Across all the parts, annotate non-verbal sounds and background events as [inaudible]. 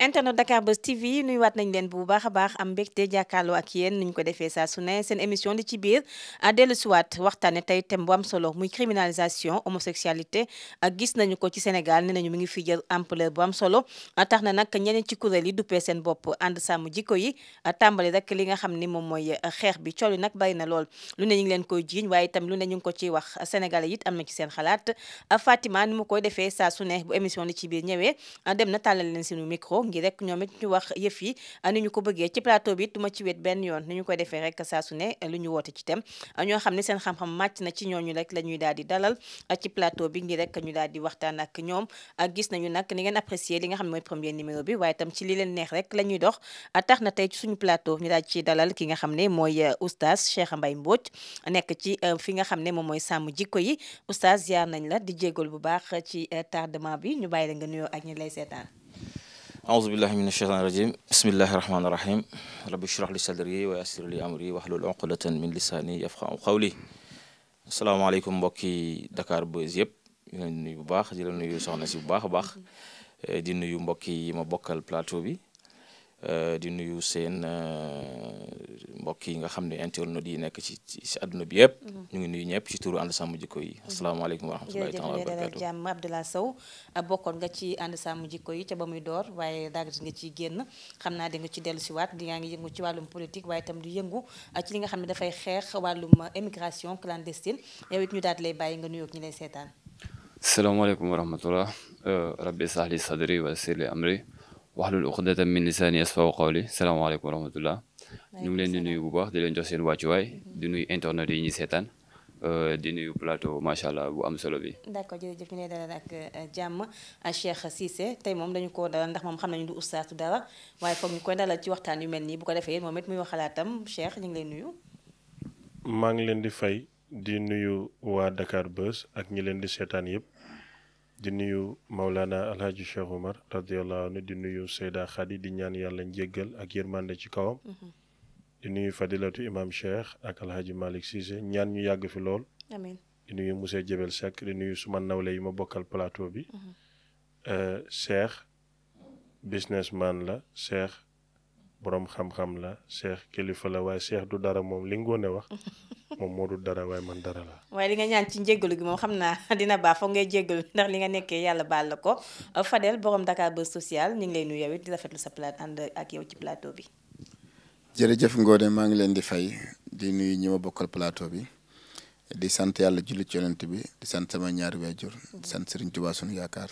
internet Dakar Buzz TV waat nañ leen bu baax a baax am mbégte jàkkaarloo ak yéen ni ko defee saa su ne seen émission li ci biir dellu siwaat waxtaane tey thème bu am solo muy criminalisation homosexualité gis nañu ko ci Sénégal ne nañu mi ngi fi jël ampleur bu am solo tax na nag ñeneen ci kuréel yi duppee seen bopp ànd sàmm jikko yi tàmbali rek li nga xam ni moom mooy xeex bi col yi nag bari na lool lu ne ñu leen koy jiiñ waaye itam lu ne ñu ngi ko ciy wax Sénégalais it am ci seen xalaat Fatima ni mu koy defee saa su ne émission li ci biir ñëwee dem na tàllal leen sunu micro ngir rek ñoom it ñu wax yëf yi ah, ni ñu ko bëggee ci plateau bi duma ci wet benn yoon ni ko defee rek saa su ne eh, lu ñu woote ci tem ah, ñoo xam ne seen xam-xam màcc na ci ñooñu rek la daal di dalal ah, ci plateau bi ngir rek ñu daal di waxtaan ak ñoom gis nañu nag ni ngeen apprécier li nga xam mooy premier numéro bi waaye tam ci li leen neex rek ñuy dox tax na tey suñu plateau ñu daal ci dalal ki nga xam ne mooy eh, oustaz Cheikh Mbaye Mbodj nekk ci eh, fi nga xam ne moom mooy sàmm jikko yi oustaz ziar nañ la di jégal bu baax ci tardement bi ñu bàyyi la nga nuyoo ak ñi lay seetaan aousubillahi min asheytaan irajim bismillahi rahmaani irahim rabbi shrah li sadri wa yassir li amri wahlul uqdatan min lisaani yafqahu qawli asalaamaaleykum mbokki Dakar Buzz yëpp di leen nuyu bu baax di leen nuyu soxna si bu baax a baax eh, di nuyu mbokki yi ma bokkal plateau bi Euh, di nuyu seen euh, mbokk yi nga xam ne internautes yi nekk ci ci àdduna bi yëpp. Mm-hmm. ñu ngi nuyu ñëpp ci turu ànd sàmm jikko yi. Mm-hmm. asalaamaaleykum wa rahmatulahi taala wa barakatu jërëjëf jàmm Abdoulaye Sow ah, bokkoon nga ci ànd sàmm jikko yi ca ba muy door waaye daagat nga ciy génn xam naa di ci dellu si di ngaa ngi yëngu ci wàllum politique waaye itam di yëngu ah, ci li nga xam ne dafay xeex wàllum émigration ah, clandestine yow ñu daal lay bàyyi nga nuyoo ak ñi seetaan. salaamaaleykum wa rahmatulah euh, rabbi sahli sadri wa yassir li wax waxlul uqdatan min lisaani yasfaw qawli salaamaaleykum wa rahmatullah ñu ngi leen di nuyu bu baax di leen jox seen wàccuwaay di nuyu internet yi ñuy seetaan di nuyu plateau macha allah bu am solo bi. d' accord jërëjëf ñu lay dalal jàmm Cheikh Cissé tey moom dañu ko dalal ndax moom xam nañu du ustaatu dara waaye foog ñu koy dalal ci waxtaan yu mel nii bu ko defee moom it muy waxalaatam Cheikh ñu ngi lay nuyu. maa ngi leen di fay di nuyu waa Dakar Buzz ak ñu leen di seetaan yëpp. di nuyu Maulana Alhaji Cheikh Omar radiyallahu anhu di nuyu Seyda Khady di ñaan yàlla njéggal ak yërmande ci kawam. Mhm. di nuyu Fadilatu Imam Cheikh ak Alhaji Malick Cissé ñaan ñu yàgg fi lool. di nuyu monsieur Jebel Seck di nuyu suma nawle yi ma bokkal plateau bi. Mhm. Euh, Cheikh businessman la Cheikh. boroom xam-xam la cheikh kilifa la waaye cheikh du dara moom li ngoone wax [laughs] moom moo du dara waaye man dara la waaye li nga ñaan ci njéggalu gi moom xam naa [laughs] dina baax foog ngay jéggalu ndax li nga nekkee yàlla baal la ko uh, Fadel borom Dakar Buzz Social ñu ngi lay nuyu yow it di rafetlu sa plat ak yow ci plateau bi jërëjëf ngoone maa ngi leen di fay di nuyu ñi bokkal plateau bi di sant yàlla julli ci bi di sant sama ñaari waajur di sant Serigne Touba sunu yaakaar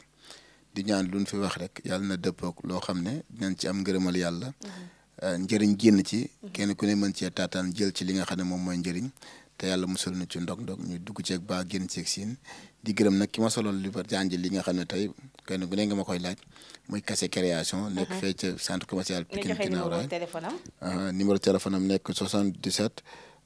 di ñaan lu ñu fi wax rek yàlla na dëppook loo xam ne dinañ ci am ngërëmal yàlla mm-hmm. Euh, njëriñ génn ci. Mhm. kenn ku ne mën cee taataan jël ci li nga xam ne moom mooy njariñ te yàlla musul na ci ndog-ndog ñu dugg ceeg baa génn ceeg siin di gërëm nag ki ma soloon li ba jànj li nga xam ne tey kenn ku ne nga ma koy laaj muy Kassé création. Mhm. nekk fee ca centre commercial Pikine ginnaaw raay numéro téléphone am. Ah, numéro téléphone am nekk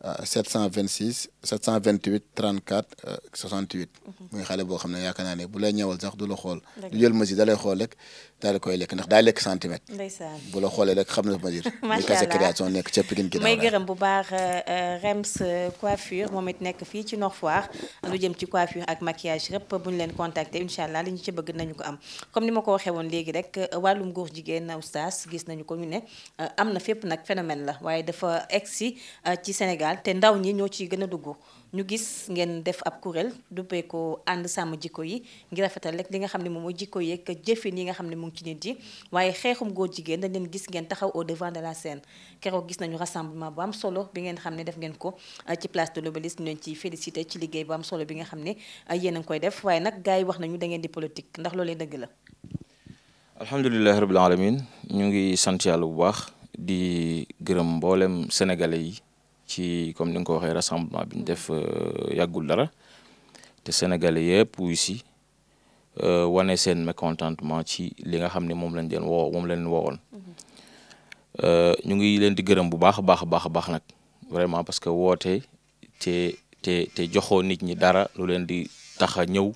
726 728 34 68. muy xale boo xam ne yaakaar naa ne bu lay ñëwal sax du la xool. du jël mesure da xool rek daal koy lekk ndax daal lekk centimètre. ndeysaan bu la xoolee rek xam na mesure. [laughs] macha allah création nekk ca Pikine gi. may gërëm bu baax euh, euh, Rems euh, coiffure moom it nekk fii ci Nord Foire lu jëm ci coiffure ak maquillage rëpp bu ñu leen contacter incha allah li ñu ci bëgg nañu ko am comme ni ma ko waxee woon léegi rek wàllum góor jigéen oustaz gis nañu ko ñu ne am na fépp nag phénomène la waaye dafa egg si ci Sénégal. Sénégal te ndaw ñi ñoo ciy gën a dugg ñu gis ngeen def ab kuréel duppee ko ànd sàmm jikko yi ngir rafetal rek li nga xam ne moom mooy jikko yi ak jëfin yi nga xam ne mu ngi ci nit yi waaye xeexum góor jigéen dañ leen gis ngeen taxaw au devant de la scène keroog gis nañu rassemblement bu am solo bi ngeen xam ne def ngeen ko euh, ci place de l'Obélisque ñu leen ci félicité ci liggéey bu am solo bi nga xam ne euh, yéen a koy def waaye nag gaa yi wax nañu da ngeen di politique ndax loolee dëgg la alhamdulilahi rabbil alamin ñu ngi sant yàlla bu baax di gërëm mboolem sénégalais yi ci comme ni nga ko waxee rassemblement bi ñu def euh, yàggul dara te sénégalais yëpp wuy si euh, wane seen mécontentement ci li nga xam ne moom lañ leen woo moom lañ leen woowoon euh, ñu ngi leen di gërëm bu baax a baax a baax a baax nag vraiment parce que woote te te te joxoo nit ñi dara lu leen di tax a ñëw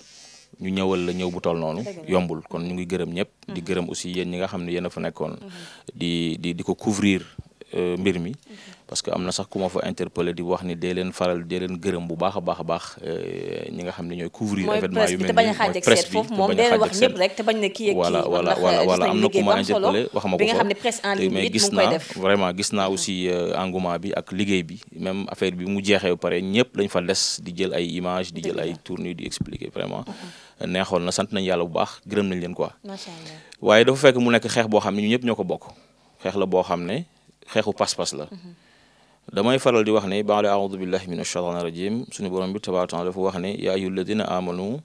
ñu ñëwal la ñëw bu toll noonu yombul kon ñu ngi gërëm ñëpp di mm-hmm. gërëm aussi ñi nga xam ne yéen a fa nekkoon mm-hmm. di di ko couvrir Euh, mbir mi parce que am na sax ku ma fa interpellé di wax ni dee leen faral dee leen gërëm bu baax a baax a baax euh, ñi nga xam ne ñooy couvrir événement yu mel nii mooy presse bi te bañ a xaaj ak seet rek te bañ a kii ak kii voilà voilà voilà ma interpellé wax ma ko mais gis naa vraiment gis naa aussi euh, engouement bi ak liggéey bi même affaire bi mu jeexee ba pare ñëpp dañ fa des di jël ay image di jël ay tournées di expliquer vraiment mm-hmm. neexoon na sant nañ yàlla bu baax gërëm nañ leen quoi waaye dafa fekk mu nekk xeex boo xam ne ñu ñëpp ñoo ko bokk xeex la boo xam ne xeexu pas-pas la damay faral di wax ne baada aoudu billahi min ashaitan rajim suñu borom bi tabaaraka taala dafa wax ne yaa ayyuha alladina amanu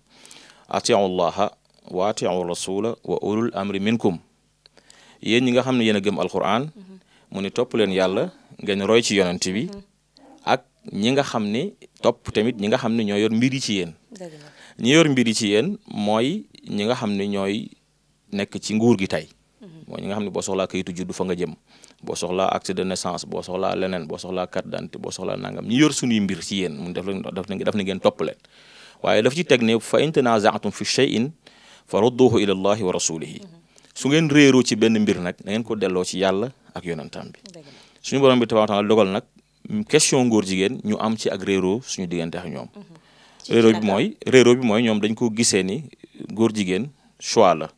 atiu llaha wa atiu rasula wa ulul amri minkum yéen ñi nga xam ne yéen a gëm alquran mu ne topp leen yàlla ngeen roy ci yonent bi ak ñi nga xam ne top tamit ñi nga xam ne ñoo yor mbir yi ci yéen ñi yor ci yéen mooy ñi nga xam ne ñooy nekk ci nguur gi tey mhm. mooy ñi nga xam ne boo soxlaa kayitu juddu fa nga jëm boo soxlaa acte de naissance boo soxlaa leneen boo soxlaa carte boo soxlaa nangam ñi yor suñuy mbir si yéen mun def leen daf na ngeen topp leen waaye daf ci teg ne fa in tanaza'tum fi shay'in fa rudduhu ila allahi wa su ngeen réeroo ci benn mbir nag na ngeen ko delloo ci yàlla ak yonantam bi suñu borom bi tabaaraka taala dogal nag question ngóor jigéen ñu am ci ak réeroo suñu diggante ak ñoom mhm. réeroo bi mooy ñoom dañ ko gisee ni góor jigéen la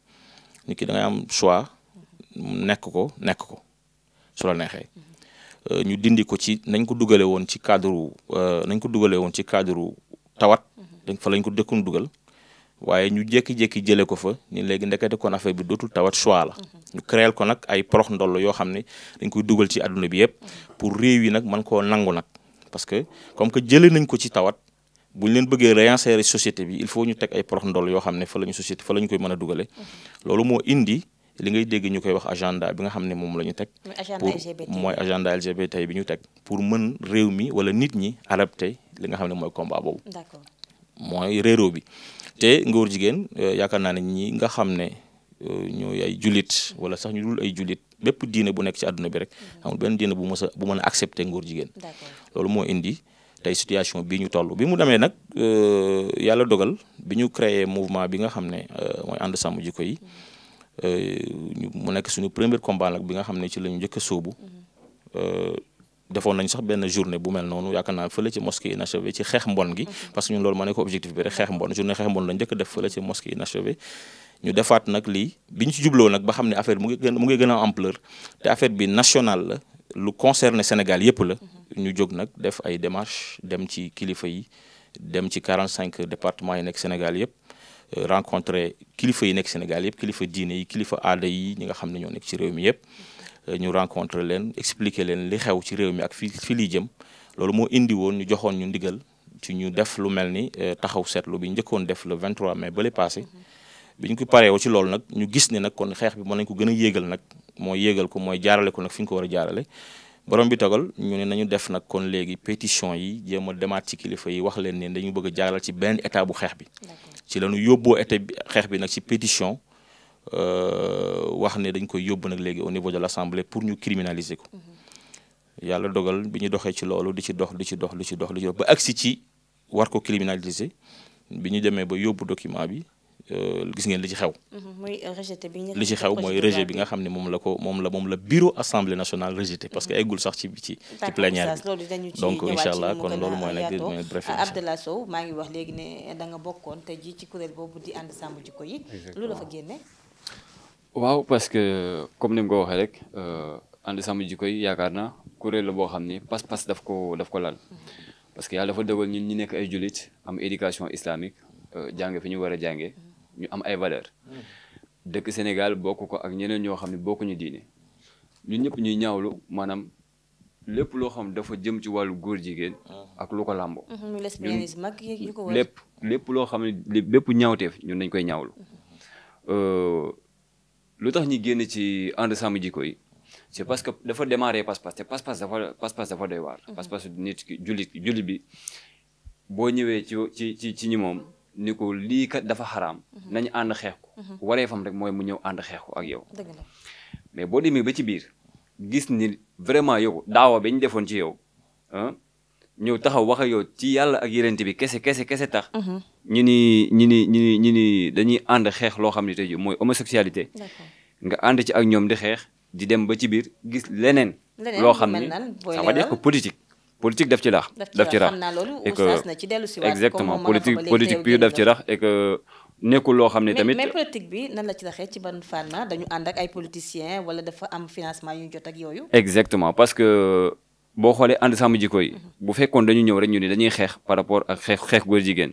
nit ki da ngay am choix nekk ko su la neexee euh, ñu dindi ko ci nañ ko dugale woon ci cadre euh, nañ ko dugale woon ci cadre tawat dañ fa lañ ko dëkkoon dugal waaye ñu jékki-jékki jëlee ko fa ni léegi ndekete kon affaire bi dootul tawat choix la ñu créel ko nag ay porox ndoll yoo xam ne dañ koy dugal ci àdduna bi yëpp pour réew yi nag man koo nangu nag parce que comme que jëlee nañ ko ci tawat bu ñu leen bëggee réinsérer société bi il faut ñu teg ay porox ndoll yoo xam ne fa la ñu société fa la koy mën a dugale loolu moo indi li ngay dégg ñu koy wax agenda bi nga xam ne moom la ñu teg. pour mooy agenda LGBT bi ñu teg. pour mën réew mi wala nit ñi adapté li nga xam ne mooy combat boobu. d'accord mooy réeróo bi. te ngóor jigéen euh, yaakaar naa ne ñi nga xam ne euh, ñooy ay julit wala sax ñu dul ay julit bépp diine bu nekk ci àdduna bi rek. Mhm. amul benn diine bu mës a bu mën a accepté ngóor jigéen. loolu moo indi. tey situation bii ñu toll bi mu demee nag euh, yàlla dogal bi ñu créé mouvement bi nga xam ne mooy ànd sàmm jikko yi mhm. Euh, mu nekk suñu premier combat nag bi nga xam ne ci lañu njëkk a sóobu mm-hmm. euh, defoon nañ sax benn journée bu mel noonu yaakaar naa fële ci mosquée inachevée ci xeex mbon gi mm-hmm. parce que ñun loolu ma ne ko objectif bi rek xeex mbon journée xeex mbon la njëkk def fële ci mosquée inachevée ñu defaat nag lii bi ñu ci jubloo nag ba xam ne affaire mu gën mu ngi gën a ampleur te affaire bi nationale la lu concerné Sénégal yëpp la mm-hmm. ñu jóg nag def ay démarches dem ci kilifa yi dem ci 45 départements yi nekk Sénégal yëpp Euh, rencontré kilifa yi nekk Sénégal yëpp kilifa diine yi kilifa aada yi ñi nga xam ne ñoo nekk ci réew mi yëpp euh, ñu rencontré leen expliqué leen li xew ci réew mi ak fi fi lii jëm loolu moo indi woon ñu joxoon ñu ndigal ci ñu def lu mel ni euh, taxaw seetlu bi njëkkoon def le 23 mais bële passé bi ñu ko pareewoo ci loolu nag ñu gis ne nag kon xeex bi mën nañ ko gën a yéegal nag mooy yéegal ko mooy jaarale ko nag fi ñu ko war a jaarale borom bi tagal ñu ne nañu def nag kon léegi pétition yi jéem a demaat ci kilifa yi wax leen ne dañu bëgg a jaaral ci benn état bu xeex bi ci lañu yóbboo état bi xeex bi nag ci pétition euh, wax ne dañ koy yóbbu nag léegi au niveau de l'assemblée pour ñu criminaliser ko mm-hmm. yàlla dogal bi ñu doxee ci loolu di ci dox di ci dox di ci dox di ci dox ba agsi ci war ko criminaliser bi ñu demee ba yóbbu document bi Euh, gis ngeen li ci xew. mooy mhm, rejeté bi li ci xew mooy rejet bi nga xam ne moom la ko moom la moom la bureau assemblée nationale rejeté parce que mhm. eggul sax ci ci ci plénière bi donc incha allah kon loolu mooy nag mooy Abdallah Sow maa ngi wax léegi ne da nga bokkoon te ji ci kuréel boobu di ànd sàmm jikko lu la fa génne. waaw parce que comme ni nga ko waxee rek euh, ànd sàmm jikko yaakaar na kuréel la boo xam ni pas-pas daf ko daf ko laal mhm. parce que yàlla dafa dogal ñun ñi nekk ay jullit am éducation islamique euh, jànge fi ñu war a jàngee. ñu am ay valeur dëkk Sénégal bokk ko ak ñeneen ñoo xam ne bokkuñu diine ñun ñëpp ñuy ñaawlu maanaam lépp loo xam dafa jëm ci wàllu góor jigéen ak lu ko làmbo lépp lépp loo xam ne lépp ñaawteef ñun dañ koy ñaawlu euh, lu tax ñu génn ci ànd sàmm jikko yi c'est parce que dafa démarré pas-pas te pas-pas dafa pas-pas dafa doy waar mmh. pas-pas nit ki jullit bi boo ñëwee ci ci ci ci ñi moom ni ko lii kat dafa xaraam mhm. nañu ànd xeex ko mhm. wareefam rek mooy mu ñëw ànd xeex ko ak yow mais boo demee ba ci biir gis ni vraiment yow daawa bi ñu defoon ci yow ah, ñëw taxaw wax ak yow ci yàlla ak yërënt bi kese kese kese tax mhm. ñu ni ñi ni ñu ni ñu ni dañuy ànd xeex loo xam ne tey jii mooy homosexualité nga ànd ci ak ñoom di xeex di dem ba ci biir gis leneen loo xam ne ça veut dire que politique daf ci rax. daf ci rax xam naa loolu oustaz na ci dellu si waat ci rax et que nekkul loo xam ne tamit. mais mais politique bi nan la ci raxee ci ban fànn dañu ànd ak ay politiciens wala dafa am financement yu ñu yooyu. exactement parce que boo xoolee ànd sàmm jikko yi. Mhm. bu fekkoon dañu ñëw rek ñu ne dañuy xeex par rapport ak xeex xeex góor jigéen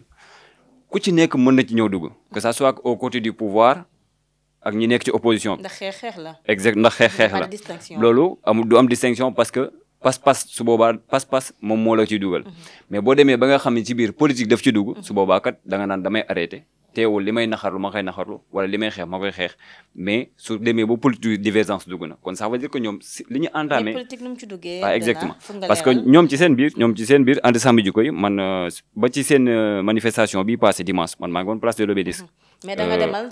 ku ci nekk mën na ci ñëw dugg. que ça soit au côté du pouvoir. ak ñi nekk ci opposition bi. ndax xeex xeex la. exact ndax xeex la parce que pas-pas su boobaa pas-pas moom moo la ciy dugal mhm. mais boo demee ba nga xam ci biir politique daf ci dugg mhm. su kat da naan damay arrêté teewul li naxarlu ma koy naxarlu wala li xeex ma koy xeex mais su demee ba politique divergence dugg kon ça veut dire que ah, ñoom ci seen biir ñoom ci seen biir ànd sàmm jikko yi man euh, ba ci seen euh, manifestation bi passé dimanche man maa ngi woon place de l'Obélisque mhm. mais euh,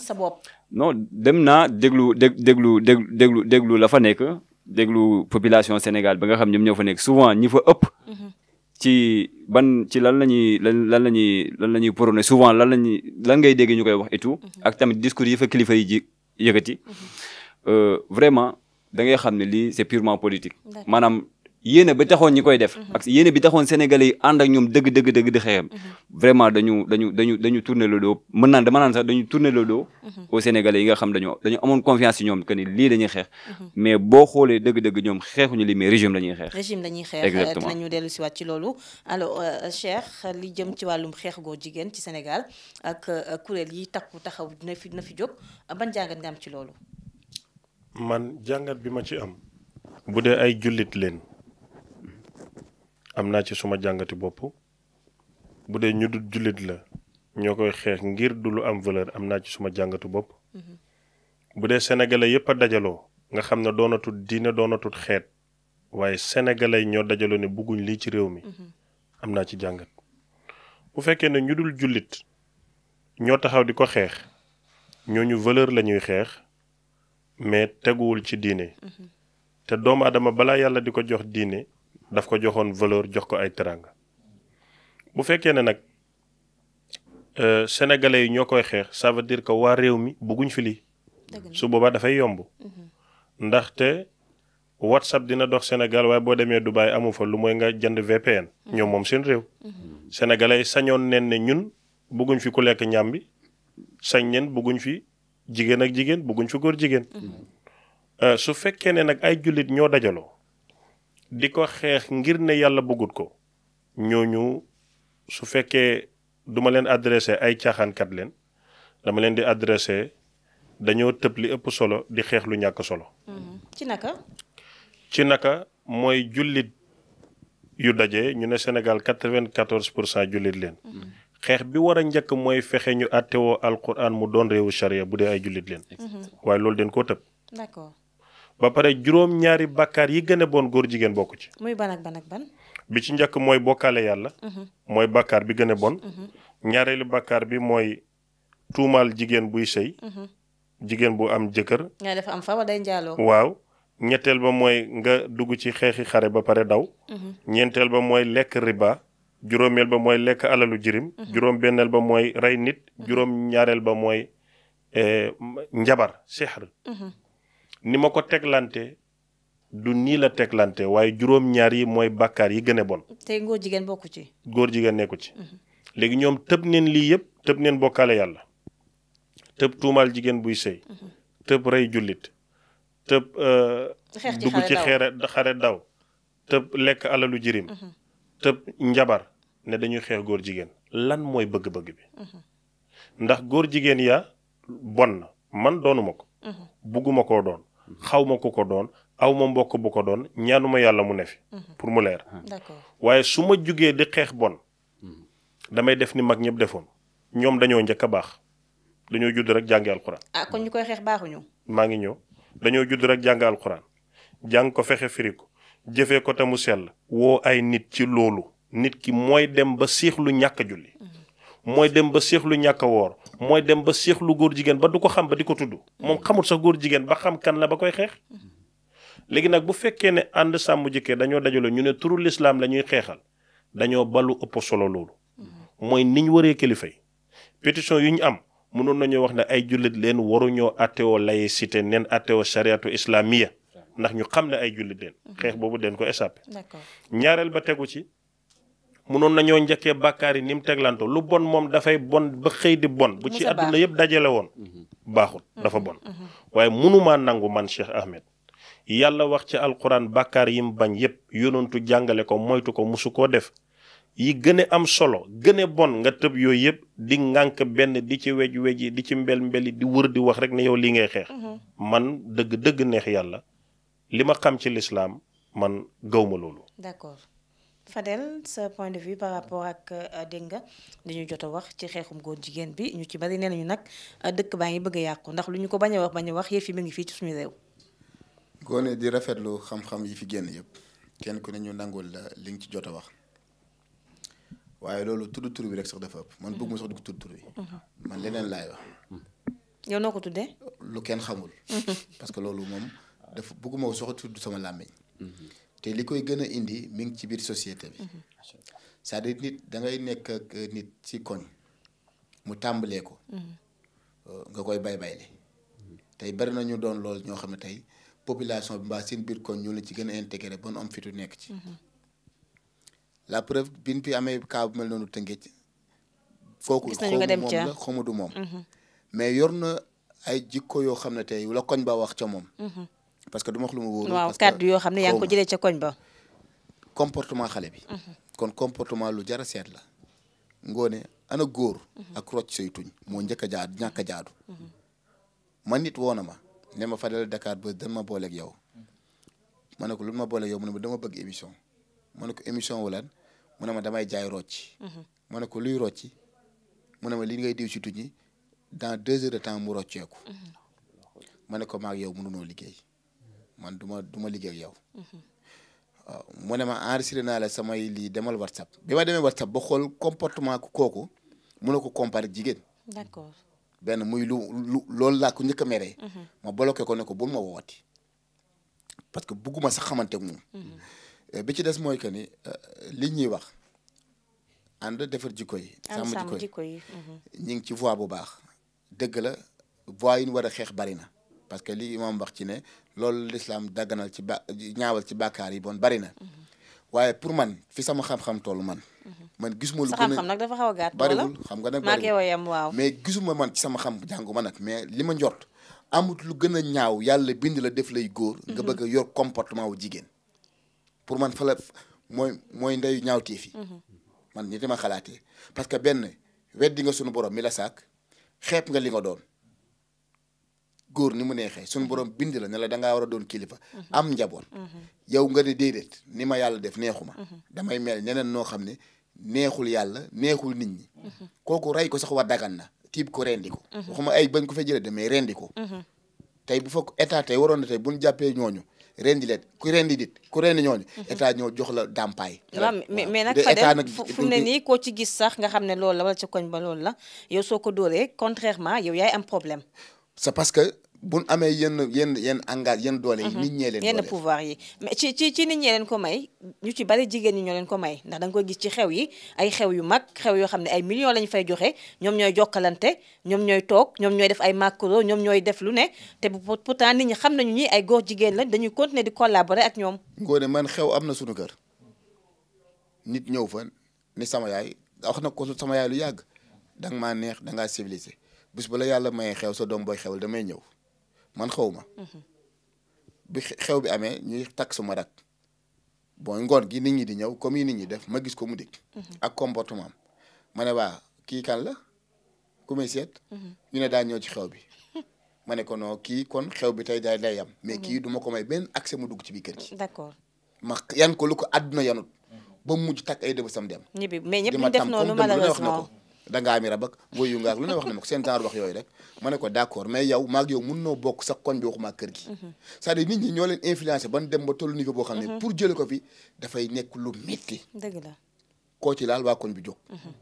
dem naa déglu dég déglu déglu déglu nekk déglu population Sénégal ba nga xam ñoom ñoo fa nekk souvent ñi fa mhm. ci ban ci lan la ñuy lan lan la ñuy lan la ñuy prôné souvent lan la ñuy lan ngay dégg ñu koy wax et mhm. ak tamit discours yi fa kilifa yi ji yëkkati. Mhm. Euh, vraiment da ngay xam ne li c'est purement politique. yéene ba taxoon ñi koy def. Mhm. ak yéene bi taxoon sénégalais yi ànd ak ñoom dëgg dëgg dëgg di xeexam. Mhm. vraiment dañu dañu dañu dañu tourner le dos mën naan dama naan sax dañu tourner le dos. Mhm. yi nga xam dañoo dañu amoon confiance ñoom que lii dañuy xeex. mais boo xoolee dëgg dëgg ñoom xeexuñu li mais régime la ñuy xeex. régime la ñuy xeex exactement dinañu si waat ci loolu. alors euh, Cheikh li jëm ci wàllum xeex goo jigéen ci Sénégal ak euh, kuréel yi takku taxaw dina fi dina fi jóg ban jàngat nga am ci loolu. man jàngat bi ma ci am bu dee ay jullit leen am naa ci suma jàngati bopp bu dee ñu dul jullit la ñoo koy xeex ngir dulu am valeur am naa ci suma jàngatu bopp mm-hmm. bu dee sénégalais yépp a dajaloo nga xam ne doonatul diine doonatul xeet waaye sénégalais ñoo dajaloo ne bugguñ lii ci réew mi mm-hmm. am naa ci jàngat bu fekkee ne ñu dul jullit ñoo taxaw di ko xeex ñooñu valeur lañuy xeex mais teguwul ci diine mm-hmm. te doomu aadama balaa yàlla di ko jox diine daf ko joxoon valeur jox ko ay teranga bu fekkee ne nag euh, sénégalais yi ñoo koy xeex ça veut dire que waa réew mi bugguñ fi lii su boobaa dafay yomb mhm. ndaxte WhatsApp dina dox Sénégal waaye boo demee du Dubai amu fa lu mooy nga jënd VPN mhm. ñoo moom seen réew mhm. sénégalais sañoon nen ne ñun bugguñ fi ku lekk ñam bi sañ neen bugguñ fi jigéen ak jigéen bugguñ fi góor jigéen euh, su fekkee ne nag ay jullit ñoo dajaloo di ko xeex ngir ne yàlla bëggut ko ñoo ñu su fekkee duma leen adressé ay caaxaankat leen dama leen di adressé dañoo tëb li ëpp solo di xeex lu ñàkk solo. Mm-hmm. ci naka. ci naka mooy jullit yu daje ñu ne Sénégal quatre-vingt-quatorze pour cent jullit leen. Mm-hmm. xeex bi war njëkk mooy fexe ñu àttewoo alquran mu doon réewu charia bu dee ay jullit leen. Mm-hmm. waaye loolu den koo tëb. ba pare juróom-ñaari bàkkaar yi gën a bon góor jigéen bokku ci. muy ban ak ban ak ban. bi ci njëkk mooy bokkaale yàlla. Mhm. mooy bakkaar bi gën a bon. Mhm. ñaareelu bàkkaar bi mooy tuumaal jigéen buy sëy. Mhm. jigéen bu am jëkkër. nga dafa waaw ñetteel ba mooy nga dugg ci xeexi xare ba pare daw. ñeenteel ba mooy lekk riba. juróomeel ba mooy lekk alalu jirim. juróom benneel ba mooy rey nit. juróom ñaareel ba mooy eh, njabar sixr ni ma ko teglante du nii la teglante waaye juróom-ñaar yi mooy bàkkaar yi gën a bon. te góor jigéen bokku ci. góor jigéen nekku ci. Mhm. léegi ñoom tëb neen lii yëpp tëb neen bokkaale yàlla tëb tuumaal jigéen buy sëy mhm. tëb rey jullit tëb. Euh, dugg ci xeere xare daw tëb lekk alalu jirim mhm. tëb njabar ne dañuy xeex góor jigéen lan mooy bëgg-bëgg bi ndax góor jigéen ya bon na man doonuma ko bugguma koo doon xaw ma ku ko doon aw ma mbokk bu ko doon ñaanuma yàlla mu ne fi mhm. pour mu leer mhm. waaye su ma jugee di xeex bon mhm. damay def ni mag ñëpp defoon ñoom dañoo njëkk a baax dañoo judd rek jàngi alxuraan ah ñu koy xeex baaxuñu maa ngi ñëw dañoo judd rek jàng jàng ko fexe firi ko jëfee ko te mu sell woo ay nit ci loolu nit ki mooy dem ba siix lu ñàkk julli mooy dem ba siix lu ñàkk woor mooy dem ba seex lu góor jigéen ba du ko xam ba di ko tudd moom xamul sax góor jigéen ba xam kan la ba koy xeex léegi nag bu fekkee ne ànd sàmm jëkkee dañoo dajalee ñu ne turu lislaam la ñuy xeexal dañoo balu ëpp solo loolu mooy niñ waree kilifa yi pétition yu ñu am mënoon nañu wax ne ay jullit leen waruñoo attewoo laïcité neen attewoo chariatu islamiya ndax ñu xam ne ay jullit leen xeex boobu den ko échappé ñaareel ba tegu ci munoon nañoo njëkkee bàkkaar yi ni mu teglanto lu bon moom dafay bon ba xëy di bon bu ci àdduna yëpp dajale woon mhm. baaxul dafa mhm. bon mhm. waaye munumaa nangu man Cheikh Ahmed yàlla wax ci alquran bàkkaar yi mu bañ yépp yonantu jàngale ko moytu ko musu koo def yi gën a am solo gën a bon nga tëb yooyu yëpp di ngànk benn di ci wej yi di ci mbel mbeli di wër di wax rek ne yow lii ngay xeex man dëgg dëgg neex yàlla li ma xam ci lislaam man gawma loolu Fadel sa point de vue par rapport ak euh, dégg nga dañu jot a wax ci xeexum góor jigéen bi ñu ci bari nee nañu nag euh, dëkk baa ngi bëgg a yàqu ndax lu ñu ko bañ a wax bañ a wax yëf yi mu ngi fii ci suñu réew. Ngoné di rafetlu xam-xam yi fi génn yëpp kenn ku ne ñu nangul la li ci jot a wax waaye loolu tudd tur bi rek sax dafa ëpp man bëgguma sax di ko tudd tur bi. Mm-hmm. man mm-hmm. ko tuddee. lu kenn xamul. Mm-hmm. parce que loolu moom dafa bëgguma sax tudd sama làmmiñ. te li koy gën a indi mi ci biir société bi c'est-à-dire nit da nekk euh, nit ci koñ mu tàmbalee ko euh, nga koy bay bayle tey bari na ñu doon lool ñoo xam ne tey population bi mbaa seen biir koñ ñu la ci gën a intégré ba nu am fitu nekk ci mhm. la preuve bin fi amee cas bu mel noonu tëngéej fookul xawma moom la xawma moom mhm. mais yor na ay jikko yoo xam ne tey la koñ ba wax ca moom mhm. parce que du ma wax ma wóorul. waaw kàddu yoo xam ne yaa ngi ko jëlee ca koñ ba. comportement xale bi. Mhm. kon comportement lu jara seet la. ngoone ana góor. Mhm. ak rocc say tuñ moo njëkk a jaadu a jaadu. Mhm. man nit woon ne ma Fadel Dakar ba dama ma booleeg yow. ma ne ko lu ma booleeg yow mu bëgg émission. ma ne ko émission mu ne luy rocci mu ne ma li ngay diw si tuñ dans deux heures temps mu rocceeku. ma ne ko maag yow mënunoo liggéey. man du ma du ma liggéey yow. waaw mu ne ma enregistré naa la samay lii demal WhatsApp bi ma demee WhatsApp ba xool comportement ku kooku mu na ko comparer jigéen. d'accord benn muy lu lu loolu laa ko njëkk meree. Mhm. ma bloqué ko ne ko bul ma woowati parce que bugguma sax xamante ak mhm. eh, bi ci des mooy que ni euh, li ñuy wax ànd defar jikko yi. sàmm jikko mhm. ñu ngi ci voie bu baax. dëgg la voie yi war a xeex bari na parce que li imam wax ci ne loolu lislaam dagganal ci ba ñaawal ci bàkkaar yi bon bari na waaye pour man fi sama xam-xam toll man man gisuma lu gën xam nag dafa xaw a gàtt bariwul xam nga nag bariwul waaw mais gisuma man ci sama xam jàngu ma nag mais li ma njort amut lu gën a ñaaw yàlla bind la def lay góor nga bëgg a yor comportement wu jigéen pour man fa la mooy mooy ndeyu ñaawteef yi man ni dama xalaatee parce que benn weddi nga sunu borom mi la sàkk xeeb nga li nga doon góor ni mu neexee suñu mhm. borom bind la ne la da ngaa war a doon kilifa. Mhm. am njaboot. Mhm. yow nga ne déedéet ni ma yàlla def neexu ma. damay mel ñeneen noo xam ne neexul yàlla neexul nit ñi. kooku rey ko sax wa dagan na tiib ko rendi ko. waxuma ay bañ ko fa jëlee demee rendi ko. tey bu fekk état tey waroon na tey bu ñu jàppee ñooñu. rendi leen ku rendi dit ku rendi ñooñu. état ñoo jox la fu ne nii koo ci gis sax nga xam ne loolu la wala ci koñ ba loolu la yow soo ko dóoree contrairement yow yaay am problème. c'est parce que bu amee yenn yenn yenn engage yenn doole yi mhm. nit ñee leen yenn pouvoir yi ci ci ci nit ñee leen ko may ñu ci bari jigéen ñi ñoo leen ko may ndax danga nga koy gis ci xew yi ay xew yu mag xew yoo xam ne ay millions lañ fay joxe ñoom ñooy jokkalante ñoom ñooy toog ñoom ñooy def ay macro ñoom ñooy def lu ne te bu pourtant nit ñi xam nañu ñi ay góor jigéen lañ dañuy continuer di collaborer ak ñoom ngoone man xew am na suñu kër nit ñëw fa ni sama yaay wax na ko sama yaay lu yàgg da ma neex da ngaa civilisé bis ba la yàlla mayee xew sa doom booy xewal damay ñëw man xaw ma. Mhm. bi xew bi amee ñuy takk sama rak bon ngoon gi nit ñi di ñëw comme yi nit ñi def ma gis ko mu dikk. Mhm. ak comportement ma ne waa kii kan la ku may mhm. daa ñëw ci xew bi. [laughs] ma ne ko non kii kon xew bi tey day day yam mais kii du ko may benn accès mu dugg ci biir kër gi. ma yan ko lu ko àdduna yanut. ba mu mujj takk ay dëbësam dem. ñibbi mais ñëpp ñu def noonu malheureusement dangaa mi rab ak woyu nga ak lu ne wax na ma ko seen genre wax yooyu rek ma ne ko d'accord mais yow maag yow mun noo bokk sa koñ bi waxuma kër gi mhm. cest à nit ñi ñoo leen influencé ban dem ba tollu niveau boo xam ne mhm. pour jële ko fi dafay nekk lu métti la koo ci laal waa koñ bi jóg mhm.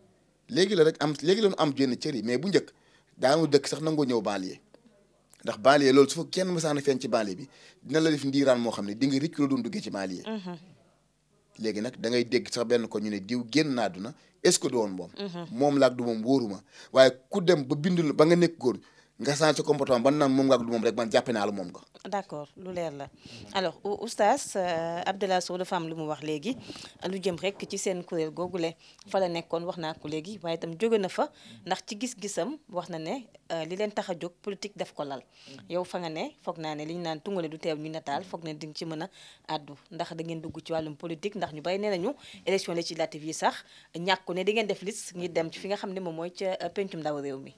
léegi la rek am léegi la ñu am jénn cër yi mais bu njëkk daanu dëkk sax nangoo ñëw banlieue ndax banlieue loolu su fa kenn mësaan a feeñ ci banlieue moo xam ne di nga rëcc léegi nag da ngay dégg sax benn ko ñu ne diw génn naa àdduna est-ce que du woon moom. Mm-hmm. moom laag du moom wóoruma waaye ku dem ba bindul ba nga nekk góor. nga changé comportement ban naan moom nga ak du moom rek man moom nga d' lu leer la alors oustaz euh, Abdallah soo dafa am lu mu wax léegi lu jëm rek ci seen kuréel googule fa la nekkoon wax naa ko léegi waaye itam jóge na fa ndax ci gis-gisam wax na ne euh, li leen tax a jóg politique daf ko lal yow fa nga ne foog naa ne li ñu naan tungale du teew ñu nataal foog ne di nga ci mën a àddu ndax da ngeen dugg ci wàllum politique ndax ñu bari nee nañu élection législative yi sax ñàkku ne da ngeen def liste ngir dem ci fi nga xam ne moom mooy ca euh, pencum réew mi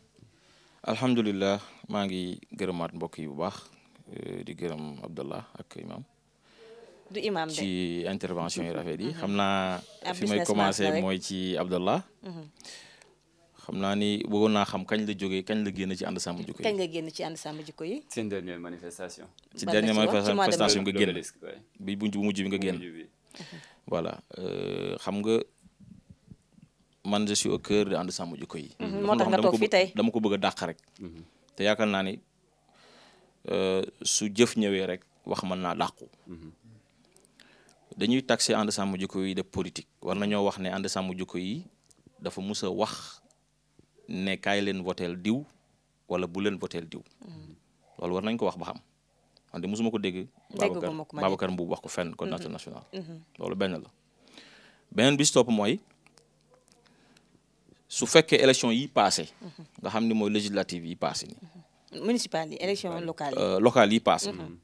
alhamdulilah maa ngi gërëmaat mbokk yi bu baax eh, di gërëm Abdallah ak imam du imam ci intervention yi rafet yi mm-hmm. xam naa ah, fi may commencé mooy ci Abdallah mm-hmm. xam naa ni bëggoon naa xam kañ la jógee kañ la génn ci ànd sàmm jikko yi. nga génn ci ànd sàmm jikko yi. seen dernière manifestation. ci dernière manifestation nga génn bi bu mujj bi nga génn. voilà euh, xam nga man je suis au cœur de ànd sàmm jikko yi. Mhm. moo tax nga tey dama ko bëgg a dàq rek. Mhm. te yaakaar naa ni euh, su jëf ñëwee rek wax mën naa dàqu. Mhm. dañuy taxé ànd sàmm jikko yi de politique war nañoo wax ne ànd sàmm jikko yi dafa musa wax ne kaay leen voteel diw wala bu leen voteel diw. loolu war nañ ko wax ba xam wante mosuma ko dégg. Babacar Babacar Mbuub wax ko fen coordinateur national. loolu benn la beneen bis mooy. su fekkee élection yi passé nga xam ni mooy législative yi passé ni municipal yi élection locale yi euh, locale mhm.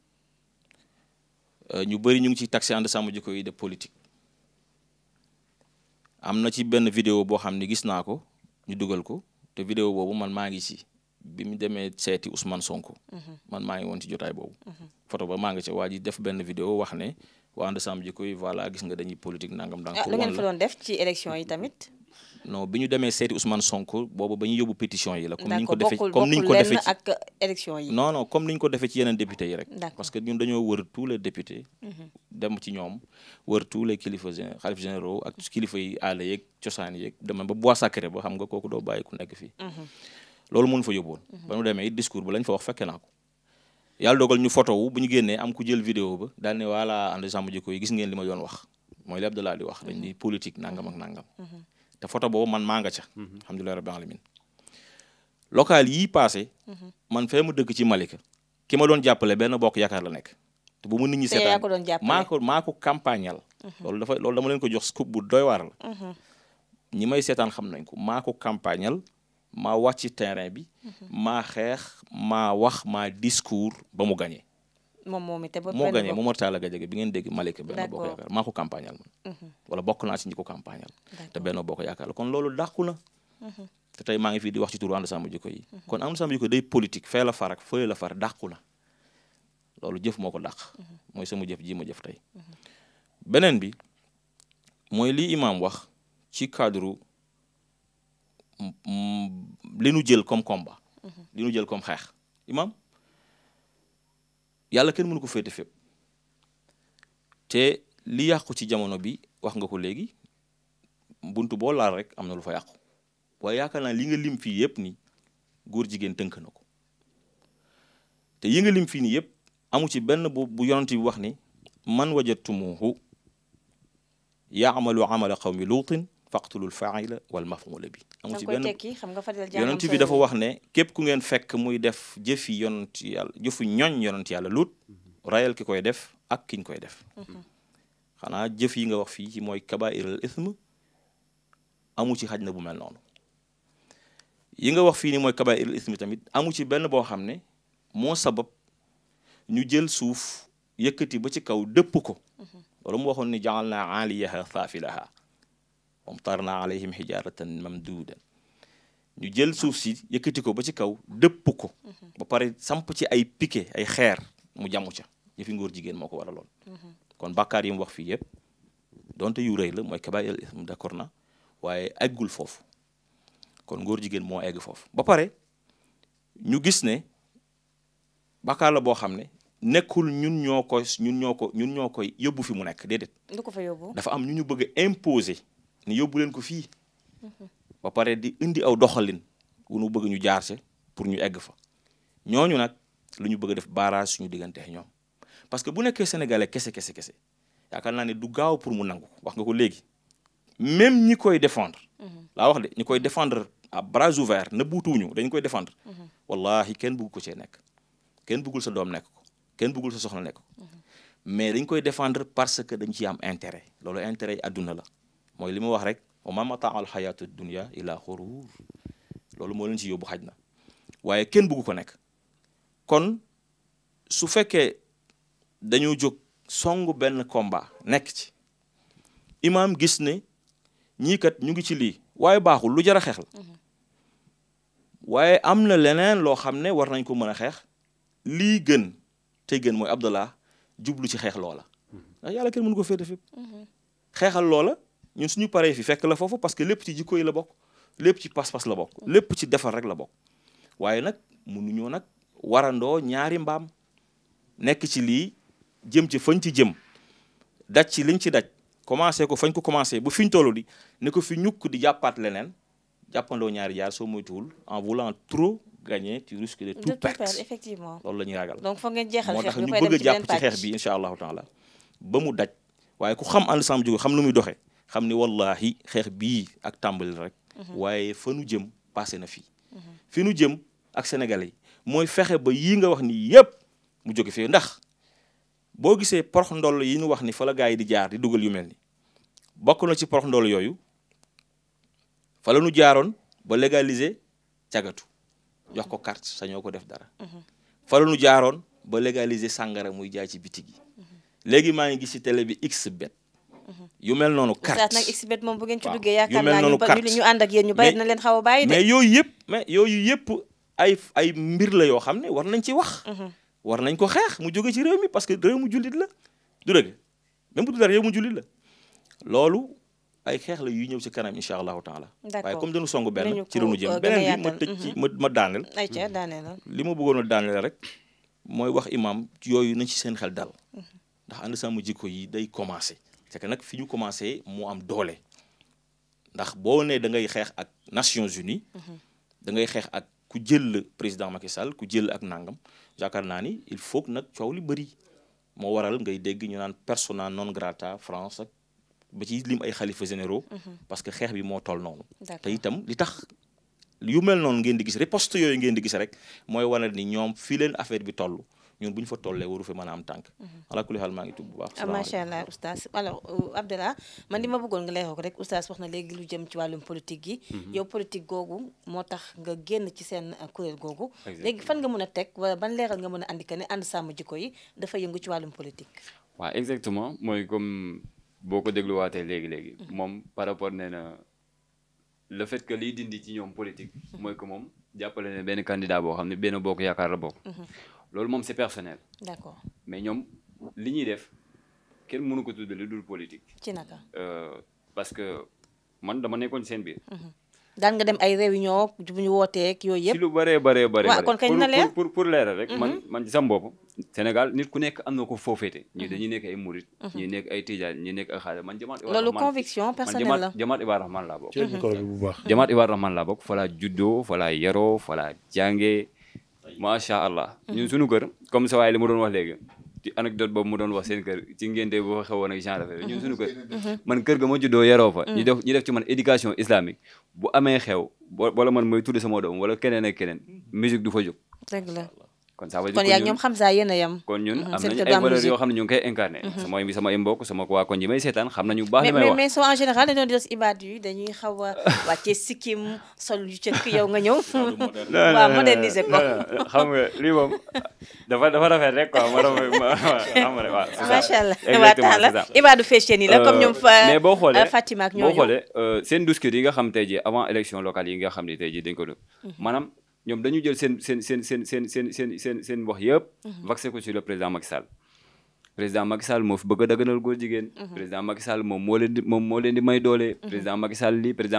euh, ñu bëri ñu ngi ciy taxé ànd sàmm jikko yi de politique am na ci benn vidéo boo xam ne gis naa ko ñu dugal ko te vidéo boobu man maa ngi ci bi mu demee seeti Ousmane Sonko mhm. man maa ngi woon ci jotaay boobu mhm. photo ba maa ngi ci waa ji def benn vidéo wax ne waa ànd sàmm jikko yi gis nga dañuy politique nangam dang ah, la ngeen fa doon ci élection yi tamit non bi ñu demee seeti Ousmane Sonko boobu ba ñu yóbbu pétition yi la. comme ni ñu ko defee comme ni ñu ko defee ci ak élection yi. yeneen député yi rek. parce que ñun dañoo wër tous les mhm. dem ci ñoom wër tous kilifa xalif généraux cosaan yeeg dama ba bois ba xam nga kooku doo bàyyi ku nekk fii. Mhm. loolu mun fa yóbbuwoon. Mhm. ba mu demee discours ba lañ fa wax fekke naa ko. yàlla dogal ñu photo wu ñu génnee am ku jël vidéo ba daal ne voilà ànd jàmm jikko yi gis ngeen li ma wax mooy li Abdoulaye di te foto boobu man maa nga ca. Mhm. alhamdulilah rabbil alamin local yii paase. Mhm. man fee mu dëkk ci Malika. ki ma doon jàppale benn bokk yaakaar la nekk. te bu mu nit ñi seetaan maa ko maa ko campagnal. Mhm. ko jox scoop bu doy waar ñi may seetaan xam nañ ko maa ko campagnal maa wàcc terrain bi. maa xeex maa wax maa discours ba mu gagné. moom moom it ba moo bi ngeen dégg Malick mhm. Benno Bokk Yaakaar maa ko campagnal man wala bokk naa si ñi ko te maa ngi fii di wax ci turu ànd sàmm jikko yi mhm. kon ànd sàmm jikko day politique fee la far ak fële moo ko dàq mhm. mooy sama jëf ji ma beneen bi mooy li imaam wax ci cadre li nu jël comme combat li nu jël comme xeex imaam yàlla kenn mënu ko féete fépp te li yàqu ci jamono bi wax nga ko léegi buntu boo laal rek am na lu fa yàqu waaye yaakaar naa li nga lim fii yëpp ni góor jigéen tënk na ko te yi lim fii nii yëpp amu ci benn bu bu yonent bi wax ni man wajatumuhu yaamalu amala mi luutin faqtulul faila wal maf'ul bi amu ci benn yonent bi dafa wax ne képp ku ngeen fekk muy def jëfi yonent yàlla jëfu ñooñ yonent yàlla luut mhm. rayal ki koy def ak kiñ koy def mhm. xanaa jëf yi nga wax fii ci mooy kabairal ci xaj na bu mel noonu yi nga wax fii ni mooy kabairal ism tamit amu ci benn boo xam ne moo sabab ñu jël suuf yëkkati ba ci kaw dëpp ko wala mhm. waxoon ni jaal naa saafilaha wamtarna alayhim hijaratan mamduda ñu jël suuf si yëkkati ko ba ci kaw dëpp ko ba pare samp ci ay piquet ay xeer mu jamu ca yëfi ngóor jigéen moo ko waraloon kon bàkkaar yi mu wax fii yëpp donte yu rëy la mooy kabaa'irul ism d'accord na waaye eggul foofu kon ngóor jigéen moo egg foofu ba pare ñu gis ne bàkkaar la boo xam ne nekkul ñun ñoo ko ñun ñoo ko ñun ñoo koy yóbbu fi mu nekk déedéet. du ko fa dafa am ñu ñu bëgg a ni yóbbu leen ko fii ba pare di indi aw doxalin wu nu bëgg ñu jaar se pour ñu egg fa ñooñu nag lu ñu bëgg def barrage suñu diggante ak ñoom parce que bu nekkee sénégalais kese kese kese yaakaar naa ne du gaaw pour mu nangu wax nga ko léegi même ñi koy défendre. laa wax de ñi koy défendre à bras ouverts na buutuwuñu dañ koy défendre. wallahi kenn bëgg ko cee nekk kenn bëggul sa doom nekk ko kenn bëggul sa soxna nekk ko mais dañ koy défendre parce que dañ ci am intérêt loolu intérêt yi àdduna la. mooy li mu wax rek wa ma mataaul xayaatu dunia illa xuruur loolu moo leen ci yóbbu xaj na waaye kenn bëggu ko nekk kon su fekkee dañu jóg song benn komba nekk ci imaam gis ne ñii kat ñu ngi ci lii waaye baaxul lu jar a xeex la mhm. waaye am na leneen loo xam ne war nañ ko mën a xeex lii gën te gën mooy Abdallah jublu ci xeex loola mhm. ndax yàlla kenn mënu ko féete mhm. xeexal loola ñun suñu paree fi fekk la foofu parce que lépp ci jikko yi la bokk lépp ci pas-pas la bokk lépp ci defar rek la bokk waaye nag nu ñoo nag warandoo ñaari mbaam nekk ci lii jëm ci fañ ci jëm daj ci liñ ci daj commencé ko fañ ko commencé bu fiñ toll di ne ko fi ñukk di jàppaat leneen jàppandoo ñaari jaar soo moytuwul en voulant trop gagner tu risques de tout perdre effectivement loolu la ñuy ragal donc foog ngeen jeexal moo ñu bëgg a jàpp ci xeex bi incha allahu taala ba mu daj waaye ku xam ànd sam jóg xam nu muy doxee xam ni wallahi xeex bii ak tàmbali rek. Mhm. waaye fa nu jëm passé na fi. Mhm. fi nu jëm ak sénégalais mooy fexe ba yi nga wax ni yëpp mu jóge fee ndax boo gisee porox ndoll yi nu wax ni fa la gaa yi di jaar di dugal yu mel ni bokk na ci porox ndoll yooyu fa la nu jaaroon ba légaliser cagatu jox ko carte sañoo ko def dara. Mhm. fa la nu jaaroon ba légaliser sàngara muy jaay ci bitig yi léegi maa ngi gis ci télé bi x yu mel noonu carte nag xbet moom bu ngeen ci duggee yaakaar naa ñu ànd ak yéen ñu bari na leen xaw a bàyyi yooyu yëpp mais yooyu ay mbir la yoo xam ne war nañ ci wax mhm. war nañ ko xeex mu jóge ci réew mi parce que réew mu jullit la du dëgg même bu dul dara mu jullit la loolu ay xeex la yuy ñëw ci kanam incha allahu taala. waaye comme dañu song benn ci ronu jëm euh, beneen bi ma tëj ci mhm. ma ma daaneel. ayca li ma bëggoon a daaneel rek mooy wax imam yooyu nañ ci seen xel dal. Mhm. ndax ànd sama jikko yi day commencé. c'est nag fi ñu commencé moo am doole ndax boo nee da ngay xeex ak Nations Unies. Mhm. da ngay xeex ak ku jël président Macky Sall ku jël ak nangam yaakaar naa ni il faut que nag coow li bëri moo waral ngay dégg ñu naan persona non grata France ak ba ci lim ay xalifa généraux. Mhm. parce que xeex bi moo toll noonu. te itam li tax yu mel noonu ngeen di gis riposte yooyu ngeen di gis rek mooy wane ni ñoom fii leen affaire bi toll. ñun bu ñu fa tollee waru fa mën a am tànk mhm. ala kulli xaal maa ngi tudd bu baax ah, macha allah oustaz alors euh, man li ma bëggoon nga leexoo ko rek oustaz wax na léegi lu jëm ci wàllum politique yi mhm. yow politique googu moo tax nga génn ci seen euh, kuréel googu léegi fan nga mën a teg wala ban leeral nga mën a andi ka ne ànd sàmm jikko yi dafa yëngu ci wàllum politique waa exactement mooy comme boo ko dégluwaatee léegi-léegi mhm. moom par rapport nee na le fait que liy dindi ci ñoom politique mooy que moom jàppale benn candidat boo xam ne benn bokk yaakaar la loolu moom si personnel. d'accord mais ñoom li ñuy def kenn mënu ko tudd lu dul politique. ci naka. Euh, parce que man dama nekkoon seen biir. Mhm. daan nga dem ay réunion bu ñu wootee yooyu yëpp. ci lu bëree bëree bëree. waaw kon kañ na leer pour pour leeral rek. man mhm. man ci sama bopp. Sénégal nit ku nekk am na ko foofeete. ñii mhm. dañu nekk ay murit. ñii nekk ay tijaan ñii nekk ay xaalis man jamaat. loolu conviction personnelle la man jamaat Iba Rahman laa bokk. jamaat Iba Rahman laa bokk fa laa juddoo fa laa fa macha allah. Mm-hmm. ñun suñu kër comme sa waay li mu doon wax léegi. ci anecdote boobu mu doon wax seen kër ci ngénte bu fa xewoon ak genre affaire ñun suñu kër. Mm-hmm. man kër ga ma juddoo yaroo fa. Mm. ñu def ñu def ci man éducation islamique bu amee xew wala man mooy tudde sama doom wala keneen ak keneen mm. musique du fa jóg. dëgg la. kon ça veut dire kon yaa ñoom xam saa yéen a yam kon ñun mhm. am nañu ay valeurs yoo xam ne ñu ngi koy incarné mhm. sama mi sama mbokk sama waa koñ yi may seetaan xam nañu baax li may wax mais soo en général dañoo des ibaad yi dañuy xaw a [laughs] wàccee sikkim sol yu cëkk yow nga ñëw [laughs] waaw moderniser ko xam nga lii moom dafa dafa rafet rek quoi ma xam nga waaw macha allah waa taala ibaadu fashion yi la comme ñoom euh, mais boo xoolee euh, Fatima ak ñoo boo xoolee euh, seen discours yi nga xam te ji avant élection locale yi nga xam ne tey ji dañ ko ñoom dañu jël seen seen seen seen seen seen seen seen seen wax yëpp. Mhm. vaccé ko sur le président Macky Sall. président Macky Sall moo fi mhm. moom moo leen di moom may doole. Mhm. président Macky Sall daaneel parce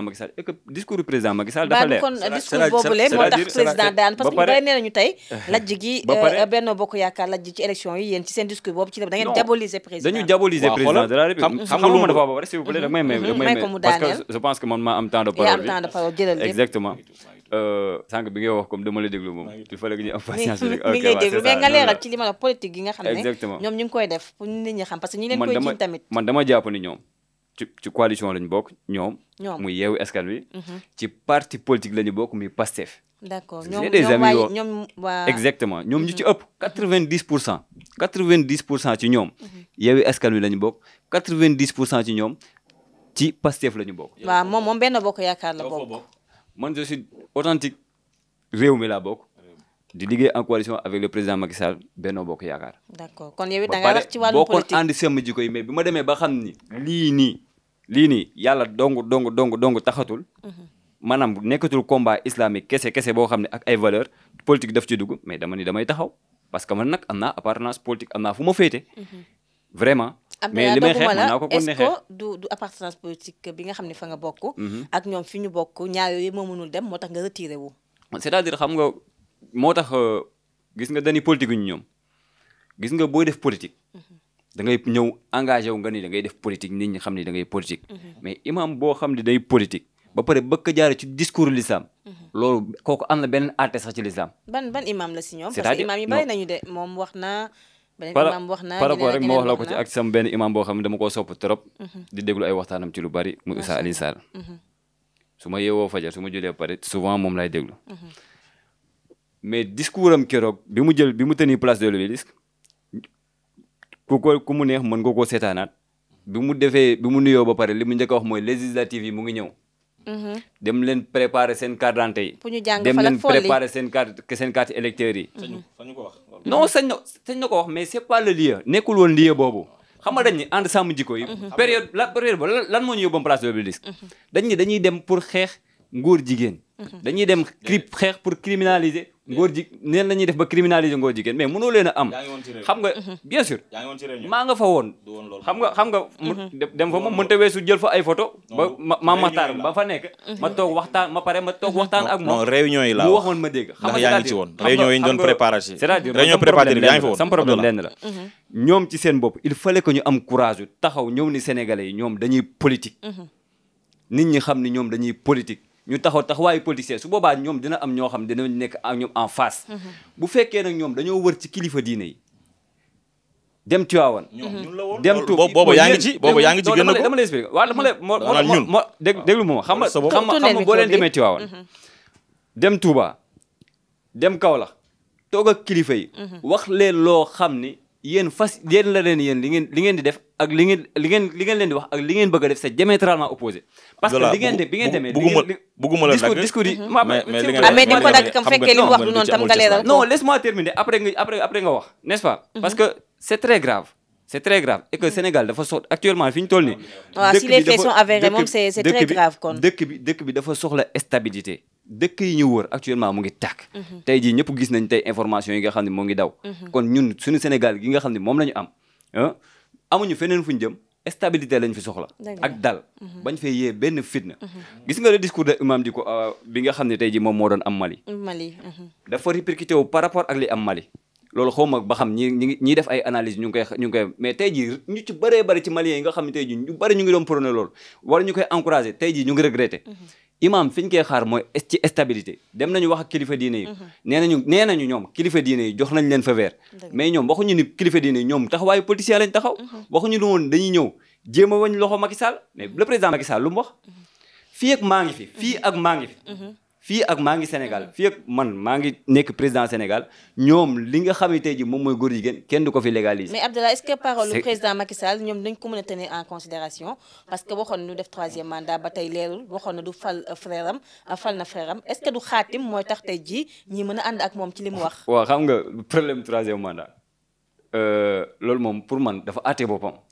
am temps de parole. yaa jëlal lépp Euh, sànq bi ngay wax comme dama la déglu moom il fallait que ñu am patience [laughs] rek mi ngay déglu mais nga leeral ci li ma la politique gi nga xam ne ñoom ñu ngi koy def pour nit ñi xam parce que ñi leen koy jiñ tamit man dama jàpp ni ñoom ci coalition lañu bokk ñoom muy yeewu askan mhm. ci parti politique lañu bokk muy Pastef d'accord exactement ñoom ñu ci mhm. ëpp quatre-vingt-dix pour cent ci ñoom mhm. yeewu askan lañu bokk quatre-vingt-dix pour cent ci ñoom ci Pastef lañu bokk man je suis authentique réew mi la bokk. di liggéey en coalition avec le président Macky Sall Benno Bokk Yaakaar. d'accord kon yow it da nga wax ci mais bi ma demee ba xam ni lii nii lii nii yàlla dong dong dong dong taxatul. Mhm. maanaam nekkatul combat islamique kese kese boo xam ne ak ay valeur politique daf ci dugu mais dama ni damay taxaw parce que man nag am naa appartenance politique am naa fu ma féete. Mhm. vraiment. mais li may xeex mën naa ko kon ne xeex est-ce que du appartenance politique bi nga xam ne fa nga bokk. Mhm. ak ñoom fi ñu bokk ñaar yooyu moo mënul dem moo tax nga retiré wu. c'est-à-dire xam nga moo tax euh, gis nga dañuy politique ñu ñoom gis nga boo def politique. Mhm. da ngay ñëw engagé wu nga ni da ngay def politique nit ñi xam ni da ngay politique. Mhm. mais imam boo xam ni day politique. ba pare bëgg a jaare ci discours l'islam loolu kooku am na benn àtte sax ci l'islam ban ban imam la si ñoom. cest par rapport rek ma wax la ko ci ak sama benn imam boo xam ne dama koo sopp trop mhm. di déglu ay waxtaanam ci lu bari muy Oustaz Alioune mhm. su ma yeewoo fajar su ma julee pare souvent moom lay déglu mhm. mais discours am keroog bi mu jël bi mu tëni place de l'Obélisque ku ko ku mu neex mën nga koo seetaanaat bi mu defee bi mu nuyoo ba pare li mu njëkk wax mooy législative yi mu ngi ñëw Mm-hmm. dem leen préparer seen carte d'identité yi. pour ñu jàng dem leen préparer seen seen carte électeur yi. sañu ko non sañ na sañ na ko wax mais c'est pas le lieu nekkul woon lieu boobu. xam nga dañ ne ànd sàmm jikko yi. Mm-hmm. période la période ba lan moo ñu yóbboon place de l'Obélisque. Mm-hmm. dañ dañuy dem pour xeex nguur jigéen. Mm-hmm. dañuy dem crip xeex pour criminaliser ngóor ji neen la ñuy def ba criminaliser ngóor jigéen mais a am xam nga mm-hmm. bien sûr maa nga fa woon xam nga mm-hmm. dem fa moom mënta weesu jël fa ay photo ba ma maxtaar ba fa nekk ma toog waxtaan ma pare ma toog waxtaan ak moom réunion yi laa mu waxoon ma dégg xam nga yaa ngi ci woon réunion yi ñu doon préparé ni ñoom dañuy politique nit ñi xam ni ñoom dañuy politique ñu taxaw taxawaayu politicien su boobaa ñoom dina am ñoo xam dina nekk ñoom en face. Mhm. bu fekkee nag ñoom dañoo wër ci kilifa diine yi dem Tiwaawan. dem Tuuba boobu yaa ngi ci boobu yaa ngi ci gën a ko dama lay expliqué waaw dama moo moo moo dégg ah. déglu ma xam nga xam nga boo leen demee Tiwaawan mhm. dem Tuuba dem Kaolack kilifa yi mhm. wax leen loo xam ni yéen fas yéen la leen yéen li ngeen ngeen di def ak li ngeen leen di wax ak li ngeen bëgg a def c'est diamétralement opposé parce que li ngeen de mee ngeen demee bugguma la discours discours yi ma mhm. mais di ah, ko dagg kam fekkee li mu terminer après nga wax nest pas mhm. parce que c'est très grave c'est très grave et que mhm. Sénégal dafa soxla actuellement fi ñu toll nii dëkk bi dafa soxla stabilité dëkk yi ñu wër actuellement mu ngi tàkk mhm. tey jii ñëpp gis nañ tey information yi nga xam ne moo ngi daw mhm. kon ñun suñu Sénégal gi nga xam ne moom la ñu am ah, amuñu feneen fu ñu jëm stabilité lañ fi soxla ak dal mhm. bañ fee yee benn fitna gis nga le discours de Imam Dicko euh, bi nga xam ne tey jii moom moo doon am Mali Mali dafa répercuté wu par rapport ak li am Mali loolu xaw ma ñu ngi koy ñu ngi koy mais tey jii ñu ci bëree bëri ci maliens yi nga xam ne tey jii ñu bëri ñu ngi doon prôné loolu war ñu koy encouragé tey jii ñu ngi regretté imaam fi ñu koy xaar mooy ci dem nañu wax ak kilifa diine yi. Mhm. nee nañu nee nañu ñoom kilifa diine yi jox nañ leen fa weer. mais ñoom waxuñu ni kilifa diine yi ñoom taxawaayu politicien lañ taxaw. Mhm. waxuñu ne woon dañuy ñëw jéem a wañ loxo Macky Sall mais le président Macky Sall lu mu wax. Mhm. fii ak maa ngi fi fii ak maa ngi fii ak maa ngi Sénégal fii ak man maa ngi nekk président Sénégal ñoom li nga xam ne ji moom mooy góor jigéen kenn du ko fi légaliser. mais Abdallah est-ce que parole lu président Macky ñoom dañ ko mën a tenir en considération parce que waxoon na du def troisième mandat ba tey leerul waxoon na du fal frère am fal na frère am est-ce que du xaatim mooy tax tey jii ñi mën a ànd ak moom ci li mu wax. waaw xam nga problème troisième mandat euh, loolu moom pour man dafa àtte boppam.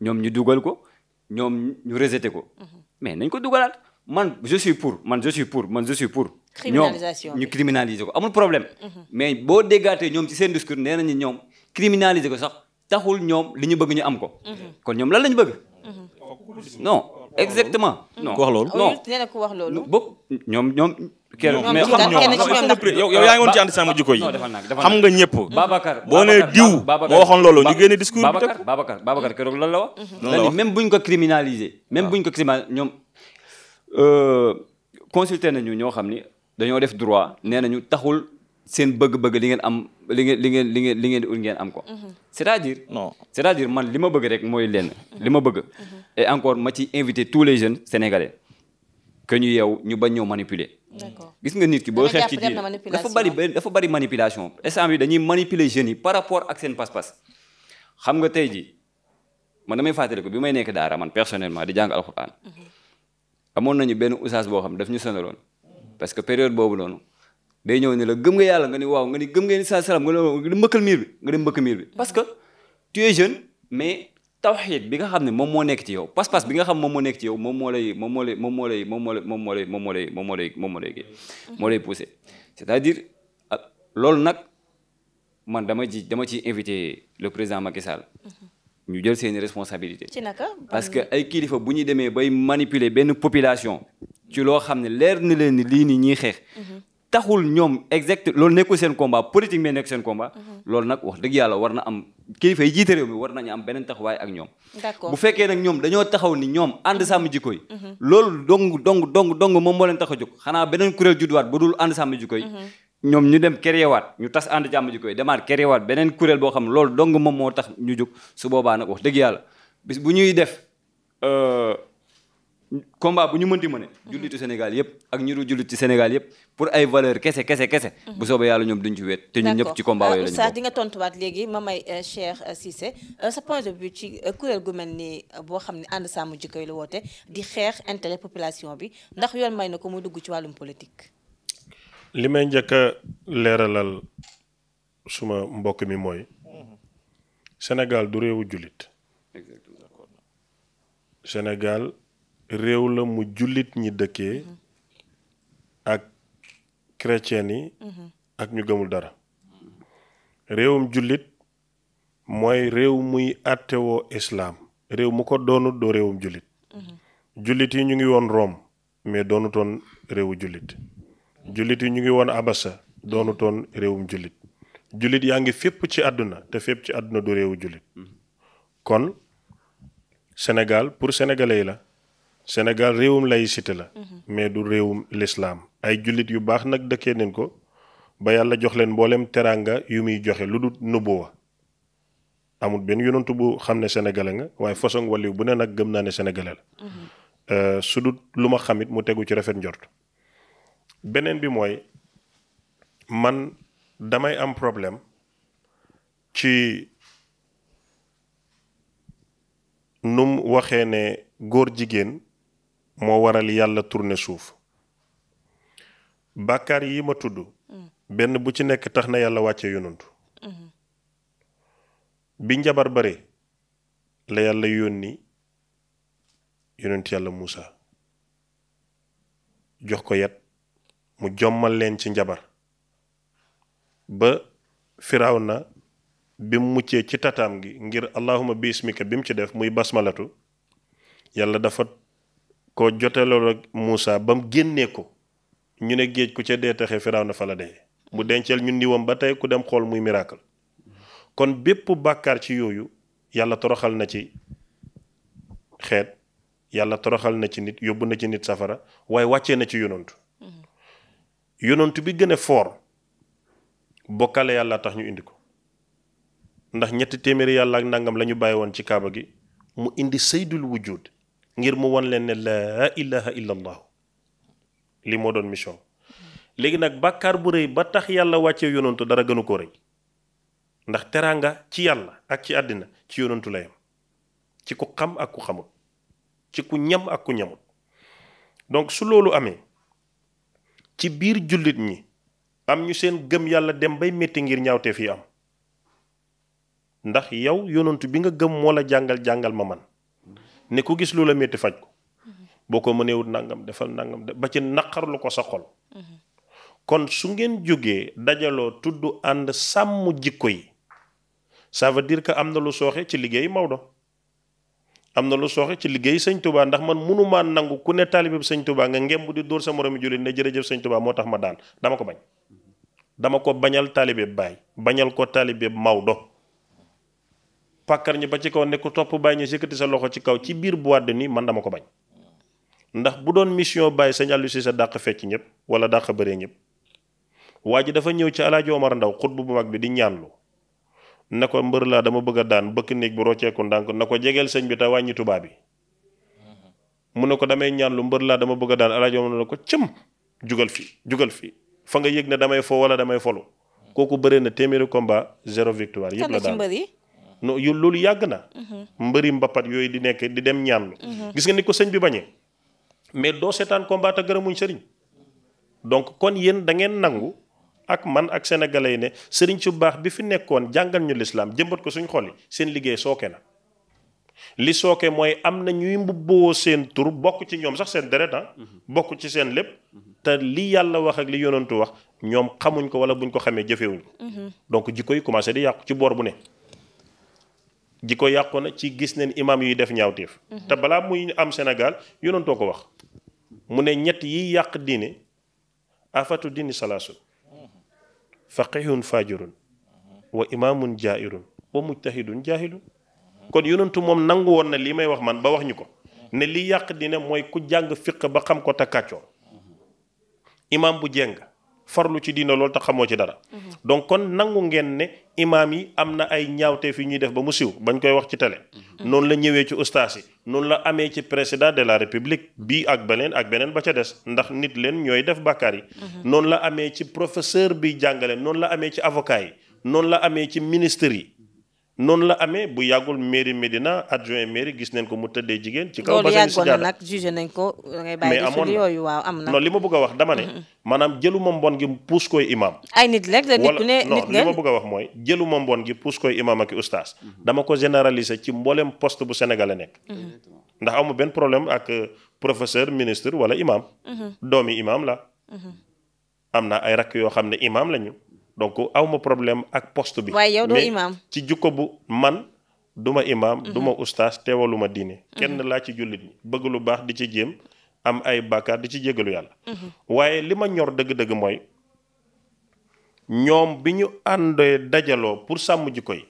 ñoom ñu dugal ko ñoom ñu rejeté ko. Mhm. mais nañ ko dugalaat man je suis pour man je suis pour man je suis pour. criminalisation ñoom ñu criminaliser ko amul problème. Mhm. mais boo déggaatee ñoom ci seen discours nee nañu ñoom criminaliser ko sax taxul ñoom li ñu bëgg ñu am ko. Mhm. kon ñoom lan lañu bëgg. non exactement. non ku wax loolu non nee ñoom ñoom. kenn mais xam ñoo yow yaa ngi woon ci ànd sàmm jikko yi xam nga ñëpp Babacar boo nee diw moo waxoon loolu ñu génne discours bi tëkk Babacar Babacar keroog lan la wax lan même buñ ko criminalisé même buñ ko criminalisé ñoom euh, consulté nañu ñoo xam ni dañoo def droit nee nañu taxul seen bëgg-bëgg li ngeen am li ngeen li ngeen li ngeen li ngeen di ut ngeen am ko mhm. c'est-à-dire non c'est-à-dire man li ma bëgg rek mooy lenn li ma bëgg mhm. et encore ma ci invité tous les jeunes sénégalais que ñu yeew ñu bañ ñoo manipuler gis nga nit ki boo xeex ci diine dafa bari dafa bari manipulation instant bi dañuy manipuler jeunes yi par rapport ak seen pas-pas xam nga tey ji man damay fàttali ko bi may nekk daara man personnellement di jàng alxuraan mhm. amoon nañu benn oustaz boo xam daf ñu sonaloon parce que période boobu noonu day ñëw ni la gëm nga yàlla nga ni waaw nga ni gëm nga ni saa salaam nga ni mbëkkal miir bi nga ni mbëkk bi parce que tu tawxiid bi nga xam ne moom moo nekk ci yow pas-pas bi nga xam moom moo nekk ci yow moom moo lay moom moo lay moom moo lay moom moo lay moom moo lay moom moo lay moom moo c'est-à-dire loolu nag man dama ci dama ciy invité le président Macky ñu jël seeni responsabilité ci naka parce que ay kilifa bu ñuy demee bay manipuler benn population ci loo xam ne leer na leen ni lii nii ñuy xeex taxul ñoom exact loolu nekkul seen combat politique mais nekk seen combat. Mhm. loolu nag wax dëgg yàlla war na am kilifa yi jiite réew mi war nañu am beneen taxawaay ak ñoom. bu fekkee nag ñoom dañoo taxaw ni ñoom ànd sàmm jikko yi. Mhm. loolu dong dong dong dong moom moo leen tax a jóg xanaa beneen kuréel judduwaat bu dul ànd sàmm jikko yi. Mhm. ñoom ñu dem kerewaat ñu tas ànd jàmm jikko yi demaat kerewaat beneen kuréel boo xam ne loolu dong moom moo tax ñu jóg su boobaa nag wax dëgg yàlla bis bu ñuy def. Euh, combat bu ñu mënti mëne mhm. jullitu Sénégal yëpp ak ñu dul jullit ci Sénégal yëpp pour ay valeur kese kese kese mhm. bu soobee yàlla ñoom duñ ci weet te ñun ñëpp ci combat yooyu euh, lañu sax di nga tontuwaat léegi ma may euh, Cheikh euh, Cissé sa point de ci kuréel gu mel ni boo xam ne ànd sàmm jikko yi la woote di xeex intérêt population bi ndax yoon may na ko mu dugg ci wàllum politique li may njëkk a leeralal suma mbokk mi mooy mhm. Sénégal du réewu jullit Sénégal réew la mu jullit ñi dëkkee ak chrétiens ak ñu gëmul dara réewum jullit mooy réew muy àttewoo islaam réew mu ko doonut doo réewum jullit jullit yi ñu ngi woon Rome mais doonutoon réewu jullit jullit yi ñu ngi woon Abasa doonutoon réewum jullit jullit yaa ngi fépp ci àdduna te fépp ci àdduna du réewu jullit kon Sénégal pour sénégalais yi la senegal réewum lay laïcité la. Mhm. mais du réewum lislaam ay jullit yu baax nag dëkkee neen ko ba yàlla jox leen mboolem teraanga yu muy joxe lu dul nubuwa amul benn yonantu bu xam ne sénégalais nga waaye façon wàllu bu ne nag gëm naa ne sénégalais la. Mhm. Euh, su dul lu ma xamit mu tegu ci rafet njort. beneen bi mooy man damay am problème ci num waxee ne góor jigéen. moo waral yàlla tourné suuf bàkkaar yi ma tudd benn bu ci nekk tax na yàlla wàcce yonantu bi njabar bare la yàlla yónni yonent yàlla Muusa jox ko yet mu jommal leen ci njabar ba firaw na bi muccee ci tataam gi ngir allahuma bismika bi mu ci def muy basmalatu yàlla dafa ko joteloo ak Moussa ba mu génnee ko ñu ne géej ku ca dee taxe Firawna fa la dee mu dencal ñun niwam ba tey ku dem xool muy miracle kon bépp bàkkaar ci yooyu yàlla toroxal na ci xeet yàlla toroxal na ci nit yóbbu na ci nit safara waaye wàccee na ci yonantu yonantu bi gën a foor bokkale yàlla tax ñu indi ko ndax ñetti téeméeri yàlla ak nangam lañu ñu bàyyi woon ci kaaba gi mu indi saydul wujud ngir mu won leen ne laa ilaha illa li moo doon mission léegi nag bàkkaar bu rëy ba tax yàlla wàccee yonantu dara gënu ko rëy ndax teraanga ci yàlla ak ci àddina ci yonantu la yam ci ku xam ak ku xamul ci ku ñam ak ku ñamul donc su loolu amee ci biir jullit ñi am ñu seen gëm yàlla dem bay métti ngir ñaawte fii am ndax yow yonantu bi nga gëm moo la jàngal jàngal ma man ne ku gis lu la métti faj ko boo ko mënee wut nangam defal nangam ba ci naqarlu ko sa xol. kon su ngeen jógee dajaloo tudd ànd sàmm jikko yi ça veut dire am na lu sooxee ci liggéey Maodo am na lu sooxe ci liggéey sëñ Touba ndax man mënumaa nangu ku ne taalibe sëñ Touba nga ngemb di dóor sa moroomi jullit ne jërëjëf sëñ Touba moo tax ma daan dama ko bañ. dama ko bañal taalibe Baay bañal ko taalibe Maodo. pàkkar ñi ba ci kaw ne ku topp bàyyi ñu yëkkati sa loxo ci kaw ci biir boîte de nuit man dama ko bañ ndax bu doon mission bàyyi sëñ Aliou sa dàq fecc ñëpp wala dàq bëree ñëpp waa ji dafa ñëw ci alaaji Omar Ndaw xutbu bu mag bi di ñaanlu na ko mbër laa dama bëgg daan bëkk néeg bu rocceeku ndànk na ko jegeel sëñ bi te wàññi tubaab bi mu ne ko damay ñaanlu mbër laa dama bëgg daan alaaji Omar na ko cëm jugal fi jugal fi fa nga yëg ne damay fo wala damay folu kooku bëree na téeméeri combat zéro victoire yëpp la daan no yu loolu yàgg na. Mhm. mbëri mbapat yooyu di nekk di dem ñaan. Mhm. gis nga ni ko sëñ bi bañee. mais doo seetaan combat te gërëmuñ sëriñ. donc kon yéen da ngeen nangu ak man ak sénégalais yi ne sëriñ su baax bi fi nekkoon jàngal ñu lislaam jëmbat ko suñ xool yi seen liggéey sooke na. li sooke mooy am na ñuy mbubboo seen tur bokk ci ñoom sax seen deret ah. mhm. bokk ci seen lépp. te li yàlla wax ak li yonantu wax ñoom xamuñ ko wala buñ ko xamee jëfewuñ ko. donc jikko yi di yàqu ci boor bu ne. jikko yàqu na ci gis neen imaam yuy def ñaawteef. te balaa muy am Sénégal yonantoo ko wax mu ne ñett yi yàq diine afatu diini salaasun faqihun fajirun wa imaamun jaa'irun wa mujtahidun jaahilun kon yonantu moom nangu woon na lii may wax man ba wax ñu ko ne lii yàq diine mooy ku jàng fiq ba xam ko te kàccoo imaam bu jeng farlu ci diina lool te xamoo ci dara. Mhm. donc kon nangu ngeen ne imaam yi am na ay ñaawteef yu ñuy def ba mu siw bañ koy wax ci télé. Mhm. noonu la ñëwee ci ustaas yi noonu la amee ci président de la république bii ak beneen ak beneen ba ca des ndax nit leen ñooy def bàkkaar yi. Mhm. noonu la amee ci professeur bi jàngale noonu la amee ci avocat yi noonu la amee ci ministre yi. noonu la amee bu yàggul mairie Médina adjoint mairie gis nañ ko mu tëddee jigéen. ci kaw bassin si nag jugé nañ ko ngay bàyyi gisul yooyu waaw li ma bëgg wax dama ne. Mm-hmm. maanaam jëluma mbon gi puus koy imaam. ay nit rek nga li ma bëgg a wax mooy jëluma mbon gi puus koy imaam ak ustaas. Mm-hmm. dama ko généraliser ci mboolem poste bu Sénégal nekk. Mm-hmm. ndax amu benn problème ak euh, professeur ministre wala imaam. doomi imaam la. am na ay rakk yoo xam ne imaam lañu. donc awma problème ak poste bi. waaye yow doo imaam ci jukko bu man duma imaam. Mhm. duma ustaas teewaluma diine. Mhm. kenn laa ci jullit ñi bëgg lu baax di ci jéem am ay bàkkaar di ci jégalu yàlla. Mhm. waaye li ma ñor dëgg-dëgg mooy ñoom bi ñu àndee dajaloo pour sàmm jikko yi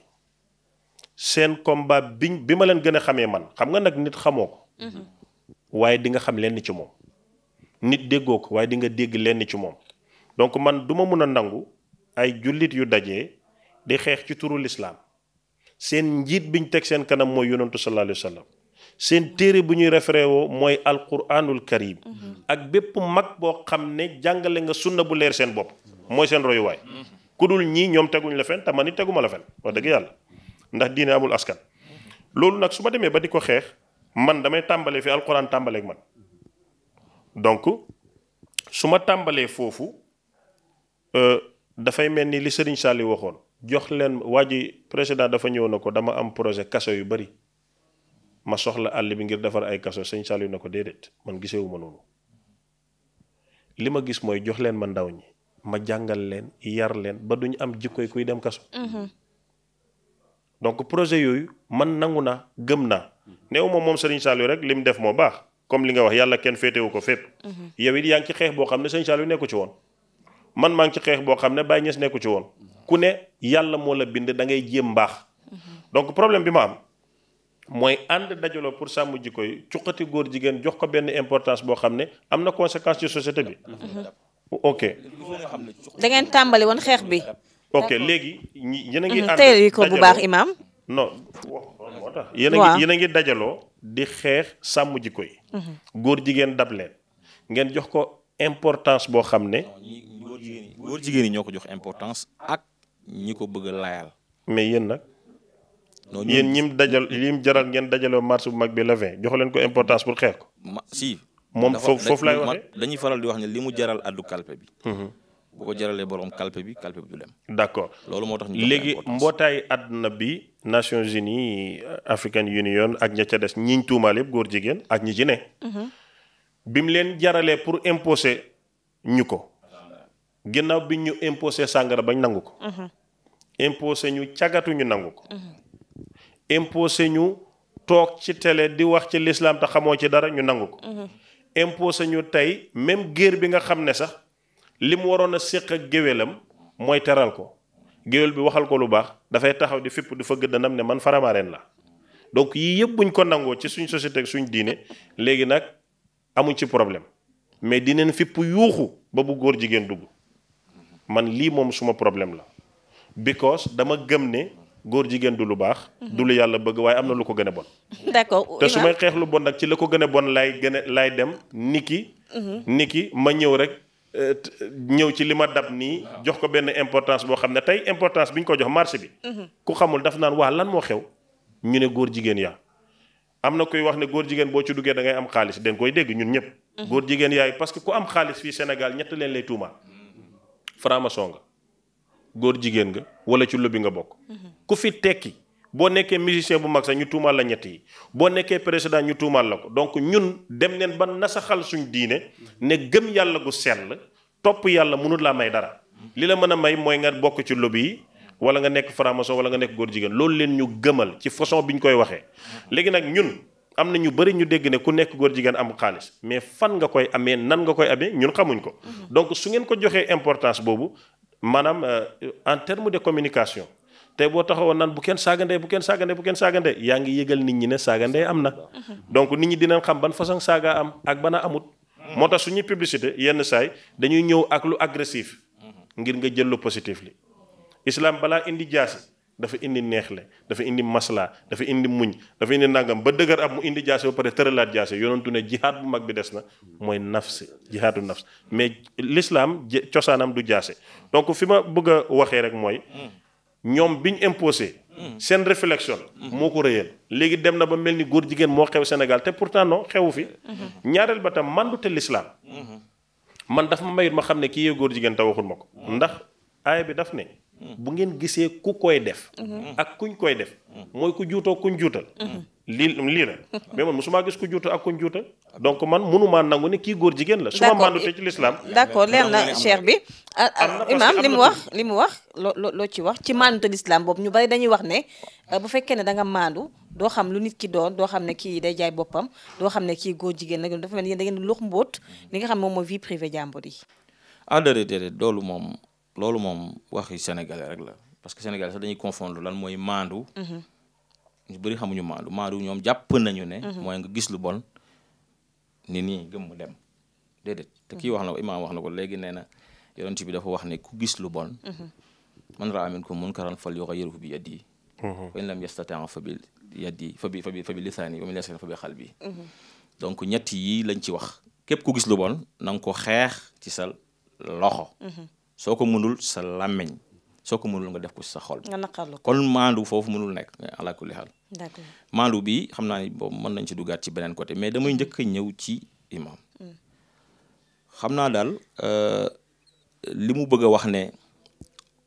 seen combat biñ bi ma leen gën a xamee man xam nga nag nit xamoo ko. waaye di nga xam lenn ci moom. nit déggoo ko waaye di nga dégg lenn ci moom donc man duma mun a nangu. ay jullit yu daje di xeex ci turu lislaam seen njiit bi ñu teg seen kanam mooy yonantu sallallahu alayhi wa sallam seen téere bu ñuy référé woo mooy alquranul karim mm-hmm. ak bépp mag boo xam ne jàngale nga sunna bu leer seen bopp mooy seen royuwaay mm-hmm. ku dul ñii ñoom teguñ la fen te man teguma la fen wax dëgg yàlla ndax diine amul askan mm-hmm. loolu nag su ma demee ba di ko xeex man damay tàmbalee fi alquran tàmbaleek man donc su ma tàmbalee foofu euh, dafay mel ni li Serigne Sall waxoon jox leen waa ji président dafa ñëw na ko dama am projet kaso yu bari ma soxla àll bi ngir defar ay kaso Serigne Sall na ko déedéet man gisewu ma noonu li ma gis mooy jox leen ma ndaw ñi ma jàngal leen yar leen ba duñu am jikkoy kuy dem kaso. Mhm. donc projet yooyu man nangu naa gëm naa néew ma moom Serigne rek li mu def moo baax comme li nga wax yàlla kenn féetewu ko fépp. Mhm. yow it yaa ngi nekku ci woon. man maa ngi ci xeex boo xam ne Baye Niass nekku ci woon ku ne yàlla moo la bind da ngay jéem mbaax donc problème bi ma am mooy ànd dajaloo pour sàmm jikko yi cuqati góor jigéen jox ko benn importance boo xam ne am na conséquence ci société bi. ok. da ngeen tàmbali woon xeex bi. ok léegi ñi yéen a ngi. ànd tey ko bu baax imaam. non moo yéen a ngi yéen a ngi dajaloo di xeex sàmm jikko yi. Mhm. góor jigéen dab ngeen jox ko importance boo xam ne. jigéen yi góor jigéen yi ñoo ko jox importance ak ñi ko bëgg a laayal. mais yéen nag. non yéen ñim dajal yim jaral ngeen dajaloo marché bu mag bi la vingt jox leen ko importance pour xeex ko. ma si. moom foofu foofu laay waxee dañuy faral di wax ne li mu jaral addu kalpe bi. Mhm. bu ko jaralee borom kalpe bi kalpe bi du dem. d' accord loolu moo tax ñu léegi mbootaayu àdduna bi. Nations Unies African Union ak ña ca des ñiñ tuumaal yëpp góor jigéen ak ñi ci ne. Mhm. bi mu leen jaralee pour imposer ñu ko. ginnaaw bi ñu imposé sàngara bañ nangu ko. Mhm. imposé ñu cagatu nangu ko. Mhm. imposé ñu toog ci tele di wax ci lislaam te xamoo ci dara ñu nangu ko. Mhm. imposé ñu tey même géer bi nga xam ne sax li mu waroon a séq ak géwélam mooy teral ko géwél bi waxal ko lu baax dafay taxaw di fipp di fëgg danam ne man faramareen la donc yii yëpp buñ ko nangoo ci suñ société ak suñ diine léegi nag amuñ ci problème mais dineen fipp yuuxu ba bu góor jigéen dugg man lii moom suma problème la because dama gëm ne góor jigéen du lu baax. du lu yàlla bëgg waaye am na lu ko gën a bon. d'accord te su may xeex lu bon nag ci la ko gën a bon laay gën a laay dem niki. Mhm. niki ma ñëw rek euh, ñëw ci li ma dab nii. jox ko benn importance boo xam ne tey importance bi ñu ko jox marché bi. Mhm. ku xamul daf naan waa lan moo xew ñu ne góor jigéen yaa. am na kuy wax ne góor jigéen boo ci duggee da am xaalis den koy dégg ñun ñëpp. Mhm. góor jigéen yaay parce que ku am xaalis fii Sénégal ñett leen lay tuumaa franc-maçon nga góor jigéen nga wala ci lobby nga bokk. ku fi tekki boo nekkee musicien bu mag sax ñu tuumaal la ñett yi boo nekkee président ñu tuumaal la ko donc ñun dem neen ba nasaxal suñu diine ne gëm yàlla gu sell topp yàlla mënul laa may dara. li la mën a may mooy nga bokk ci lobby yi wala nga nekk franc-maçon wala nga nekk góor jigéen loolu leen ñu gëmal ci façon bi ñu koy waxee léegi nag ñun. am na ñu bëri ñu dégg ne ku nekk góor jigéen am xaalis mais fan nga koy amee nan nga koy amee ñun xamuñ ko. Mhm. donc su ngeen ko joxee importance boobu maanaam euh, en terme de communication. te boo taxawoon nan bu kenn saagandee bu kenn saagandee bu kenn saagandee yaa ngi yëgal nit ñi ne saagandee am na. Mhm. donc nit ñi dinañ xam ban façon saaga am ak bana amut. moo tax suñuy publicité yenn saay dañuy ñëw ak lu agressif. Mhm. ngir nga jël lu positif li. islam balaa indi jaasi. dafa indi neexle dafa indi maslaa dafa indi muñ dafa indi nangam ba dëgër ab mu indi jaase ba pare tëralaat jaase yonentu ne jihaat bu mag bi des na mooy nafs jihaatu nafs mais l'islam cosaanam du jaase donc fi ma bëgg a waxee rek mooy ñoom bi ñu imposé seen réflexion moo ko rëyal léegi dem na ba mel ni góor jigéen moo xew senegal te pourtant non xewu fi ñaareel ba tam man du te l'islam man daf ma mayut ma xam ne kii yee góor jigéen te waxul ma ko ndax bi daf ne bu ngeen gisee ku koy def. Mhm. ak kuñ koy def. mooy ku juutoo kuñ juutal. Mhm. lii lii la mhm. mais man musuma gis ku juutal ak kuñ juutal. donc man mënumaa nangu ne kii góor jigéen la. su ma màndutee ci lislaam d' na cheikh bi. Ah, ah, imaam li mu wax li mu wax loo loo ci wax ci màndute lislaam boobu ñu bari dañuy wax ne euh, bu fekkee ne da nga doo xam lu nit ki doon doo xam ne kii day jaay boppam doo xam ne kii góor jigéen nag dafa mel ni yéen da ngeen di lox mbóot mm. li nga xam moom mooy vie privée jàmbur yi. ah déedéet déedéet loolu moom loolu moom waxi sénégalais rek la parce que sénégalais sax dañuy confondre lan mooy maandu. Mhm. ñu bëri xamuñu maandu maandu ñoom jàpp nañu ne. Mhm. mooy nga gis lu bon ni nii gëm mu dem déedéet. te kii mhm. wax na ko imaam wax na ko léegi nee na yonent bi dafa wax ne ku gis lu bon. man raa minkum munkaran falyughayyirhu bi yadihi. wa in lam yastati' fa bi yadihi fa fa bi fa bi lisaanihi wa in lam yastati' fa bi donc ñetti yi lañ ci wax képp ku gis lu bon na nga ko xeex ci sa loxo. soo ko mënul sa làmmiñ soo ko mënul nga def ko sa xol. nga naqarlu kon maandu foofu mënul nekk ala kulli xaal. d'accord maandu bi xam naa ne boobu mën nañ ci dugaat ci beneen côté mais damay njëkk a ñëw ci imam. Mm. xam naa daal euh, li mu bëgg a wax ne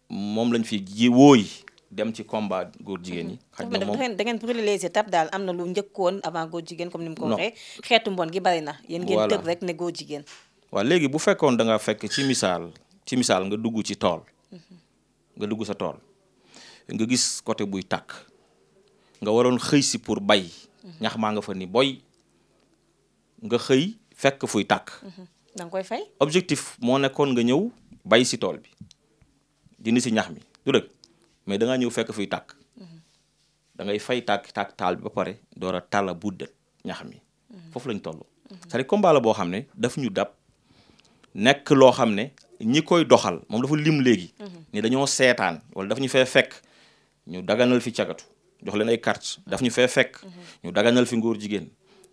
moom lañ fi ji wooy dem ci combat góor jigéen yi. Mm-hmm. xaj na moom da ngeen privilégié tab daal am na lu njëkkoon avant góor jigéen comme ni mu ko waxee. xeetu mbon gi bari na. voilà yéen ngeen tëb rek ne góor jigéen. waaw léegi bu fekkoon da nga fekk ci misaal. ci misaal nga dugg ci tool nga dugg sa tool nga gis coté buy tàkk nga waroon xëy si pour bay ñax maa nga fa ni boy nga xëy fekk fuy tàkk da koy fay objectif moo nekkoon nga ñëw bay si tool bi dindi si ñax mi du dëgg mais da ñëw fekk fuy takk da fay tàkk tàkk taal bi ba pare door a tala buddat ñax mi foofu lañ toll mhm. c'est-à-dire boo xam ne daf ñu dab nekk loo xam ne ñi koy doxal moom dafa lim léegi. Mhm. ni dañoo seetaan wala daf ñu fee fekk ñu daganal fi cagatu jox leen ay carte daf ñu fee fekk. Mhm. ñu daganal fi ngóor jigéen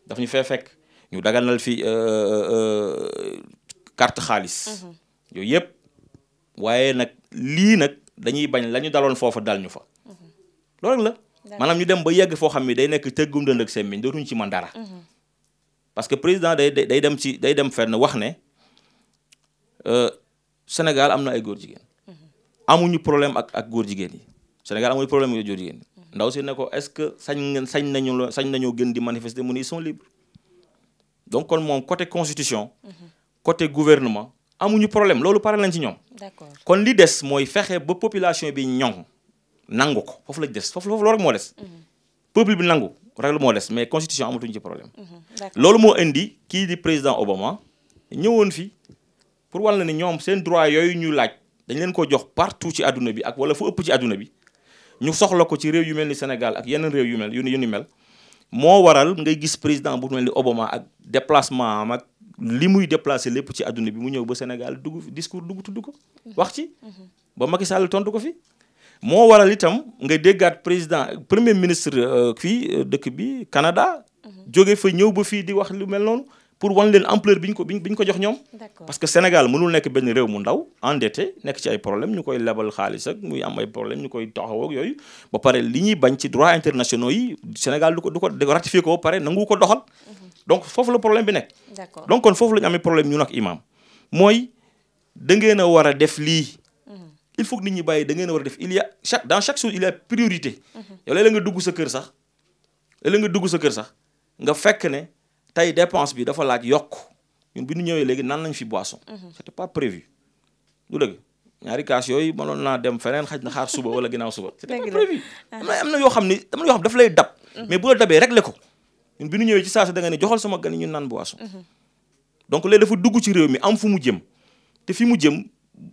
daf ñu fee fekk ñu daganal fi euh, euh, euh, carte xaalis. Mhm. yooyu yëpp waaye nag lii nag dañuy bañ lañu daloon foofa dal ñu fa. loolu la maanaam ñu dem ba yegg foo xam ne day nekk tëggum dënd ak semmiñ dootuñu ci man dara. parce que président day day dem ci day dem fenn wax ne. Sénégal am na ay góor jigéen amuñu problème ak ak góor jigéen yi Sénégal amuñu problème ak góor jigéen yi ndaw si ne ko est-ce que sañ ngeen sañ nañu la sañ nañoo gën di manifester mu ne ils sont donc kon moom côté constitution côté gouvernement amuñu problème loolu pare lañ ci ñoom kon li des mooy fexe ba population bi ñoŋ nangu ko foofu la des foofu foofu loolu rek moo des mhm. peuple bi nangu rek moo des mais constitution amatuñu ci problème mhm. loolu moo indi kii di président Obama pour wal na ni ñoom seen droit yooyu ñu laaj dañ leen ko jox partout ci àdduna bi ak wala fu ëpp ci àdduna bi ñu soxla ko ci réew yu mel ni Sénégal ak yeneen réew yu mel yu ni mel moo waral ngay gis président bu mel ni Obama ak déplacement am ak li muy déplacé lépp ci àdduna bi mu ñëw ba Sénégal dugg discours dugg tudd ko wax ci ba Macky Sall tontu ko fi moo waral itam nga déggaat président premier ministre euh, fii euh, dëkk bi Canada mhm. jóge fa ñëw ba fii di wax lu mel noonu pour wan leen ampleur bi ñu ko bi ñu ko jox ñoom. parce que Sénégal mënul nekk benn réew mu ndaw endetté nekk ci ay problème ñu koy lebal xaalis ak muy am ay problème ñu koy taxawoo yooyu. ba pare li ñuy bañ ci droit internationaux yi Sénégal du ko du ko ratifié ko ba pare nangu ko doxal. Mhm. donc foofu la problème bi nekk. donc kon foofu la ñu amee problème ñun ak imam mooy da ngeen a war a def lii. Mhm. il faut que nit ñi bàyyi da ngeen a def il y a chaque chaque chose il y a priorité. Mhm. yow léeg-léeg nga dugg sa kër sax léeg nga dugg sa kër sax nga fekk ne. tey dépense bi dafa laaj yokk ñun bi ñu ñëwee léegi nan lañ fi boisson. Mhm. c'était pas prévu du dëgg ñaari kaas yooyu mënoon naa dem feneen xaj na xaar suba wala ginnaaw suba. c'était pas prévu ah. am na yoo ni am na yoo xam daf lay dab. Mhm. mais bu la ko bi ñu ñëwee ci saa da nga ne joxal sama gan yi mhm. dafa dugg ci réew mi am fu mu jëm te fi mu jëm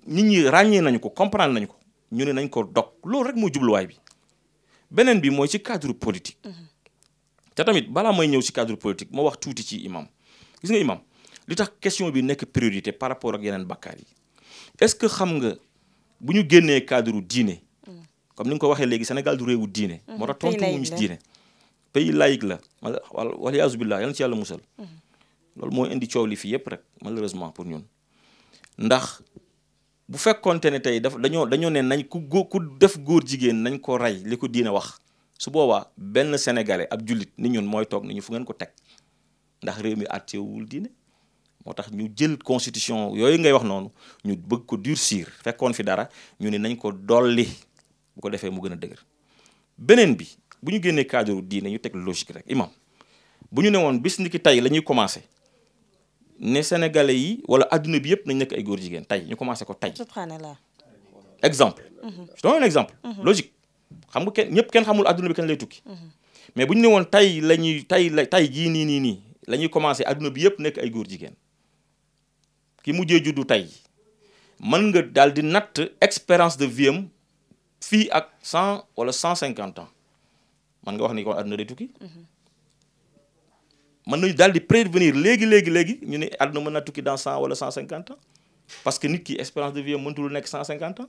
nit ñi ràññee nañ ko comprendre nañu ko ñu ne nañ ko dog loolu rek moo jubluwaay bi beneen bi mooy ci cadre politique. te tamit balaa may ñëw si cadre politique ma wax tuuti ci imam gis nga imam li tax question bi nekk priorité par rapport ak yeneen bakkaar yi est-ce que xam nga bu ñu génnee cadre diine comme ni nga ko waxee léegi senegal du réewu diine mhm. moo tax tontu wuñu ci diine pays laïque la wala wala yaasu billah yal na ci yàlla musal mhm. loolu mooy indi coow li fii yëpp rek malheureusement pour ñun ndax bu fekkonte ne tey daf dañoo dañoo ne nañ ku góor ku def góor jigéen nañ ko rey li ko diine wax su boobaa benn sénégalais ab jullit ni ñun mooy toog ni ñu fu ngeen ko teg ndax réew mi àttewul diine moo tax ñu jël constitution yooyu ngay wax noonu ñu bëgg ko durcir fekkoon fi dara ñu ne nañ ko dolli bu ko defee mu gën a dëgër beneen bi bu ñu génnee cadre diine ñu teg logique rek imam bu ñu ne woon bis ni ki tey la ñuy commencé ne sénégalais yi wala adduna bi yëpp nañ nekk ay góor jigéen tey ñu commencé ko tey. subhanallah exemple. Mhm. je donne exemple. Mhm. xam nga kenn ñëpp kenn xamul adduna bi kenn lay tukki. Mhm. mais bu ñu ne woon tey la ñuy tey la tey jii nii nii nii la ñuy commencé adduna bi yëpp nekk ay góor jigéen ki mujjee juddu tey man nga daal di natt expérience de vie fii ak cent wala cent cinquante ans man nga wax ni kon adduna day tukki. Mhm. mën nañu daal di prévenir léegi léegi léegi ñu ne àdduna mën na tukki dans cent wala cent cinquante ans parce que nit ki espérance de vie mëntul nekk cent cinquante ans.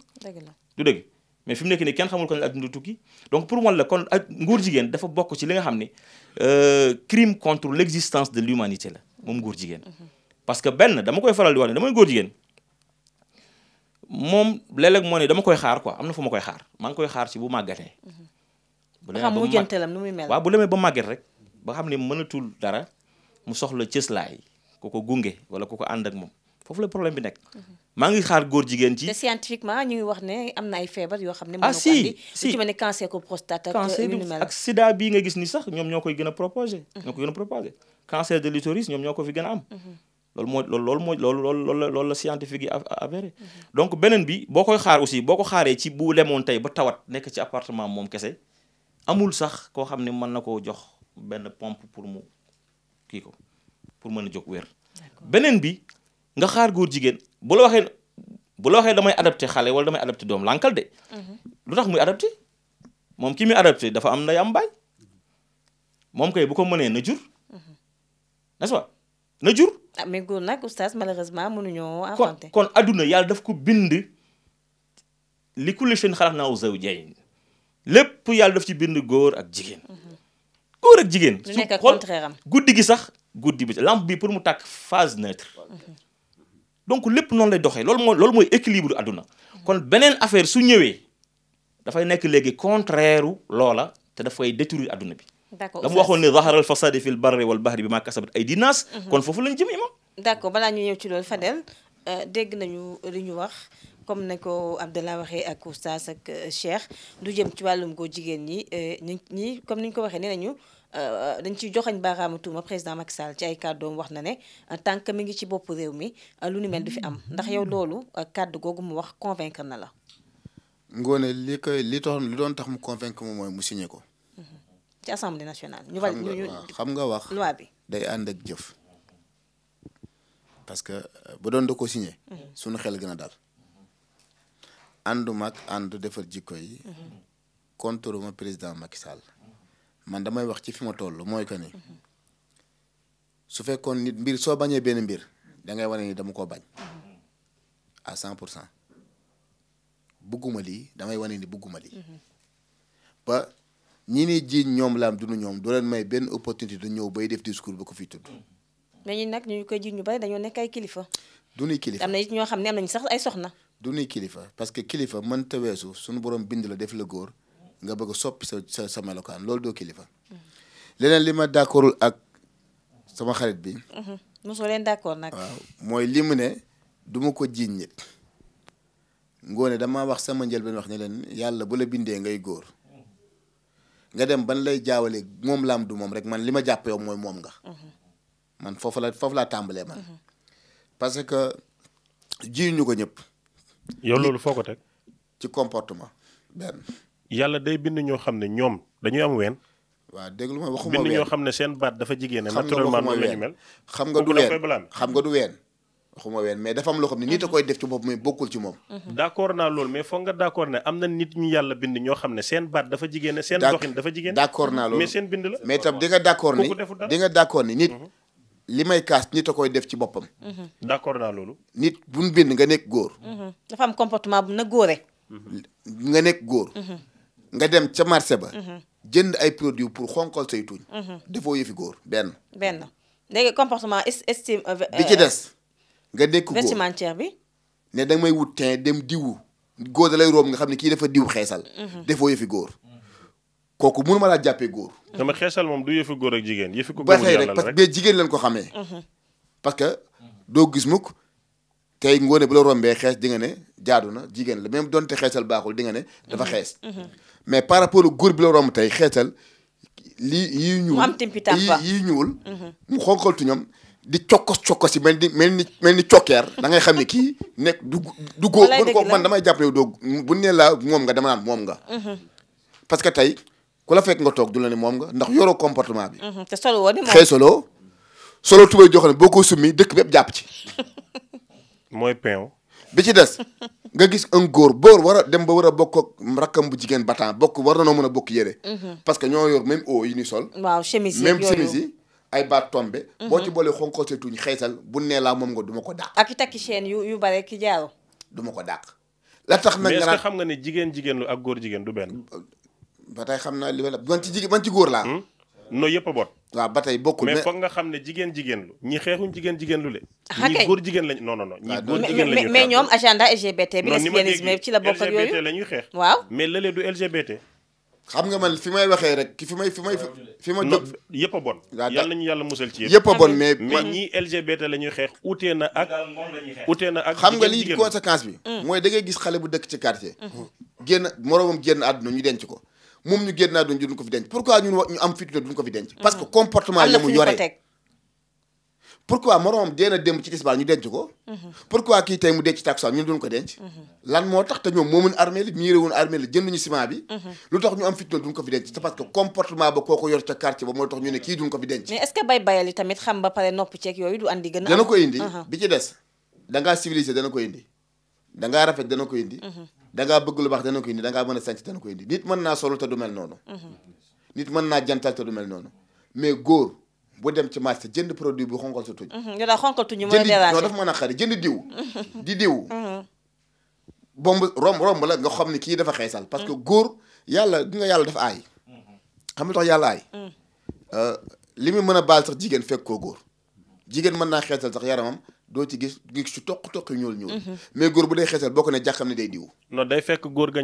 du dëgg. mais fi mu nekk nii kenn xamul ko ne adduna tukki pour moi la kon ak nguur jigéen dafa bokk ci li nga xam ne euh, crime contre l' existence de l'humanité la moom nguur jigéen parce que benn dama koy faral di wax ne damay góor jigéen moo dama koy xaar quoi am na fu ma koy xaar maa ngi koy xaar ci bu màggatee bu demee ba mujjanteelam nu muy mel waaw bu demee ba màgget rek ba xam ne mënatul dara mu soxla cëslaay ku ko gunge wala ku ko ànd ak moom foofu la problème bi nekk. maa ngi xaar góor jigéen ci. te scientifiquement ñu wax ne am na ay feebar yoo xam ne. ah si si ci mel ne cancer ko prostate euh, bii nga gis ni sax ñoom ñoo koy gën a mhm. ñoo ko gën a proposé cancer de l'utérus ñoom ñoo ko fi gën a am. Mhm. loolu mooy lool mooy loolu loolu loolu la scientifique yi avéré. Mhm. donc beneen bi boo koy xaar aussi boo ko xaaree ci bu lemoon tey ba tawat nekk ci appartement moom kese amul sax koo xam ne man na koo jox benn pompe pour mu kii ko pour mën a jóg wér. nga xaar góor jigéen bu la waxee bu la waxee damay adopté xale wala damay adopté doom lànkal de. Mm-hmm. lu tax muy adopté moom ki muy adopté dafa am nday am moom kay bu ko mënee na jur. Mm-hmm. n'est-ce pas na jur. ah mais góor nag oustaz malheureusement mënuñoo enfanté. kon kon adduna yàlla daf ko bind li kulli shay'in khalaqnahu zawjayn lépp yàlla daf ci bind góor ak jigéen. Mm-hmm. góor ak jigéen. su xool guddi gi sax guddi bi lampe bi pour mu tàkk phase neutre. donc lépp noonu lay doxee loolu mooy loolu mooy équilibre àdduna kon beneen affaire su ñëwee dafay nekk léegi contraire loola te dafay détruire àdduna bi. d'accord la mu waxoon ne zaharal fasadi fil barri wal bahri bi ma kasabat ay dinaas. Mhm. kon foofu lañ jëm imam. d'accord balaa ñu ñëw ci loolu Fadel euh, dégg nañu li ñu wax. comme ne ko Abdallah waxee ak oustaz ak euh, Cheikh du jëm ci wàllum góor jigéen euh, ñi ñi comme ni ñu ko waxee nee nañu Euh, dañ ci joxañ baaraamu tuuma président Macky Sall ci ay kàddoom wax na ne en tant que mi ngi ci bopp réew mi lu ni mel du fi am ndax yow loolu kàddu googu mu wax convaincre na la. Ngoone li koy li tax doon tax mu convaincre moom mooy mu signé ko. Mm-hmm. ci assemblée nationale. xam nga wax loi bi. day ànd ak jëf. parce que euh, ba doon da ko signé. Mm-hmm. suñu xel gën a dal. àndu ànd defar jikko yi. Mm-hmm. président Macky man damay wax ci fi ma toll mooy que ni su fekkoon nit mbir soo bañee benn mbir da ngay wane ni dama ko bañ à cent pour cent bugguma lii damay wane ni bugguma lii ba ñi ni jiiñ ñoom laam dunu ñoom doo leen may benn opportunité du ñëw bay def discours ba ko fiy tudd. mais ñun nag ñu koy jiiñ ñu bari dañoo nekk ay kilifa. du nuy kilifa am na it ñoo xam ne am nañu sax ay soxna. du nuy kilifa parce que kilifa mënta weesu sunu borom bind la def la góor. nga bëgg a soppi sa sa sa melokaan loolu doo kilifa. leneen li ma d'accordul ak sama xarit bi. Mhm. mosoo leen d'accord nag. mooy li mu ne du ma ko jiiñ nit. ngoone damaa wax sama njëlbeen wax ne leen yàlla bu la bindee ngay góor nga dem ban lay jaawale moom laam du moom rek man li ma jàpp yow moom nga. Mhm. man foofu la foofu laa tàmbalee man. Mhm. parce que jiiñu ko ñëpp. yow loolu foo ko teg. ci comportement yàlla day bind ñoo xam ne ñoom dañuy am ween. waaw déglu ma seen baat dafa jigéen ne mais dafa a koy mhm. nga d' ne am na nit ñu yàlla bind ñoo xam ne seen baat dafa jigéen seen doxin dafa jigéen. d' naa loolu mais seen bind la. mais itam di nga d' accord ni di nga d' ni nit. Mhm. li may kaas nit a koy def ci boppam. Mhm. d' naa loolu. nit bu bind nga nekk góor. dafa am comportement bu na góore. nga nekk góor. nga dem ca marché ba. Mhm. jënd ay produits pour xonkol say tuñ. Mhm. defoo yëfi góor benn. benn léegi comportement estime. Euh, bi ci euh, ne da may wut teen dem diwu góor da lay room nga xam ne kii dafa diw xeesal. Mhm. defoo yëfi góor. kooku mënu ma laa jàppee góor. dama xeesal moom du yëfi góor ak jigéen yëfi ko góor yàlla rek parce que jigéen lañ ko xamee. parce doo gis mukk tey ngoone bu la rombee xees di ne jaadu na jigéen la même donte xeesal baaxul di nga ne dafa xees. mais par rapport ak góor bi la romb tey xeetal lii yii ñuul mu am yii mhm. di cokkos cokkos mel ni mel cokkeer da ngay xam ni kii nekk du du góor man damay jàpp ne doo bu ne laa moom nga dama naan moom nga. Mhm. parce que tey ku la fekk nga toog du la ne moom nga ndax yoroo comportement bi. Mhm. te solo woo solo. solo jox ne boo ko summi dëkk bépp jàpp ci. [laughs] bi ci des nga gis un góor boor war a dem ba war a bokk ak rakkam bu jigéen batan bokk war na noo mën a bokk yére mhm. parce que ñoo yor même eau yi ñuy sol waaw chemise yi même chemise yi ay baat tombe mhm. boo ci boolee xonkoose tuñ xeesal bu nee laa moom nga du ma ko dàq ak i takki chaîne yu yu bare ki jaaro du ma ko dàq la tax nag nga xam nga ne jigéen jigéen lu ak góor jigéen du benn ba tey xam naa li ma la man ci jigéen man ci góor laa hmm? no yëpp a boot. waaw ba tey bokkul mais foog nga xam ne jigéen jigéen lu ñi xeexuñ jigéen jigéen lu le. ah ñi góor jigéen lañ non non non. ñi góor jigéen lañuy xeex mais ñoom agenda LGBT bi. lesbianisme ci la bokk ak yooyu LGBT la ñuy xeex. waaw mais lële du LGBT. xam nga ma fi may waxee rek ki fi may fi may fi ma jóg yëpp a bon yàlla nañu yàlla musal ci yëpp a bon mais mais ñii LGBT la ñuy xeex utee na ak utee na ak xam nga lii conséquence bi mm. mooy da ngay gis xale bu dëkk ci quartier génn moroomam génn àdduna ñu denc ko moom ñu génn naa duñ ko fi ko fi denc parce que mm. comportement yi mu yore na mm-hmm. mm-hmm. mm-hmm. duñ ko fi denc parce que comportement ba kooku yor ca quartier ba moo tax ñu ne kii duñ ko fi denc mais est bay bayal tamit xam ba pare nopp ceeg yooyu du andi gën a dana ko indi uh-huh. bi ci des dangaa civilisé dana ko indi dangaa rafet dana ko indi da ngaa bëgg lu baax dana ko indi da mën a sànc dana ko indi nit mën naa solo te du mel noonu. Mhm. nit mën naa jantal te du mel noonu mais góor bu dem ci marché jënd produit bu xonqal sa tuñ. ñu mhm, daal xonqal tuñ ñu mën a déranger jënd non dafa mën a xari jënd diw. Mhm. di diw. bomb romb romb la nga xam ne kii dafa xeesal. parce que góor yàlla di yàlla dafa aay. xam nga tax yàlla aay. Euh, li muy mën a baal sax jigéen fekk koo góor jigéen mën naa xeesal sax yaramam. doo ci gis gis ci toq toq ñuul ñuul. Mhm. mais góor bu day xeesal boo ko ne jàkkam ne day diw. non day fekk góor bu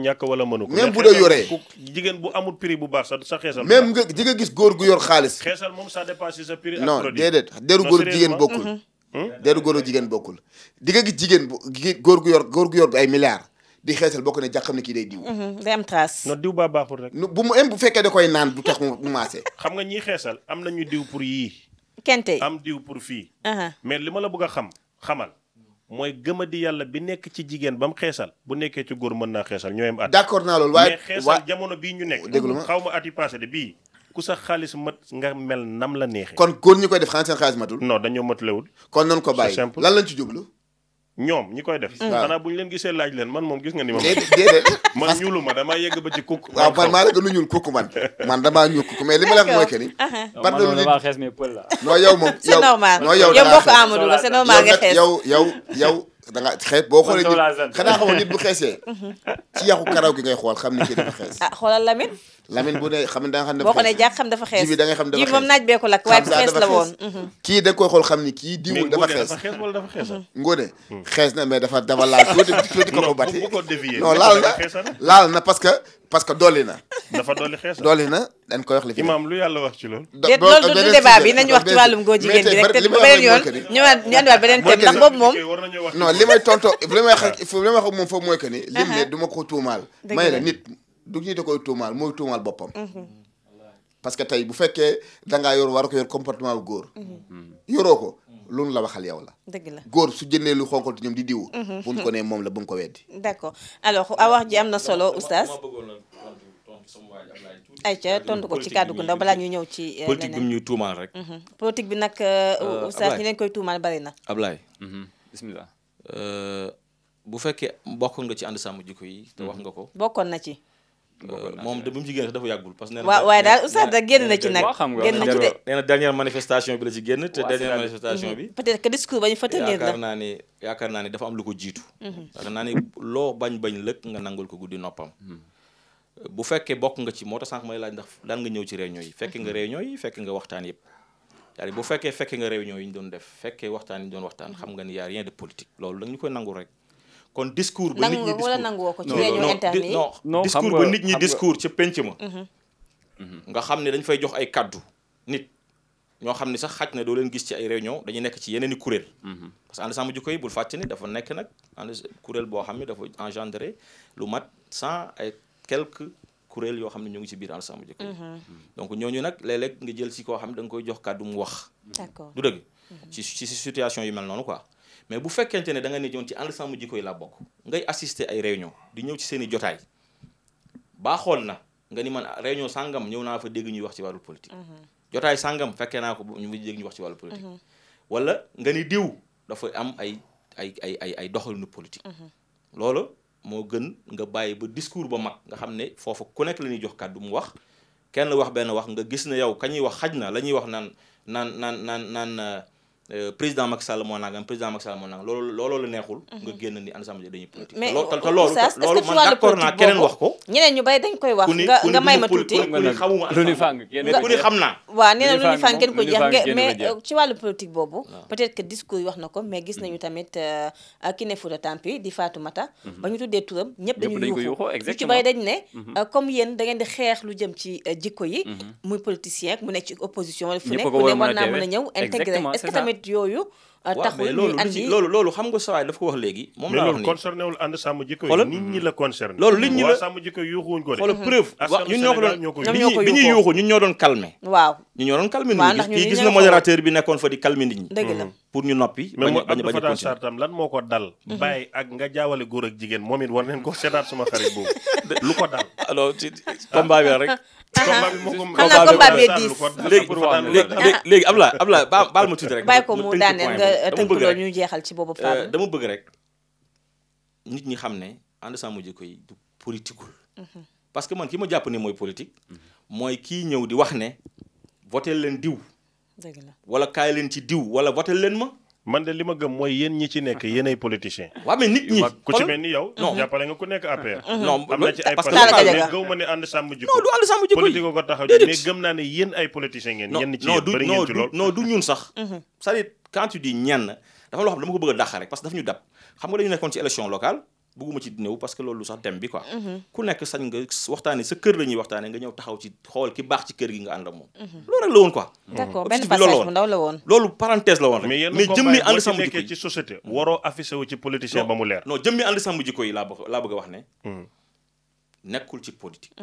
dee bu amul prix bu baax sa xeesal. même nga di gu yor xaalis. xeesal moom ça dépasse sa prix. non deru góor mhm. hmm? jigéen bokkul. di nga gis jigéen bu góor gu yor góor gu yor ay milliards. di xeesal boo ko ne jàkkam ne kii day diw. Mhm, day am trace. non diw baa baaxul rek. bu mu bu fekkee da koy naan du tax mu maase. xam nga ñiy xeesal am nañu diw pour yii kente am diw pour fii. mais li ma la bëgg a xam xamal. mooy gëma di yàlla bi nekk ci jigéen ba mu xeesal bu nekkee ci góor mën naa xeesal ñooyam at. d'accord naa loolu waaye mais xeesal jamono bii ñu nekk. déglu ma xaw ma at yi passé de bii. ku sa xaalis mat nga mel nam la neexee. kon góor ñu koy def xanaa seen xaalis matul. non dañoo matulewul. kon nañ ko bàyyi lan lañ ci jublu. ñoom ñi koy def. Mm. xanaa bu leen gisee laaj leen man moom gis nga ni ma. déedéet [laughs] man ñuulu ma dama yegg ba ci kuk waaw man maa la gën a ñuul kukk man man damaa ñuul kukk mais li ma la wax mooy que uh-huh. man loolu damaa xees mais pël la. non yow moom yow c'est normal yow yow yow mbokk Amadou la c'est yow yow yow. da nga xeet boo xoolee nit xanaa xamoon nit bu xeesee [laughs] mhm. ci yàqu karaw gi ngay xool xam ni kii dafa xees ah xoolal Lamine Lamine bu ne xam ne da nga xam ne boo ko ne jàkk xam dafa xees ji bi mhm. da nga xam dafa xees moom naaj bee ko lakk waaye bu xees la woon kii da koy xool xam ni kii diwul dafa xees wala mhm. xees na mais dafa dafa laal [laughs] na ah? laal parce que dolli na. dafa dolli xees dolli na dañ koy wax li fi. imaam lu yàlla wax nañu wax ci wàllum góor jigéen gi rek te bu yoon ñu ñu andiwaat beneen thème ndax boobu moom. non li may tonto li may wax ah. moom foofu mooy que ah lim ne ah. du ma ko tuumaal. may la nit du ñu koy tuumaal mooy tuumaal boppam. Mhm. parce que tey bu fekkee da yor war ko yor comportement bu góor. Mhm. yoroo lu nu la waxal yow la. dëgg la góor su jëndee lu xonqal ñoom di diw. Mhm, mhm. bu mu ko nee moom la bu ko weddi. d' accord alors wax ji am na solo oustaz. ay ca tontu ko ci kàddu gu ndaw balaa ñuy ñëw ci. leneen euh, politique bi mu ñuy tuumaal mhm. bi nag. Euh, euh, oustaz ñi leen koy tuumaal bari na. Ablaye. bismillah bu fekkee bokkoon nga ci ànd sàmm jikko te wax nga ko bokkoon na ci. moom de bi mu ci génn dafa yàggul parce que waaw waaye da génn na ci nag na manifestation bi la ci génn te dernière manifestation mhm. bi yaakaar naa ni dafa am lu ko jiitu mhm. yaakaar naa ni loo bañ bañ lëkk nga nangul ko guddi noppam mhm. bu fekkee bokk nga ci moo tax sànq may laaj ndax daan nga ñëw ci réunion yi fekkee nga réunion yi fekkee nga waxtaan yëpp bu fekkee fekkee nga réunion yi ñu doon def fekkee waxtaan yi ñu doon waxtaan xam nga ni y a rien de politique loolu da koy nangul rek kon discours ba nit ñi discours ko ci nit ñi discours ci penc ma mhm. Mhm. nga xam ne dañ fay jox ay kaddu nit ñoo xam ne sax xaj na doo leen gis ci ay réunion dañuy nekk ci yeneen i kuréel mhm. parce que ànd sàmm jikko yi bul fàtte ni dafa nekk nag ànd kuréel boo xam ne dafa engendré lu mat cent ay quelques kuréel yoo xam ne ñoo ngi ci biir ànd sàmm jikko yi donc ñooñu nag léeg-léeg nga jël si koo xam ne koy jox kaddu mu wax d'accord du dëgg ci ci situation yu mel noonu quoi mais bu fekkente ne da ne ñoon ci ànd sàmm jikko yi laa bokk ngay assister ay réunion di ñëw ci seen i jotaay baa xool na nga ni man réunion sàngam ñëw naa fa dégg ñuy wax ci wàllu politique mhm. jotaay sàngam fekkee naa ko ñu dégg ñuy wax ci wàllu politique mhm. wala nga ni diw dafa am ay ay ay ay ay doxalinu politique mhm. loolu moo gën nga bàyyi ba discours ba mag nga xam ne foofu ku nekk la ñuy jox kàddu mu wax kenn wax benn wax nga gis ne yow ka ñuy wax xaj na la ñuy wax naan naan naan naan naan euh, Euh, président Macky Sall moo nangam président Macky Sall moo nangam loolu looloo la neexul. nga mhm. génn ni ensemble dañuy politique. mais loolu man d'accord naa ku ne mhm. euh, xeex lu jëm ci euh, jikko yi. Mhm. muy politicien mu nekk ci opposition wala fu nekk ku ne war naa mën a ñëw intégré est-ce que tamit tamit yooyu. taxul ñuy loolu xam nga sawaay daf ko wax léegi. moom laa wax nii concerné wul la concerné. loolu li ñu la waaw sàmm jikko yi yuuxuwuñ ko de. xoolal preuve waaw ko doon ñoo ko yuuxu ñuy yuuxu ñun ñoo doon calmé. waaw ñun ñoo doon calmé. waaw ndax na modérateur bi nekkoon fa di calmé ñi. Mm. pour ñu noppi. bañ a bañ a bañ a tam lan moo ko dal. Mm-hmm. bàyyi ak nga jaawale góor ak jigéen moom it war neen ko seetaat suma xarit boobu [laughs] lu ko dal alors ci combat rek [laughs] xam combat bi diis léegi am la am la baal ma tuuti rek. bàyyi ko mu daaneel nga tënk loolu ñu jeexal ci boobu euh, Fadou. dama bëgg rek nit ñi xam ne ànd Sàmm Jikko Yi du mhm. parce que man ki ma jàpp ni mooy politique. mooy kii ñëw di wax ne voté leen diw. dëgg la kaay leen ci diw wala voté leen ma. man de li ma gëm mooy yéen ñi ci nekk [laughs] yéenay politiciens. waaw mais nit ñi ku ci mel ni yow. non jàppale nga ku nekk APR. Mm-hmm. non am na ci ay parce que sàmm jikko. non du ànd sàmm jikko politique ko taxaw mais gëm naa ne yéen ay politiciens ngeen. ñenn du ñun sax. Mm-hmm. c'est-à-dire quand tu dis ñenn dafa loo xam dama ko bëgg a rek parce dafa ñu dab xam nga dañu nekkoon ci élection locale bëgguma ci néew parce que loolu sax thème bi quoi. Mhm. ku nekk sañ nga waxtaanee sa kër la ñuy waxtaanee nga ñëw taxaw ci xool ki baax ci kër gi nga ànd ak moom. Mhm. Mhm. loolu parenthèse la woon rek. mais jëmmi ànd sàmm jikko ba mu leer. laa bëgg a wax ne. nekkul ci politique.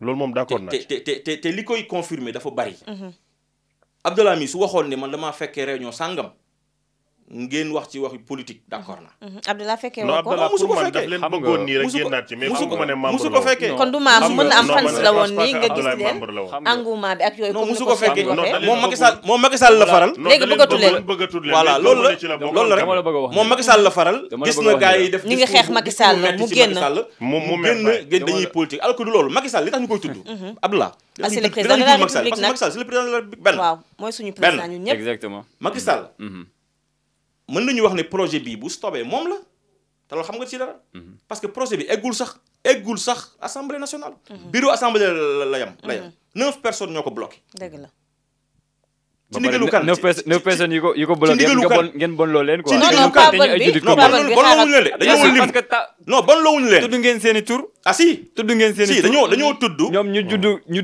loolu moom d'accord naa ci te te te li koy confirmer dafa bari. Abdoulaye su waxoon ne man damaa fekkee réunion sàngam ngeen wax ci waxi politique d'accord na. Mhm. Mhm. Abdallah fekkee ci mais ma ne président de la République benn. waaw mooy suñu président ñun ñëpp exactement Macky mën nañu wax ne projet bii bu stoppé moom la te loolu xam nga ci dara. Mhm. parce que projet bi eggul sax eggul sax assemblée national mhm. bureau assemblée la yam la yam mhm. neuf personnes ñoo ko bloqué. dëgg la. ci ndigalu kan neuf ngeen bon loo leen quoi non non pas bon bi non bon loowuñu leen de dañoo lim non bon leen tudd ngeen seen i tur ah si tudd ngeen seen i tur dañoo dañoo ñoom ñu judd ñu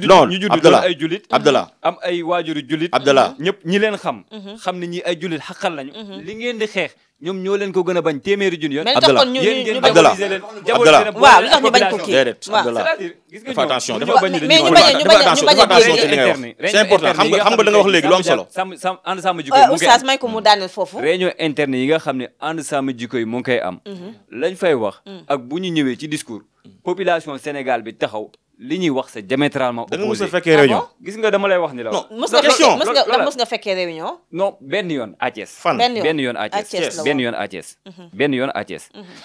ay julit Abdallah am ay waajuri julit Abdallah ñëpp ñi leen xam mhm. xam ne ñi ay julit xaqal lañu mhm. li ngeen di xeex ñoom ñoo leen ko gën a bañ téeméeri junni yoon. Abdallah yéen ngeen diaboliser lu tax ñu bañ ko kii déedéet attention dafa bañ bañ ñu attention ci li ngay wax c'est important xam nga xam nga da nga wax léegi lu am solo. sàmm euh, may ko mu daaneel foofu. réunion interne yi nga xam ne ànd sàmm jikko yi mu ngi koy am. Mhm. lañ fay wax. Mhm. ak bu ñu ñëwee ci discours mhm. population Sénégal bi taxaw li ñuy wax c'est diamétralement opposé da nga a fekkee réunion ah nga la. non mës nga mës nga fekkee réunion. non benn yoon à Thiès. benn yoon à Thiès benn mhm.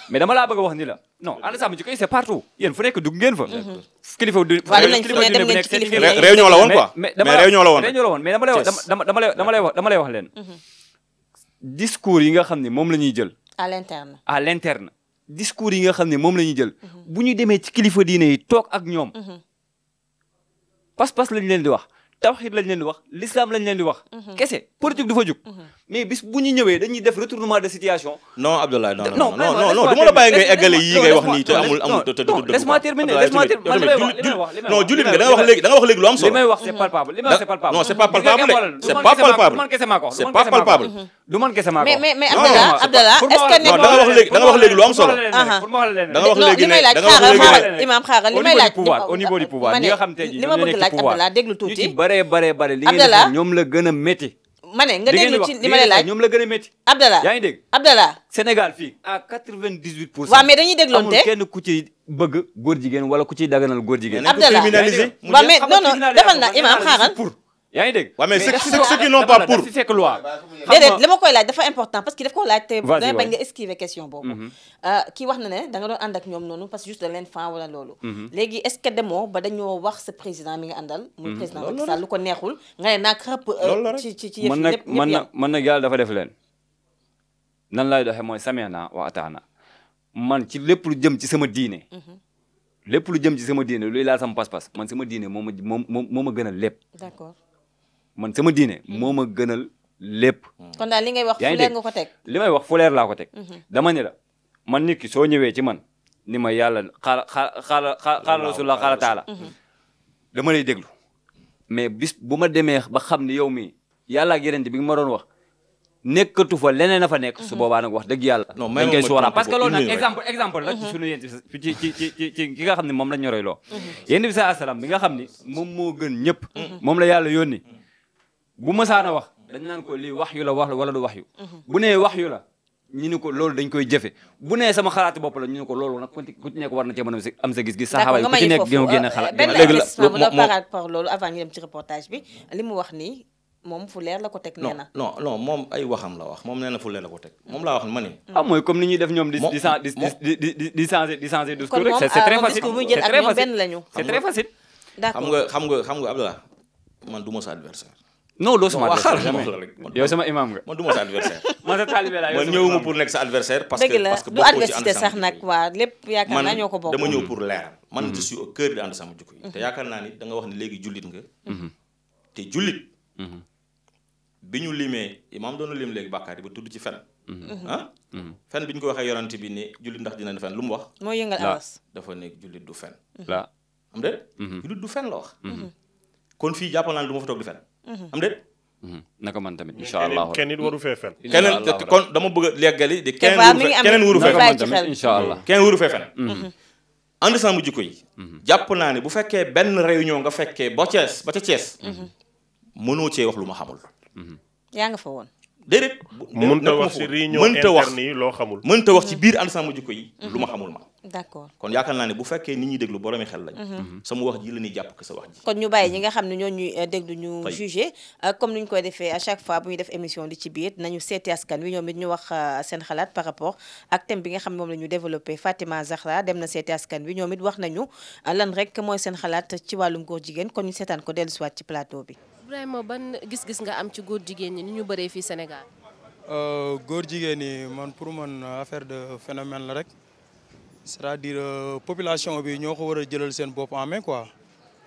mhm. dama laa bëgg wax ni la non ànd sàmm jikko yi c'est partout yéen fu nekk dugg ngeen fa. Mhm. kilifa du kilifa du nekk dama lay wax leen. discours yi nga xam ne moom la ñuy jël. à l'interne discours yi nga xam ne moom la ñuy jël. Mhm. bu ñu demee ci kilifa diine yi toog ak ñoom. Mhm. pas-pas lañ leen di wax tawxiid lañ leen di wax lislaam lañ leen di wax. Mhm. kese politique du fa jug. mais bis bu ñu ñëwee dañuy def retournement de situation. non Abdoulaye non non non non du ma la bàyyi ngay eggale yii ngay wax nii te amul amul te te dugg. laisse-moi terminer laisse-moi terminer man li may wax non jullit nga da nga wax léegi da nga wax léegi lu am solo. li may wax c'est palpable li may wax c'est palpable. non c'est pas palpable de c'est pas palpable c'est pas palpable. Mm-hmm. du man kese maa ko. mais mais Abdallah Abdallah est-ce que. non da nga wax léegi da nga wax léegi lu am solo. pour ma wax la leneen da nga wax léegi ne da nga wax léegi ne imam xaaral li may laaj pouvoir au niveau du pouvoir ñi nga xam tey jii li ma bëgg laaj Abdallah déglu tuuti ñu ci bare bare bare li ngeen def ñoom la gën a métti ma ne nga déglu ci li lay ñoom la gën a métti Abdallah yaa ngi dégg Abdallah Sénégal fii à quatre vingt da huit pour cent waaw mais dañuy dégloon te kenn ku ci bëgg góor jigéen wala ku daganal góor jigéen Abdallah waaw mais non non defal na imam xaaral yaa ngi dégg. waaw mais ceux fekk loi. laaj dafa important parce que daf ko laaj te. dana mhm. euh, wax na ne da nga ñoom noonu parce que leen fan wala loolu. Mhm. léegi est-ce que demoo ba dañoo wax sa président mi nga àndal. muy mhm. président ko neexul nga ne naag xëpp. Euh, ci ci ci yëf yëpp man nag man nag yàlla dafa def leen. nan laay doxe mooy samihaana wa ataana man ci lépp lu jëm ci sama diine. lépp lu jëm ci sama diine luy laal sama pas-pas man sama diine moo ma moo ma gën a lépp. man sama diine mm. moo ma gënal lépp. Mm. kon daal li ngay wax fuleer nga ko teg li may wax fuleer laa ko teg. Mm-hmm. dama ne la man nit ki soo ñëwee ci man ni ma yàlla xaala xaala xaala rasulullah xaala taala. Mm-hmm. dama lay déglu mais bis bu ma demee ba xam ni yow mii yàlla ak yeneen bi ma doon wax. nekkatu fa leneen a fa nekk. su mm-hmm. boobaa nag wax dëgg yàlla. non dañ parce que loolu nag exemple la. ci sunu yéen ci ci ci ki nga xam ne moom la ñoroy loo. yéen bi sa asalaam bi nga xam ni moom moo gën ñëpp. moom la yàlla yónni. bu mësaan a wax dañ naan ko lii wax yu la wax wala du wax yu mhm. bu nee wax yu la ñu ni ko loolu dañ koy jëfe bu nee sama xalaati bopp la ñu ni ko loolu nag ku ci nekk war na cee mën a am sa gis a génn euh, xalaat léegi la par rapport loolu avant wax nii moom fu leer la ko teg nee na non non moom ay waxam la wax moom nee na fu leer la ko teg moom laa wax ma ne ah mooy comme ni ñuy def ñoom di di di di di changer c'est très facile c'est très facile xam nga xam nga xam man du ma sa adversaire non doo sama adversaire jamais yow sama imam nga. man du ma sa adversaire. [laughs] man sa taalibe laa man ñëwuma pour nekk sa adversaire. parce que parce que du adversité sax nag waa lépp yaakaar naa ñoo ko bokk. dama ñëw pour leeral. man je mhm. suis au cœur de And Samm Jikko Yi. te mhm. yaakaar naa ni da wax ni léegi jullit nga. Mhm. te jullit. bi ñu limee imaam doon na lim léegi bàkkaar yi ba tudd ci fen. ah. fen bi ko waxee yorante bi ni jullit ndax dinañ fen lu mu wax. moo dafa nekk jullit du fen. la am de. jullit du fen la wax. kon fii jàppal naa ne du ma fa toog fen Mm-hmm. am déet. Mm-hmm. naka man tamit incha allah kenn it waru fee fen keneen kon dama bëgg a leggali di keneen waru fee fen tamit incha allah keneen waru fee fen ànd sama jàpp naa ne bu fekkee benn réunion nga fekkee ba Thiès ba ca Thiès mm-hmm. mënoo cee wax lu ma xamul yaa nga fa woon déedéet. mënta wax ci réunion interne yi loo wax ci biir ànd sama jikko yi. Mhm. lu ma xamul ma. d'accord kon yaakaar naa ne bu fekkee nit ñi déglu boroomi xel lañ. Mhm. Mhm. sama wax ji la ñuy jàpp ko sa bàyyi ñi nga xam ne ñoo ñuy déglu ñu jugé euh, comme ni ñu koy defee à fois bu def émission li ci biir nañu seeti askan wi ñoom it ñu wax euh, seen xalaat par rapport ak thème bi nga xam ne moom la ñu développé Fatima Zahra dem na seeti askan wi ñoom it wax nañu euh, lan rek mooy seen xalaat ci wàllum góor jigéen kon ñu seetaan ko dellusiwaat ci plateau bi Ibrahima ban gis-gis nga am ci góor jigéen ñi ni ñu bëree fii Sénégal. Euh, góor jigéen ñi man pour man affaire de phénomène la rek c'est-à-dire euh, population bi ñoo ko war a jëlal seen bopp en main quoi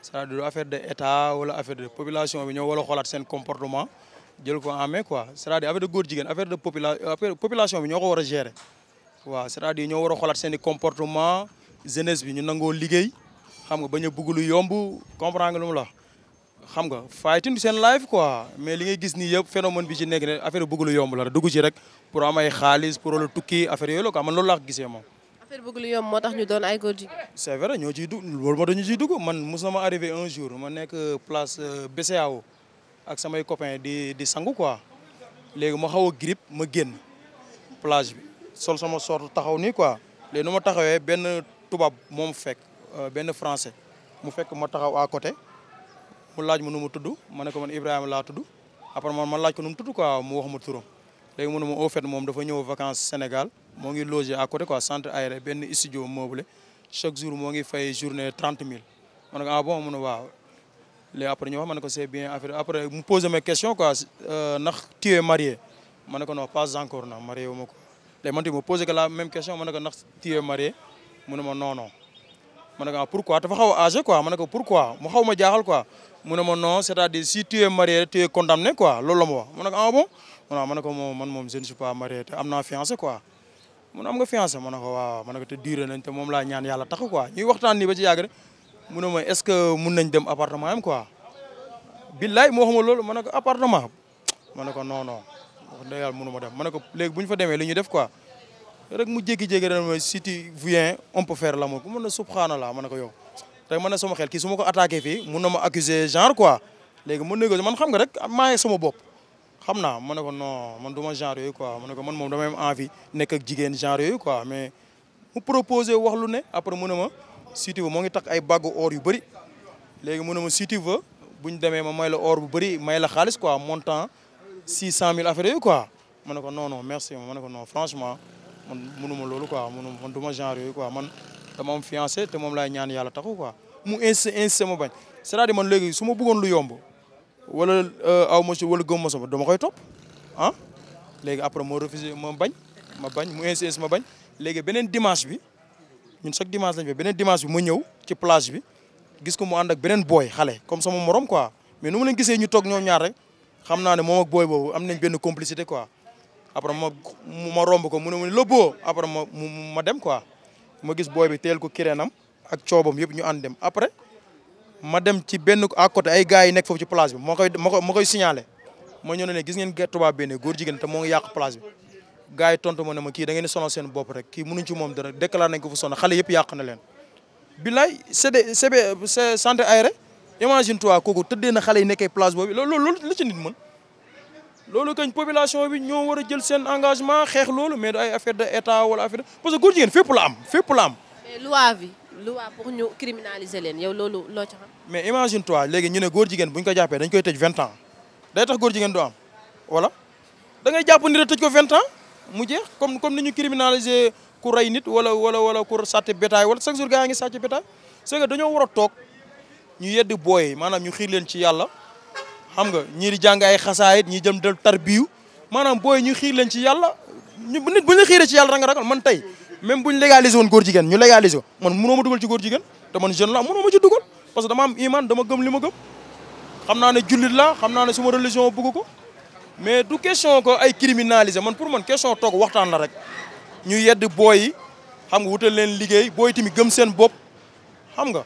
c'est-à-dire affaire de état wala affaire de population bi ñoo war a xoolaat seen comportement jël ko en main quoi c'est-à-dire affaire de jigéen euh, affaire de population bi ñoo ko war a gérer waaw c'est-à-dire ñoo war a seeni comportement jeunesse bi ñu nangoo liggéey xam nga bañ a bugg lu yomb comprendre nga lu la. xam nga fighting du seen live quoi mais li ngay gis nii yëpp phénomène bi ci nekk ne affaire bëgg lu yomb la rek dugg ci rek pour am ay xaalis pour lu tukki affaire yooyu la quoi man loolu laa gisee moom. affaire bëgg lu yomb moo tax ñu doon ay góor jigéen. c' vrai ñoo ciy dugg loolu moo tax ñu ciy dugg man mos na ma arrivé un jour ma nekk place euh, BCAO ak samay copains di di sangu quoi léegi ma xaw a grippe ma génn plage bi sol sama sort taxaw nii quoi léegi nu ma taxawee benn tubaab moom fekk euh, benn français mu fekk ma taxaw à côté. mu laaj ma nu mu tudd ma ne ko man Ibrahima laa tudd après man ma laaj ko nu mu tudd quoi mu wax ma turam léegi mu ne ma au fait moom dafa ñëw vacances Sénégal moo ngi logé à côté quoi centre aéré benn studio meublé chaque jour moo ngi fay journée trente mille ma ne ko ah bon mu ne waaw léegi après ñu wax ma ne ko c'est bien affaire après mu posé ma question quoi euh, ndax tu es marié ma ne ko non pas encore na marié wu ma ko léegi man tamit ma posé que la même question ma ne ko ndax tu es marié mu ne ma non non ma ne ko ah pourquoi dafa xaw a âgé quoi ma ne ko pourquoi mu xaw ma jaaxal quoi mu ne ma non c'est-à-dire si tu es marié tu es condamné quoi loolu la ma wax mu ne ko ah bon ma ne ko man moom je ne suis pas marié te am naa fiancé quoi. mu ne am nga fiancé ma ne ko waaw ma ne ko te diire nañ te moom laa ñaan yàlla tax quoi ñuy waxtaan nii ba ci yàgg rek mu ne ma est-ce que mun nañ dem appartement am quoi. billaay moo xamul loolu ma ne ko appartement ma ne ko non non wax dëgg yàlla mënu ma dem ma ne ko léegi bu ñu fa demee li ñuy def quoi rek mu jékki-jékki ren mooy si tu viens on peut faire l'amour ku mën a subhanallah ma ne ko yow. tey man na sama xel kii su ko attaqué fii mun na ma accuser genre quoi léegi mu négocier man xam nga rek maayee sama bopp xam naa ma ne ko non man du ma genre yooyu quoi ne ko man moom damay am envie nekk ak jigéen genre yooyu quoi mais mu proposé wax lu ne après mu ne ma si tu moo ngi takk ay baggu or yu bëri léegi mun ne ma si tu veux bu ñu demee ma may la or bu bëri may la xaalis quoi montant six cent mille affaires yooyu quoi ma ne ko non non merci ma ne ko non franchement man mënuma loolu quoi mënuma man du ma genre yooyu quoi man dama am fiancé te moom laay ñaan yàlla taxu ko mu insi insi ma bañ c'est-à-dire man léegi su ma bëggoon lu yomb wala euh, aw ma wala gëm ma sama dama koy topp ah léegi après moo refusé ma bañ ma bañ mu insi insi ma bañ léegi beneen dimanche bi ñun chaque dimanche lañ fa beneen dimanche bi ma ñëw ci plage bi gis ko mu ànd ak beneen booy xale comme sama morom quoi mais nu ma leen gisee ñu toog ñoom ñaar rek xam naa ne moom ak boobu am nañ benn complicité quoi après ma ma romb ko mu ne ma lóbboo après ma ma dem quoi ma gis booy bi teel ko kireenam ak coobam yëpp ñu an dem après ma dem ci benn à côté ay gars yi nekk ci place bi ma koy ma koy signalé ma ñëw ne ne gis ngeen tubaab bi ne góor jigéen te moo ngi yàq tontu ma ne ma kii da ngeen di seen bopp rek kii mënuñ ci moom dara déclaré nañ ko fu sonal xale yëpp yàq na leen. centre aéré imagine toi kooku tëddee na xale yi nekkee place boobu loolu loolu la ci nit mën. loolu kañ population bi ñoo war jël seen engagement xeex loolu mais a ay affaire de état wala affaire parce que góor jigéen fépp la am fépp la am. mais loi bi loi pour ñu criminaliser leen yow loolu loo ci mais imagine tois léegi ñu ne góor jigéen bu ñu ko jàppee dañ koy tëj vingt ans day tax góor jigéen du am wala da ngay jàpp ni da tëj ko vingt ans mu jeex comme comme ni ñu criminaliser ku rey nit wala wala wala ku sàcc bétail wala chaque jour gaa ngi sàcc bétail c'est que war a toog ñu yedd booy maanaam ñu xiir leen ci yàlla. xam nga ñii di jàng ay xasaayit ñii jëm del tarbiyu maanaam booy ñu xiir leen ci yàlla ñu nit bu ñu la xiiree ci yàlla da nga ragal man tey même buñ légalisé woon góor ñu légalisé man mënoo ma dugal ci góor jigéen te man jeune la mënoo ci dugal parce dama am iman dama gëm ma gëm xam naa ne jullit la xam naa ne suma religion bëgg ko mais du question ko ay criminalisé man pour man question toog waxtaan la rek ñu yedd booy yi xam nga wutal leen liggéey booy tamit gëm seen bopp xam nga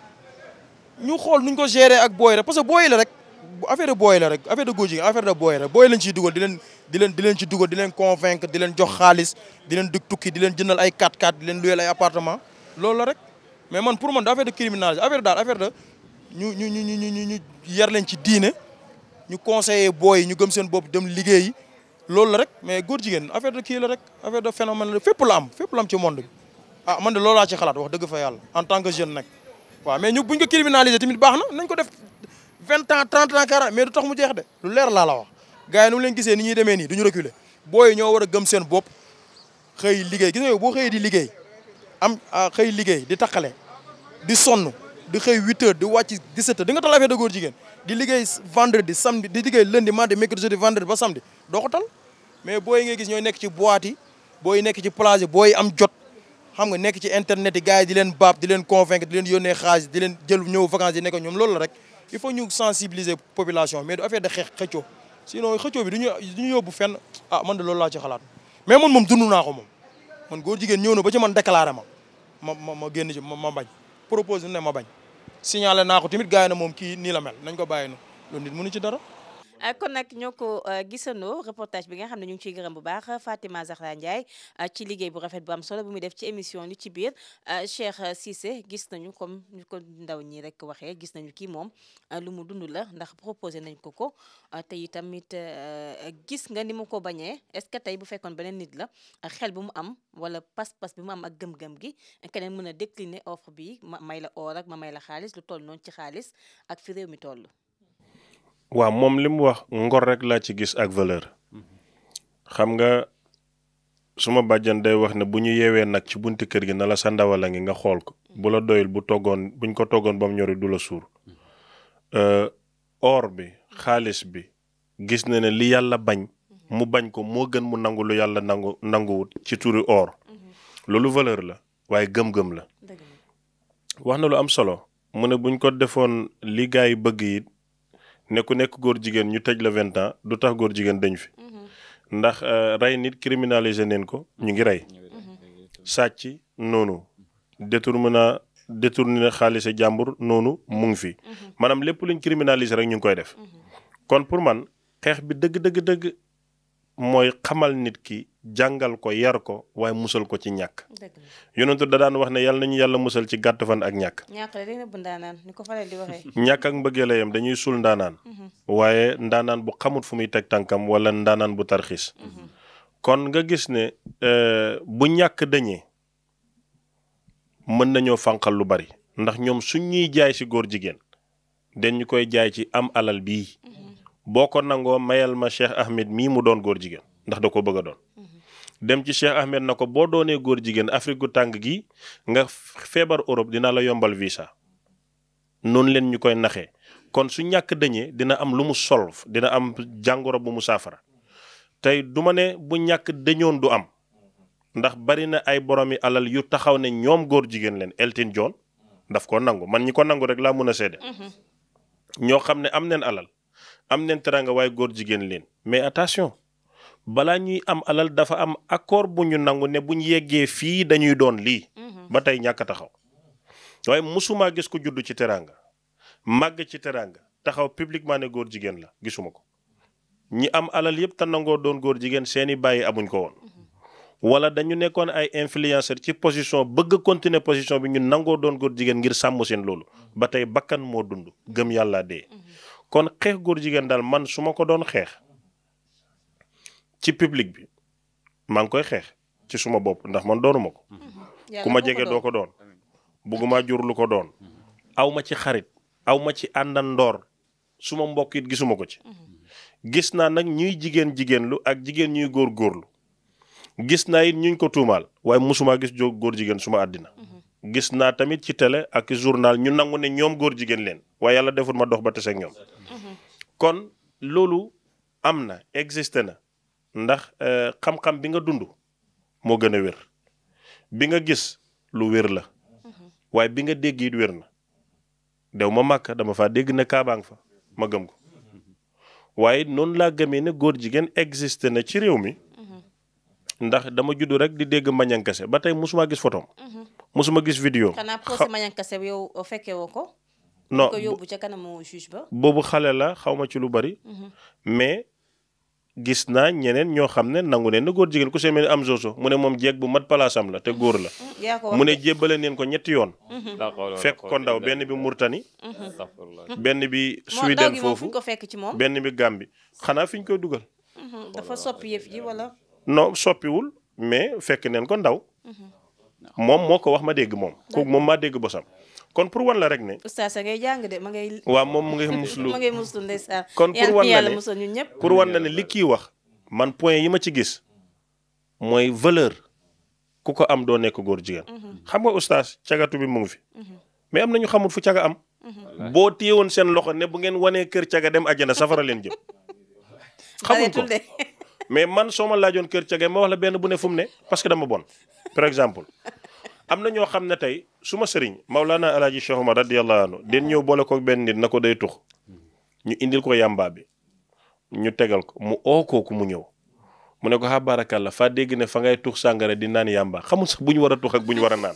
ñu xool nuñ ko gérer ak booy rek que booy la rek affaire de booy la rek affaire de góor jigéen affaire de booy la booy lañ ciy dugal di leen di leen di leen ci di leen convaincre jox xaalis di leen dug tukki ay 4 x di la rek yar leen ci diine ñu conseiller booy yi ñu gëm seen bopp dem liggéeyi loolu la rek mais góor jigéen affaire de kii la rek affaire de phénomène la la am fépp la am ci monde ah man de loolu ci xalaat wax dëgg fa yàlla en tant que jeune nag waaw mais ñu buñ ko criminaliser tamit baax na nañ def vingt ans trente ans quarante mais du tax mu jeex de lu leer laa la wax gars yi nu mu leen gisee ni ñuy demee nii duñu reculer booy ñoo war a gëm seen bopp xëy liggéey gis nga boo xëyee di liggéey am ah, xëy liggéey di taqale di sonn di xëy huit heures di wàcc dix-sept di nga tal affaire de góor jigéen di liggéey vendredi samedi di liggéey lundi mardi mercredi jeudi vendredi ba samedi doo ko tal mais booy nga gis ñooy nekk ci boîte yi booy nekk ci plage yi booy am jot xam nga nekk ci internet yi gars di leen baab di leen convaincre di leen yónnee di leen jël ñëw vacances yi nekk ñoom loolu la rek il faut ñu sensibiliser population mais du affaire de xeex xëccoo sinon xëccoo bi du ñu du ñu yóbbu fenn ah man de loolu laa ci xalaat mais man moom dund naa ko moom man góor jigéen ñëw na ba ci man déclaré ma ma ma ma génn ci ma ma bañ proposé ne naa ko tamit gars yi na moom kii nii la mel nañ ko bàyyi noonu loolu nit mënu ci Eh, kon nag ñoo ko eh, gisandoo reportage bi nga xam ne ñu ngi ciy gërëm bu baax Fatima Zahra Ndiaye eh, ci liggéey bu rafet bu am solo bu muy def ci émission li ci biir Cheikh Cissé gis nañu comme ñu ko ndaw ñi rek waxee gis nañu kii moom lu mu dund la ndax proposé nañ ko ko te itamit gis nga ni mu ko bañee est-ce que tey bu fekkoon beneen nit la xel bu mu am wala pas-pas bi mu am ak gëm-gëm gi keneen mën a décliner offre bi ma may la or ma may la xaalis lu toll ci xaalis ak fi réew mi toll. waaw moom li mu wax ngor rek laa ci gis ak valeur xam nga suma bàjjan day wax ne bu ñu yeewee nag ci bunti kër gi na la sa ndawala ngi nga xool ko bu la doyul bu toggoon buñ ko toggoon ba mu ñori du la suur or bi xaalis bi gis na ne li yàlla bañ mu bañ ko moo gën mu nangu lu yàlla nangu nanguwut ci turi or loolu valeur la waaye gëm-gëm la wax na lu am solo mu ne buñ ko defoon li gaa yi bëgg it ne ku nekk góor jigéen ñu tëj la vingt ans du tax góor jigéen dañ fi mm-hmm. ndax euh, rey nit criminaliser neen ko ñu ngi rey mm-hmm. sàcc noonu détournement détourné xaalis jàmbur noonu mu ngi fi mm-hmm. maanaam lépp luñ criminaliser rek ñu ngi koy def kon pour man xeex bi dëgg dëgg dëgg mooy xamal nit ki jàngal ko yar ko waaye musal ko ci ñàkk. yonentu da daan wax ne yàlla nañu yàlla musal ci gàtt ak ñàkk. ñàkk ndaanaan ni ko faral [laughs] ñàkk ak mbëggee la yem dañuy suul ndaanaan. Mhm. waaye ndaanaan bu xamut fu muy teg tànkam wala ndaanaan bu tarxiis. Mhm. kon nga gis ne euh, bu ñàkk dañee mën nañoo fànqal lu bari ndax ñoom suñ ñuy jaay si góor jigéen dañ koy jaay ci am alal bii. Mhm. boo ko nangoo mayal ma Cheikh Ahmed mii mu doon góor jigéen ndax da ko bëgg doon. Mhm. dem ci Cheikh Ahmed na ko boo doonee góor jigéen Afrique gu tàng gi nga feebar Europe dina la yombal visa noonu leen ñu koy naxee kon su ñàkk dañee dina am lu mu solve dina am jàngoro bu mu saafara tey du ma ne bu ñàkk dañoon du am ndax bari na ay boromi alal yu taxaw ne ñoom góor jigéen leen Elton John daf ko nangu man ñi ko nangu rek laa mën a seede mhm. ñoo xam ne am neen alal am neen teraanga waaye góor jigéen leen mais attention balaa ñuy am alal dafa am accord bu ñu nangu ne bu ñu yeggee fii dañuy doon lii. Mhm. ba tey ñàkk taxaw waaye mosuma gis ko juddu ci teraanga màgg ci teraanga taxaw publiquement ne góor jigéen la gisuma ko ñi am alal yëpp te nangoo doon góor jigéen seeni bàyyi amuñ ko woon. Mhm. wala dañu nekkoon ay influenceur ci position bëgg continuer position bi ñu nangoo doon góor jigéen ngir sàmm seen loolu mhm. ba tey bakkan moo dund gëm yàlla dee. kon xeex góor jigéen daal man su ma ko doon xeex ci public bi maa ngi koy xeex ci suma bopp ndax man doonu ma ko. Mhm. ku ma jege doo ko doon. bugguma jur lu ko doon. Mhm. aw ma ci xarit aw ma ci àndandoor suma mbokk it gisuma ko ci. Mhm. gis naa nag ñuy jigéen jigéenlu ak jigéen ñuy góor góorlu gis naa it ñuñ ko tuumaal waaye mosuma gis jóg góor jigéen suma àddina. gis naa tamit ci télé ak journal ñu nangu ne ñoom góor jigéen leen waaye yàlla deful ma dox ba tase ak ñoom. kon loolu am na existe na ndax euh, xam-xam bi nga dund moo gën a wér bi nga gis lu wér la mhm. waaye bi nga dégg it wér na dew ma màkk dama fa dégg na kaabaang fa ma gëm ko waaye noonu laa gëmee ne góor jigéen existé na ci réew mi mhm. ndax dama juddu rek di dégg mañankase ba tey mosuma gis photom mhm. mosuma gis vidéo xanaa posé mañankase yow fekkee woo ko non ca kanamu juge ba. boobu xale la xaw ma ci lu bari. Mhm. mais gis naa ñeneen ñoo xam ne nangu neen na góor jigéen ku see mel ni am zozo mu ne moom jeeg bu mat palaasam la te góor la. Mhm, mu ne jébbale neen ko ñetti yoon. Mhm. fekk ko ndaw benn bi Murtani. benn bi Sweden foofu fekk ci moom. benn bi Gàmbi xanaa fi ñu koy dugal. dafa soppi yëf ji wala. non soppiwul mais fekk neen ko ndaw. moom moo ko wax ma dégg moom. kooku moom maa dégg bosam. kon pour wan la rek ne. oustaz ngay jàng de ma ngay. waaw moom mu ngay [laughs] muslu ma ngay muslu ndeysaan. kon pour wan la ne ñun ñëpp. pour wan la ne li kii wax man point yi ma ci gis mooy valeur ku ko am doo nekk góor jigéen. Mhm. xam nga oustaz cagatu bi mu ngi fi. Mhm. mais am na ñu xamul fu caga am. Mhm. boo téye woon seen loxo ne bu ngeen wanee kër caga dem àjjana safara leen jëm. [laughs] xamuñ ko mais man soo ma laajoon kër caga ma wax la benn bu ne fu mu ne parce que dama bon par exemple. [laughs] am na ñoo xam ne tey suma ma sëriñ laa El Hadj Cheikh Omar radiyallahu anhu den ñëw boole ko benn nit na ko day tux ñu indil ko yàmbaa bi ñu tegal ko mu oo kooku mu ñëw mu ne ko ah barakàlla dégg ne fa ngay tux sàngara di naan yàmbaa xamul sax bu ñu war a tux bu ñu war a naan.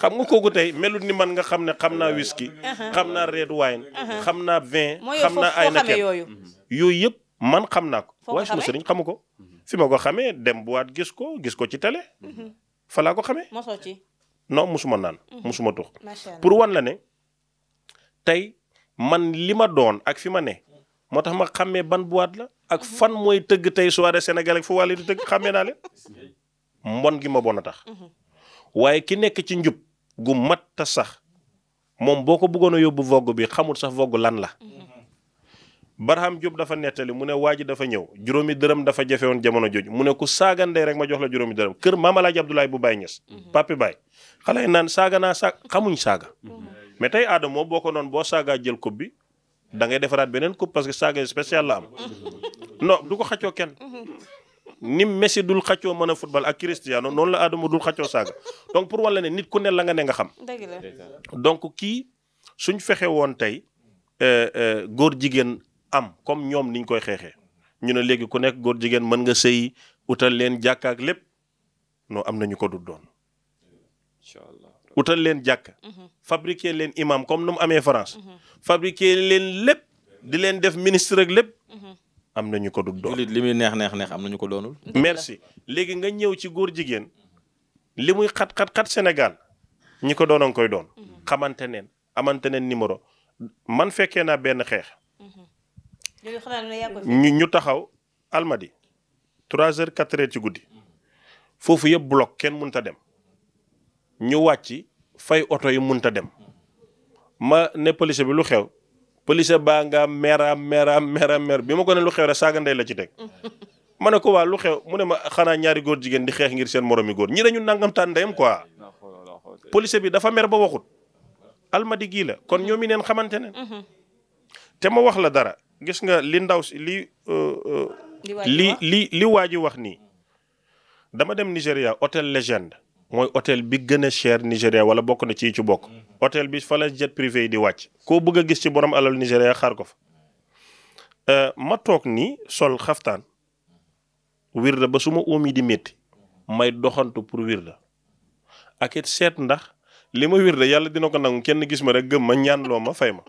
xam nga kooku tey melut ni man nga xam ne xam naa whisky. xam naa red wine. xam naa vin xam naa ay nakel yëpp man xam naa ko. waaye suma sëriñ xamu ko. fi ma ko xamee dem bu waat gis ko gis ko ci télé. Mhm. falaa laa ko xamee. mosoo ci. non mosuma naan. mosuma tux pour wan la ne tey man li ma doon ak fi ma ne. moo tax ma xàmmee ban boîte la ak mhm. fan mooy tëgg tey soirée Sénégal ak fu wàllu di tëgg xàmmee naa leen mbon gi ma bon a tax mhm. waaye ki nekk ci njub gu mat ta sax moom boo ko bëggoon a yóbbu vogue bi xamul sax vogue lan la mhm. Barham Diop dafa nettali mu ne waa dafa ñëw juróomi dërëm dafa jafe woon jamono jooju mu ne ku saaga ndey rek ma jox la juróomi dërëm kër maam Alaaji bu Baye Niass. Mhm. papi Baye xale yi naan saaga naa saag xamuñ saaga. Mhm. mais tey Adamo boo ko noonu boo saagaa jël coupe bi da ngay defaraat beneen coupe parce que saaga spécial la am. Mhm. no du ko xaccoo kenn. ni Messi dul xaccoo mën a futbal ak Cristiano noonu la Adamo dul xaccoo saaga donc pour wala ne nit ku ne la nga ne nga xam. dëgg la donc kii suñ fexe woon tey euh, euh, góor jigéen. am comme ñoom niñ koy xeexee ñu ne léegi ku nekk góor jigéen mën nga sëy utal leen jàkka lépp noo am na ñu ko du doon. utal leen jàkka. Mhm. fabriquer leen imam comme nu mu amee France. Mhm. fabriquer leen lépp di leen def ministre ak lépp. Mhm. am na ñu ko du doon jullit li muy neex neex neex am na ñu ko doonul. merci léegi nga ñëw ci góor jigéen li muy xat xat xat Sénégal ñi ko doon koy doon. xamante neen amante neen numéro man fekkee naa benn xeex. ñu ñu taxaw almadi trois heures quatre heures ci guddi foofu yëpp bloc kenn mënut a dem ñu wàcc fay oto yi mënut a dem ma ne policier bi lu xew policier baa nga mera mera mera mer bi ma ko ne lu xew rek saaga ndey la ci teg [laughs] ma ne ko waa lu xew mu ne ma xanaa ñaari góor jigéen di xeex ngir seen moromi góor ñi dañu nangam taan ndeyam quoi policier bi dafa mer ba waxut almadi gii la kon ñoom yi neen xamante ne mm-hmm. te ma wax la dara gis nga li ndaw si li. li li li waa ji wax nii. dama dem Nigéria hôtel Légende. mooy hôtel bi gën a cher Nigéria wala bokk na ci ci bokk. hôtel bi fa la jet privé yi di wàcc. koo bëgg a gis ci borom alal Nigéria xaar ko fa. Euh, ma toog nii sol xaftaan. wirda ba su ma oom yi di métti. may doxantu pour wirda ak it seet ndax li ma wirda yàlla dina ko nangu kenn gis ma rek gëm ma ñaan loo ma fay ma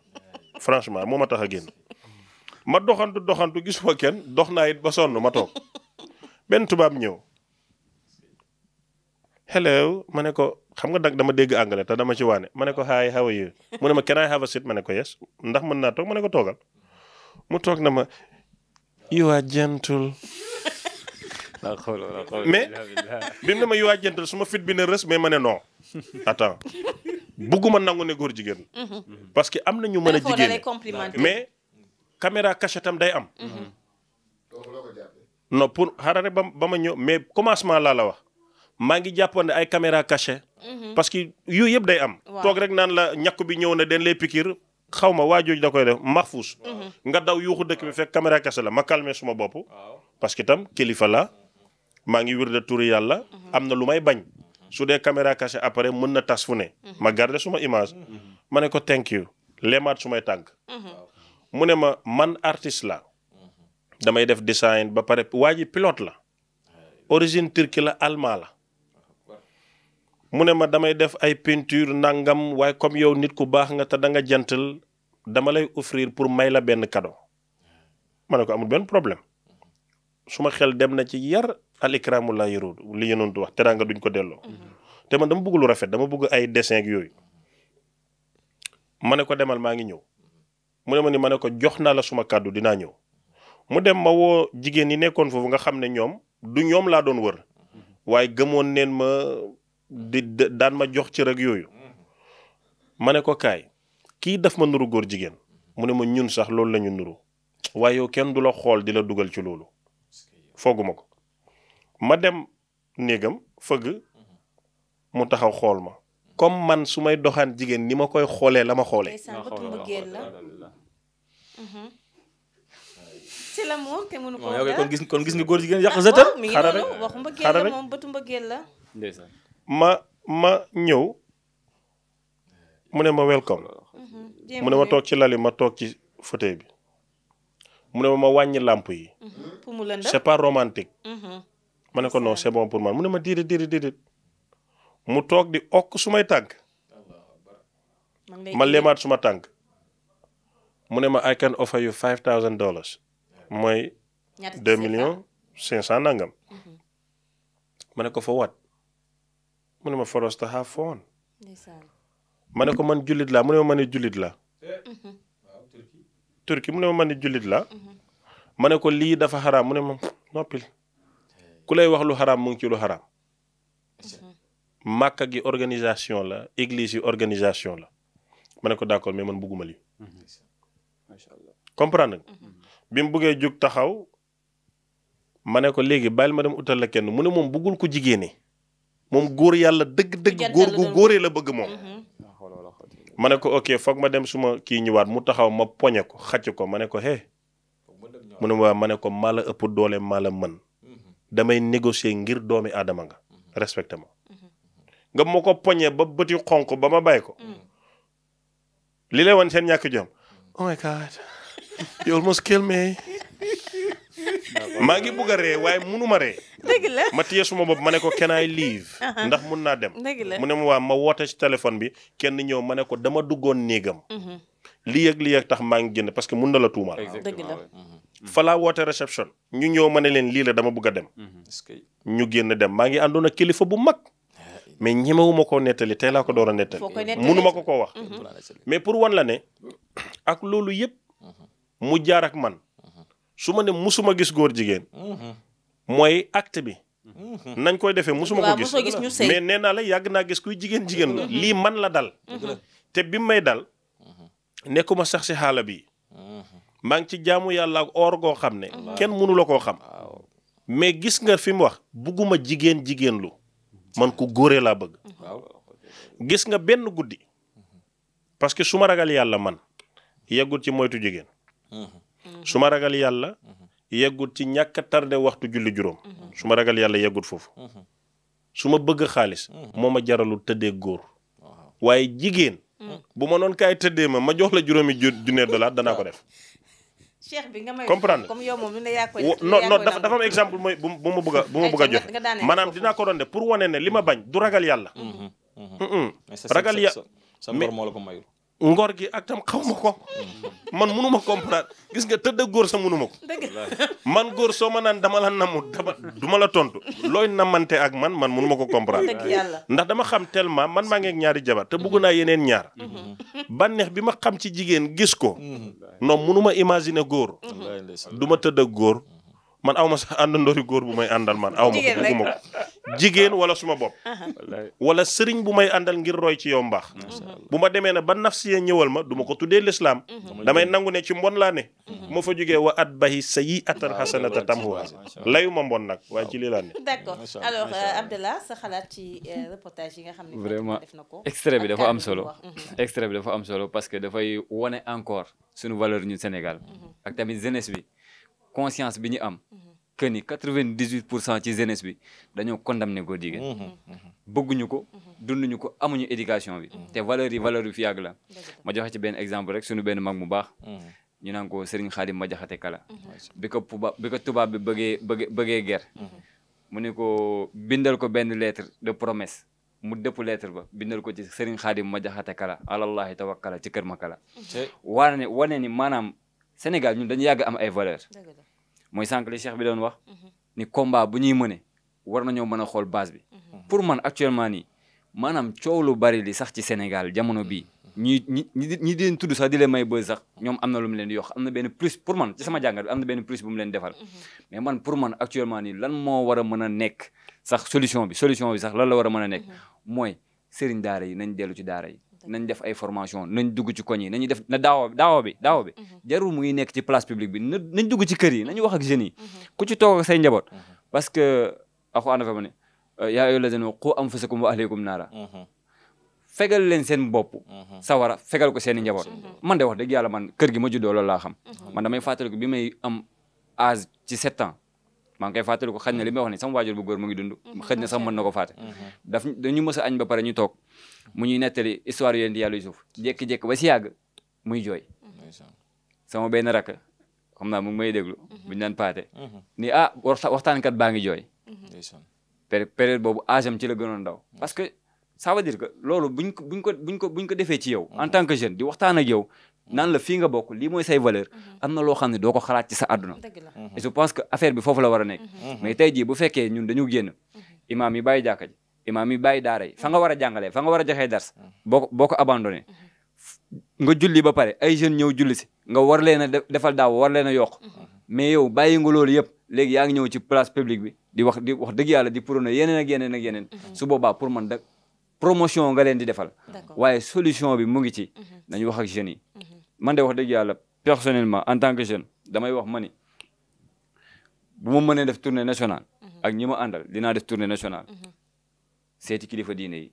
franchement moo ma tax a génn. ma doxantu doxantu gisuma kenn dox naa it ba sonn ma toog benn tubaab ñëw hello ma ne ko xam nga dagg dama dégg anglais te dama ci waane ma ne ko hi how are you mu ne ma can I have a seat ma ne ko yes ndax mën naa toog ma ne ko toogal mu toog na ma you are gentle mais ma you are ma fit bi ne rës mais ma ne non attends bugguma nangu ne góor jigéen mhm. parce am na ñu mën a jigéen mais caméra cachée tam day am. Mhm. Mhm. non pour xaaral rek ba ma ñëw mais commencement laa la wax maa ngi jàppoon ne ay caméra cachée. Mhm. parce que yooyu yëpp day am. toog rek naan la ñàkk bi ñëw na den lay pikir xaw ma waa jooju da koy def maxfuus. nga daw yuuxu dëkk bi fekk caméra cachée la ma calmer suma bopp. parce que tam kilifa la maa ngi wir de turi yàlla. am na lu may bañ. su dee caméra cachée après mën na tas fu ne. ma garder suma image. ma ne ko thank you. leemaat may tànk. mu ne ma man artiste la damay def design ba pare waa ji pilote la origine turque la allemand la mu ne ma damay def ay peinture nangam waaye comme yow nit ku baax nga te da nga jantal dama lay offrir pour may la benn kado ma ne ko amul benn problème su ma xel dem na ci yar al ikramu la yaruud li ñu doon wax teraanga duñ ko delloo te ma dama bugg lu rafet dama bëgg ay dessin ak yooyu ma ne ko demal maa ngi ñëw mu ne ma ni ma ne ko jox naa la suma kàddu dinaa ñëw mu dem ma woo jigéen yi nekkoon foofu nga xam ne ñoom du ñoom laa doon wër waaye gëmoon neen ma di daan ma jox ci ak yooyu ma ne ko kaay kii daf ma nuru góor jigéen mu ne ma ñun sax loolu lañu ñu nuru waaye yow kenn du la xool di la dugal ci loolu fooguma ko ma dem néegam fëgg mu taxaw xool ma comme man su may doxaan jigéen ni ma koy xoolee la ma xoolee. ci la mu mhm. te mënu ko wax kon gis kon gis nga góor ah, ma ma ñëw mu ne ma welcome mhm. mu ne ma toog ci lali ma toog ci fauteuil bi mu ne ma ma wàññi làmp yi mhm. c'est pas romantique ma ne ko non c'est bon pour man mu ne ma déedéet déedéet mu toog di okk sumay tànk ma lemaat suma tànk mu ne ma I can offer you five thousand dollars mooy deux millions cinq cent nangam mhm. ma ne ko fa wat mu ne ma for us to ma ne ko man jullit la mu ne ma man jullit laa eh. mhm. turki mu ne ma man jullit laa mhm. ma ne ko lii dafa xaraam mu ne ma noppil ku lay wax lu xaraam mu ngi ci lu xaraam màkka gi organisation la église yi organisation la ma ne ko d'accord mais man bëgguma lii mhm. macha allah mhm. bi mu buggee jóg taxaw ma ne ko léegi bàyyil ma dem utal la kenn mu ne moom buggul ko jigéene moom góor yàlla dëgg dëgg góor gu góoree la bëgg moom mhm. ma ne ko ok foog ma dem suma kii ñëwaat mu taxaw ma poñe ko xacc ko ma ne ko hé mu ne waa ma ne ko maa la ëpp doole maa la mën damay négocier ngir doomi aadama nga respecté ma nga ma ko poñe ba bëti xonq ba ma bàyyi ko. Mm. li lay wan seen ñàkk jom mm. oh my God you almost kill me. [laughs] maa ngi bugg ree waaye munu ma ree. dëgg ma téye suma bopp ma ne ko can I leave. Uh-huh. ndax mun naa dem. dëgg la mu ne ma waa ma woote ci téléphone bi kenn ñëw ma ne ko dama duggoon néegam. Mm-hmm. lii yëg lii yëg tax maa ngi génn parce que mun na la tuumaal. dëgg mm-hmm. Mm-hmm. woote réception. ñu ñëw ma ne leen lii la dama bugg a dem. ñu génn dem maa ngi àndoon ak kilifa bu mag. mais ñemewuma koo nettali tey laa ko doon a nettali. munuma ko koo wax. Mhm. mais pour wan la ne ak loolu yëpp mhm. mu jaar ak man mhm. su ma ne mësuma gis góor jigéen mooy acte bi. nañ koy defee mësuma ko gis mais nee naa la yàgg naa gis kuy jigéen jigéen lii man la dal. te bi may dal nekkuma sax si xaala bi maa ngi ci jaamu yàlla ak or goo xam ne. kenn mënula koo xam. mais gis nga fi mu wax bugguma jigéen jigéen lu. man ku góore laa bëgg. gis nga benn guddi parce que su ma ragal yàlla man yeggul ci moytu jigéen. Mm-hmm. su ma ragal yàlla mm-hmm. yeggul ci ñàkk a tardé waxtu julli juróom mm-hmm. su ma ragal yàlla yeggul foofu su ma bëgg xaalis moo ma jaralul tëdde góor waaye jigéen mm. bu ma noon kaay tëddee ma ma jox la juróomi ju junne dollar danaa ko def. cheikh bi nga may comprendre comme dafa dafa exemple mooy bu ma bëgg a a joxe maanaam dinaa ko de pour wane ne ma bañ du ragal yàlla mm-hmm. Mm-hmm. ragal yàlla sa ngor ngor gi ak tam xaw ko man munu ma comprendre gis nga tëdd góor sa munu ko. [laughs] man góor soo ma naan dama la namu dama du ma la tontu looy namante ak man man munu ma ko comprendre. ndax dama xam tellement man maa ngi ñaari jabar te bugg naa yeneen ñaar. Mhm. bànneex bi ma xam ci jigéen gis ko. Mhm. non munu ma imaginer góor. du ma tëdd góor. man aw ma sax àndandoori góor bu may àndal man aw ma ko bugguma ko jigéen wala suma bopp wala sëriñ bu may àndal ngir roy ci yow mbaax bu ma demee ne ba nafsiya ñëwal ma duma ko tuddee lislaam damay nangu ne ci mbon laa ne ma mhm. fa jógee wa at bayi sa yi atan xasanata tamhuha layu ma mbon nag waaye ci lii laa ne d'accord alors euh, euh, bi dafa am solo mhm. extre bi dafa am solo parce que dafay wone encore suñu valeur ñun Sénégal mhm. conscience bi ñu am. Mhm. que ni ci jeunesse bi dañoo condamné góor jigéen. Mhm. Mhm. bëgguñu ko dunduñu ko amuñu éducation bi. te valeur yi valeur yu fi la. ma joxe ci benn exemple rek suñu benn mag mu baax. ñu naan ko Serigne Khadim ma jaxate kala. bi ko tubaab bi ko tubaab bi bëggee bëggee bëggee guerre. mu ne ko bindal ko benn lettre de promesse mu dëpp lettre ba bindal ko ci Serigne Khadim ma jaxate kala alallahi tawakkala ci kër ma kala. wane wane ni maanaam Sénégal ñun dañu yàgg am ay valeur mooy sànq li cheikh bi doon wax mhm. ni combat bu ñuy mëne war nañoo mën a xool base bi mhm. Mhm. pour man actuellement nii maanaam coow lu bari li sax ci Sénégal jamono bii ñi ñi ñi di leen tudd sax di leen may bëri sax ñoom am na lu mu leen di yokk am na benn plus pour man ci sama jàngat bi am na benn plus bu mu leen defal mais man pour man actuellement nii lan moo war a mën a nekk sax solution bi solution bi sax lan la war a mën a nekk mooy sëriñ daara yi nañ dellu ci daara yi nañ def ay formation nañ dugg ci koñ yi nañu def na daawa daawa bi daawa bi mhm. jarul mu ngi nekk ci place publique bi na nañ dugg ci kër yi nañu wax mhm. Mhm. ku ci toog say njaboot parce que alxuraan dafa ne yaa ayyuhal lazina qu anfusakum wa ahlikum naara fegal leen seen bopp sawara fegal ko seen i njaboot man wax dëgg yàlla man kër gi ma juddoo loolu laa xam man damay fàttaliku bi may am âge ci sept ans maa ngi koy fàttaliku xëy na li may wax ne sama waajur bu góor mu ngi dund a ñu toog mu ñuy nettali histoire yéen di yàlla Yuusuf jékki-jékki ba si yàgg muy jooy sama benn rakk xam naa mu ngi may déglu mhm. buñu naan paate mhm. ni ah waxtaankat baa ngi jooy mhm. période boobu âge am ci la gënoon ndaw parce que ça veut dire que loolu buñ ko buñ ko buñ defee ci yow en tant que jeune di waxtaan ak yow naan la fii nga bokk lii mooy say valeur am na loo xam ne doo ko xalaat ci sa àdduna et je pense que affaire bi foofu la war a nekk mais tey bu fekkee ñun dañu génn imaam yi bàyyi imaam yi bàyyi daara yi fa nga war a jàngalee nga war a joxee dars boo ko boo ko abandonné nga julli ba pare ay jeunes ñëw julli nga war leen a defal daaw war leen a yokk mais yow bàyyi nga loolu yëpp léegi yaa ngi ñëw ci place publique bi di wax di wax dëgg yàlla di prôné yeneen ak yeneen ak yeneen mhm. su boobaa pour man da promotion nga leen di defal waaye solution bi mu ngi ci mhm. nañu wax ak jeunes yi mhm. man de wax dëgg yàlla personnellement en tant que jeune damay wax ma ni bu ma mënee def tournée national ak ñi ma àndal dinaa def tournée nationale seeti kilifa diine yi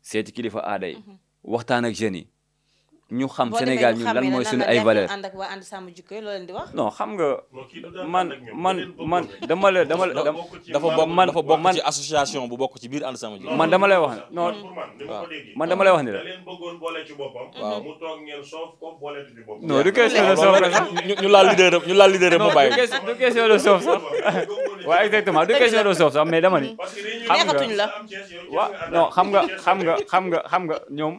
seeti kilifa aada yi mhm. waxtaan ak jeunes yi ñu xam Sénégal ñun lan mooy suñu ay valeur ànd ak waa ànd sàmm jikko yi loo di wax non xam nga man man man dama la dama la dafa bokk man dafa bokk man ci association bu bokk ci biir ànd sàmm man dama lay wax ne non waaw man dama lay wax ne la leen bëggoon boole ci boppam mhm. waaw mu toog ngeen soof ko boole ci boppam non du question de ñu laal leader ñu laal leader mu du question de soof sax waaw [laughs] exactement du question de soof sax mais dama ni xam nga waaw non xam nga xam nga xam nga xam nga ñoom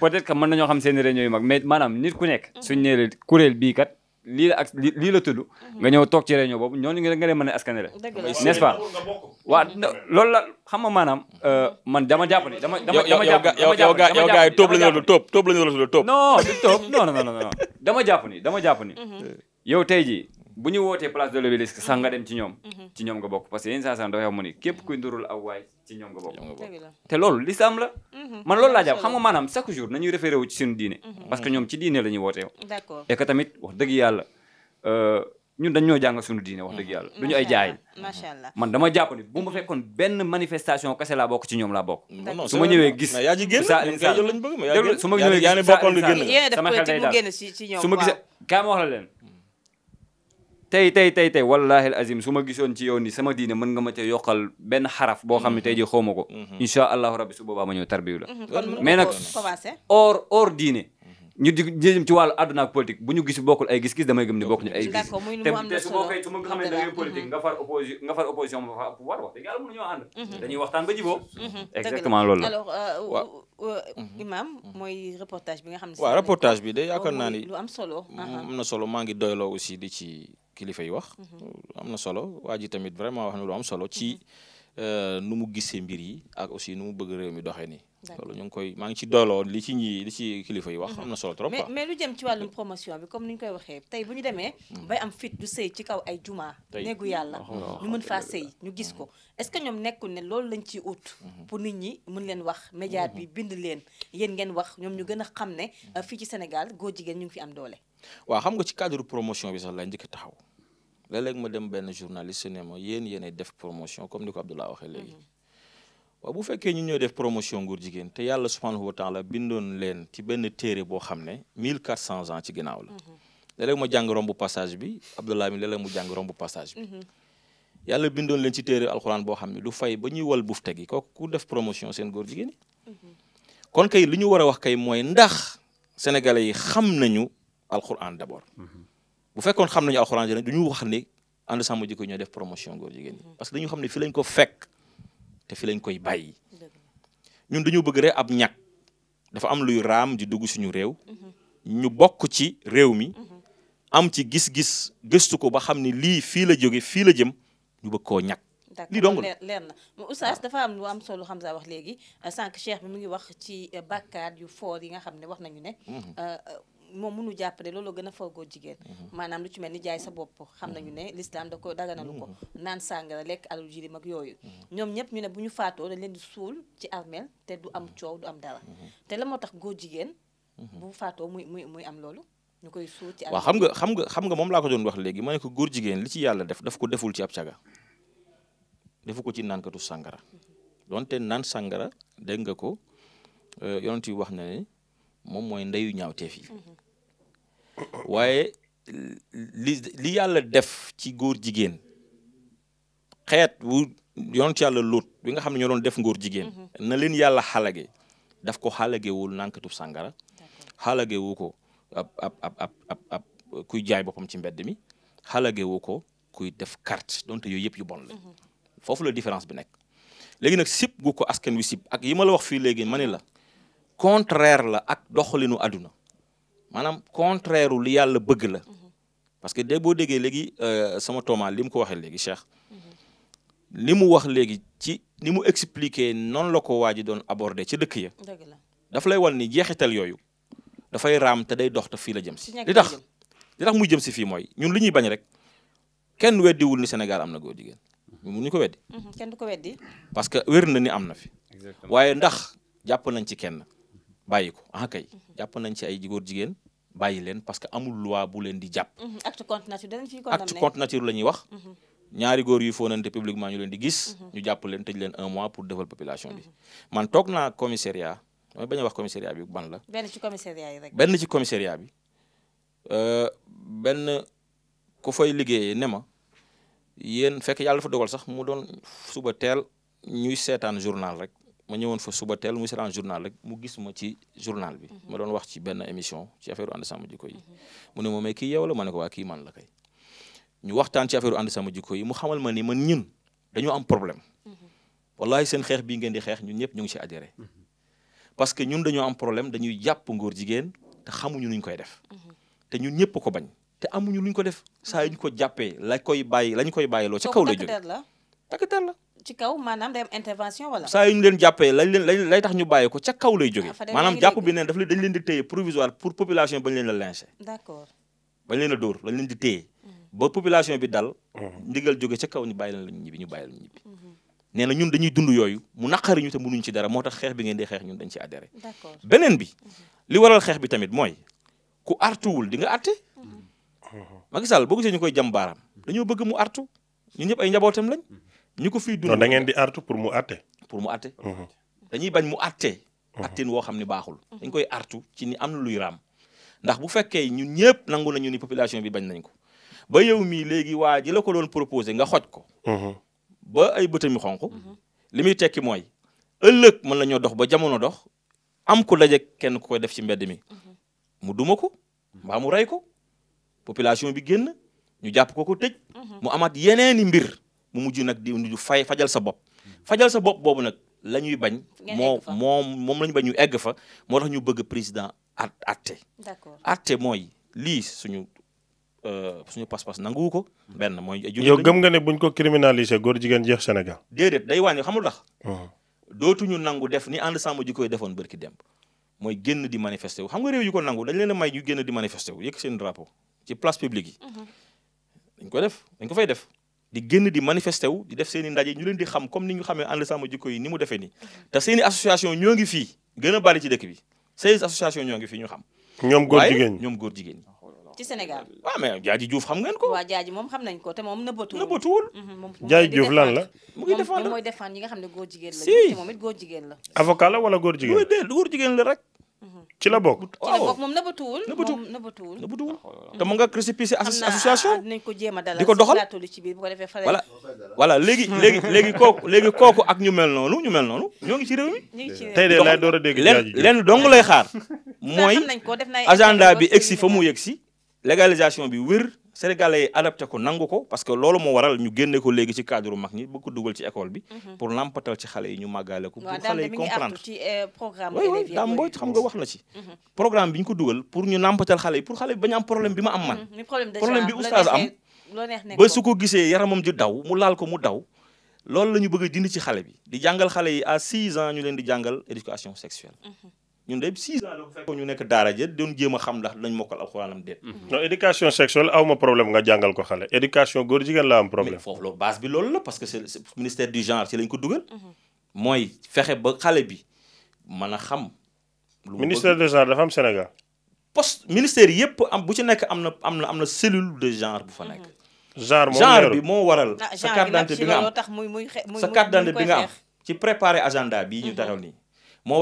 peut-être que mën nañoo xam seen réunion yu mag mais maanaam nit ku nekk. suñ nee la bii kat lii la ak lii la nga ñëw toog ci réunion boobu ñooñu nga leen mën a askanale. n'est-ce pas waaw loolu la xam nga maanaam man dama jàpp ne dama. dama dama jàpp ne yow yow yow gars yi tóob la ñu la tóob tóob la ñu la tóob. non du tóob non non dama jàpp ni dama tey jii bu ñu wootee place de l'Obélisque sax nga mhm. dem ci ñoom mhm. ci ñoom nga bokk parce que yéen saa saa dafa xam mu ni képp kuy ndurul aw ci ñoom nga bokk te loolu lislaam la mhm. man loolu laa jàpp xam nga maanaam chaque jour nañuy référé ci suñu diine parce que ñoom ci diine la wootee et que wax dëgg yàlla euh, ñun dañ ñoo jàngal suñu wax dëgg yàlla du ñu ay jaay man dama jàpp ni bu ma fekkoon benn manifestation kese laa bokk ci ñoom laa bokk su ma tey tey tey tey wallahi al azim su ma gisoon ci yow ni sama diine mën nga ma ca yokkal benn xaraf boo xam ne mm-hmm. tey ji xaw ma ko mm-hmm. insha allahu rabbi su boobaa ma ñëw tarbiyu mm-hmm. mais nag or or diine ñu di jëm ci wàllu àdduna ak bu ñu gis bokkul ay gis-gis damay gëm ne bokk ñu ay gis te nga xamee da ngay politique nga far opposition nga far opposition ma fa pouvoir wax dëgg yàlla mën ñoo ànd dañuy waxtaan ba jiboo exactement loolu la euh, euh, euh, imam mooy reportage bi nga xam ne waaw reportage bi de yaakaar oh, naa ni solo uh-huh. am na solo maa ngi doyloo aussi di ci kilifa yi wax. Mhm. am na solo waa ji tamit vraiment wax na lu am solo ci mhm. euh, nu mu gisee mbir yi ak aussi nu mu bëgg réew mi doxee nii. loolu ñu ngi koy maa ngi ci dooloo li ci ñi li ci kilifa yi wax. Mhm. am na solo trop mais mais lu jëm ci wàllum promotion bi comme ni ñu koy waxee tey bu ñu demee. bay am fit du sëy ci kaw ay juma. tey yàlla oh. Oh. ñu mën faa oh. sëy ñu gis ko est ce que ñoom nekkul ne loolu lañ ciy ut. pour nit ñi mën leen wax. média bi bind leen yéen ngeen wax ñu gën a xam ne euh, fii ci Sénégal góor jigéen ñu ngi fi am doole. waaw xam nga ci cadre promotion bi la léeg ma dem benn journaliste ne ma yéen yéenay def promotion comme ni ko Abdoulaye waxee léegi mhm. waaw bu fekkee ñu ñoo def promotion nguur jigéen te yàlla subhanahu wa taala bindoon leen ci benn téere boo xam ne 1400 ans ci ginnaaw la mhm. léeg ma jàng romb passage bi Abdoulaye mi la léeg mu jàng romb passage bi mhm. yàlla bindoon leen ci téere alxuraan boo xam ne du fay ba ñuy wal buuf teg yi kooku ku def promotion seen góor jigéen yi kon kay li ñu war a wax kay mooy ndax sénégalais yi xam nañu alxuraan d'abord bu fekkoon xam nañu alxuraan ji du ñu wax ne ànd sàmm jikko ñoo def promotion góor jigéen ñi parce que dañu xam ne fi lañ ko fekk te fi lañ koy bàyyi ñun dañu bëgg rek ab ñàkk dafa am luy raam di dugg suñu réew ñu bokk ci réew mi am ci gis-gis gëstu ko ba xam ne lii fii la jóge fii la jëm ñu bëgg koo ñàkk li dong leer na oustaz dafa am lu xam solo Hamza wax léegi sànq cheikh bi mu ngi wax ci bàkkaar yu foor yi nga xam ne wax nañu ne mhm. euh, moom mënu jàpp ne loolu gën a faw góor jigéen mhm. maanaam lu ci mel ni jaay sa mhm. bopp xam nañu ne l'islam daga ko daganalu ko mhm. naan sàngara lekk alal jirim ak yooyu ñoom ñëpp ñu ne bu ñu faatoo dañ leen di suul ci armeel te du am coow du am dara te la moo tax góor jigéen bu faatoo muy muy muy am loolu ñu koy suul ci waaw xam nga xam nga xam nga moom laa ko doon wax léegi ma ne ko góor jigéen li ci yàlla def daf ko deful ci ab caga defu ko ci naankatu sàngara donte naan sàngara dégg nga ko euh, yonent yi wax na ne ndeyu ñaawteef waaye li li yàlla def ci góor jigéen xeet wu yonent yàlla lóot bi nga xam ne ñoo doon def ngóor jigéen mhm. na leen yàlla xalage daf ko xalagewul nànkatu sàngara xalagewu ko ab ab ab ab kuy jaay boppam ci mbedd mi xalagewu ko kuy def carte donte yooyu yëpp yu bon la mhm. foofu la différence bi nekk léegi nag sib gu ko askan wi sib ak yi ma la wax fii léegi ma ne la contraire la ak doxalinu àdduna maanaam contraire lu yàlla bëgg la parce que de boo déggee léegi euh, sama toma li mu ko waxee léegi Cheikh li mu wax léegi ci ni mu expliquer noonu la ko waa ji doon aborder ci dëkk ya daf lay wal ni jeexital yooyu dafay raam te day dox te fii la jëm si li tax li tax muy jëm si fii mooy ñun li ñuy bañ rek kenn weddiwul ni Sénégal am na góor jigéen mënuñu ko weddi mhm, kenn ko weddi parce que wér na ni am na fi waaye ndax jàpp nañ ci kenn bàyyi ko ah kay mhm. jàpp nañ ci ay góor jigéen bàyyi leen parce que amul loi bu leen di jàpp. Mhm. acte contre nature danañ fi condamné acte contre nature la ñuy wax. Mhm. ñaari góor yuy fóonante publiquement ñu leen di gis. ñu jàpp leen tëj leen un mois pour defal population bi. man toog naa commissariat a wax commissariat bi ban la. benn ci commissariat bi euh, benn ku fay liggéeyee ne ma yéen fekk yàlla dafa dogal sax mu doon suba teel ñuy seetaan journal rek. ma ñëwoon fa suba teel mu seetaan journal rek mu gis ma ci journal bi. Mhm. ma doon wax ci benn émission ci affaire ànd sama jikko yi. Mhm. mu ne ma mais kii yow ma ne ko waa kii man la kay. ñu waxtaan ci affaire ànd sama jikko yi mu xamal ma ni man ñun dañoo am problème. Mhm. wallahi seen xeex bi ngeen di xeex ñun ñëpp ñu ngi ci adhéré. parce que ñun dañoo am problème dañuy jàpp ngóor jigéen te xamuñu luñ koy def. te ñun ñëpp ko bañ. te amuñu luñ ko def saa yu ko jàppee la koy bàyyi lañ koy bàyyiloo ca kaw la jóge takk-der la. ci kaw maanaam day am intervention wala. saa yu ñu leen jàppee lañ leen lay tax ñu bàyyi ah, bi neen daf leen dañ leen di téye provisoire pour population bañ leen a lynché. d'accord bañ leen a di téye. Mm-hmm. ba population bi dal. Mm-hmm. ndigal jóge ca kaw ñu bàyyi leen ñibbi ñu bàyyi leen ñibbi. Mm-hmm. nee ñun dañuy dund yooyu mu naqari ñu te mënuñ ci dara moo tax xeex bi ngeen di xeex ñun dañ ci adhéré. beneen bi li waral xeex bi tamit mooy ku artuwul di nga àtte. boo gisee ñu koy jam baaraam bëgg mu artu ñun ñëpp ay ñi ko fi dund. da ngeen di artu pour mu àtte. pour mu àtte. Mhm. dañuy bañ mu atte mhm. àttin woo xam ne baaxul. Mhm. dañ koy artu ci ni am na luy raam ndax bu fekkee ñun ñëpp nangu nañu ni population bi bañ nañ ko ba yow mii léegi waa ji la ko doon proposé nga xoj ko. ba ay bëtam yu xonq. li muy tekki mooy ëllëg mën nañoo dox ba jamono dox am ku daje kenn ku koy def ci mbedd mi. mu duma ko mbaa mu rey ko population bi génn ñu jàpp ko ko tëj. mu amaat yeneeni mbir. mu mujj nag di mujj fay fajal sa bopp fajal sa bopp boobu nag la ñuy bañ moo moom moom la ñu bañ ñu egg fa moo tax ñu bëgg président at atte atte mooy lii suñu euh, suñu pas-pas nanguwu ko benn mooy yow gëm nga ne buñ ko criminaliser góor jigéen jeex Sénégal déedéet day wàññi xamul tax uh-huh. dootuñu nangu def ni ànd sàmm ji koy defoon bërki demb mooy génn di manifester wu xam nga réew yu ko nangu dañ leen a may ñu génn di manifester wu yëkk seen drapeau ci place publique yi uh-huh. dañ ko def dañ ko fay def di génn di manifesté wu di def seen i ndaje ñu leen di xam comme ni ñu xamee ànd sàmm jikko yi ni mu defee nii te seen i association ñoo ngi fii a ñu xam ñoom góor jigéen ñoom ci Sénégal waaw mais Jaaji Diouf xam ngeen ko waaw Jaaji moom xam nañ ko te moom nëbbatuwul nëbbatuwul mhm, Jaaji Diouf lan la mu ngi défendre moom mooy défendre ñi nga xam ne góor jigéen la si moom it góor jigéen la avocat la wala góor jigéen la rek ci la bokk ci la bokk moom nëbatuwul moom nëbatuwul nëbatuwul ah, ah, te mu nga récépissé association dinañ ko jéem a dalal di ko doxal ci biir bu ko defee fara voilà voilà léegi hmm. léegi léegi kooku léegi kooku ak ñu mel noonu ñu mel noonu ñoo ngi ci réew mi tey de lay door a dégg lenn lenn dong lay xaar [laughs] mooy agenda bi egsi fa mu yegsi légalisation bi wér sénégalais yi adapté ko nangu ko parce que loolu moo waral ñu génne ko léegi ci cadre mag ñi bëgg ko dugal ci école bi. Mhm. pour nampatal ci xale yi ñu màggaale ko. pour xale yi comprendre ci euh, programme daam booy xam nga wax na mhm. bi ñu ko dugal pour ñu nampatal xale yi pour xale bi bañ am problème bi ma am man. Mhm. problème bi oustaz am ba su ko gisee yaramam ji daw mu laal ko mu daw. loolu la ñu bëgg a dindi ci xale bi di jàngal xale yi à 6 ans ñu leen di jàngal éducation sexuelle. ñun day six ans la ko fekkoon ñu nekk daara ja doon jéem a xam ndax dañ mokkal alxuraanam déet mm-hmm. non éducation sexuelle aw ma problème nga jàngal ko xale éducation góor jigéen la am mm-hmm. problème mooy fexe ba xale bi mën a xam lu ministère du genre dafa am Sénégal poste ministère yëpp am bu ci nekk am na am na am na cellule de genre bu fa nekk mm-hmm. genre genre bi moo waral sa carte d'identité bi nga am tax muy muy sa carte d'identité bi nga am ci préparer agenda bii ñu taxaw nii moo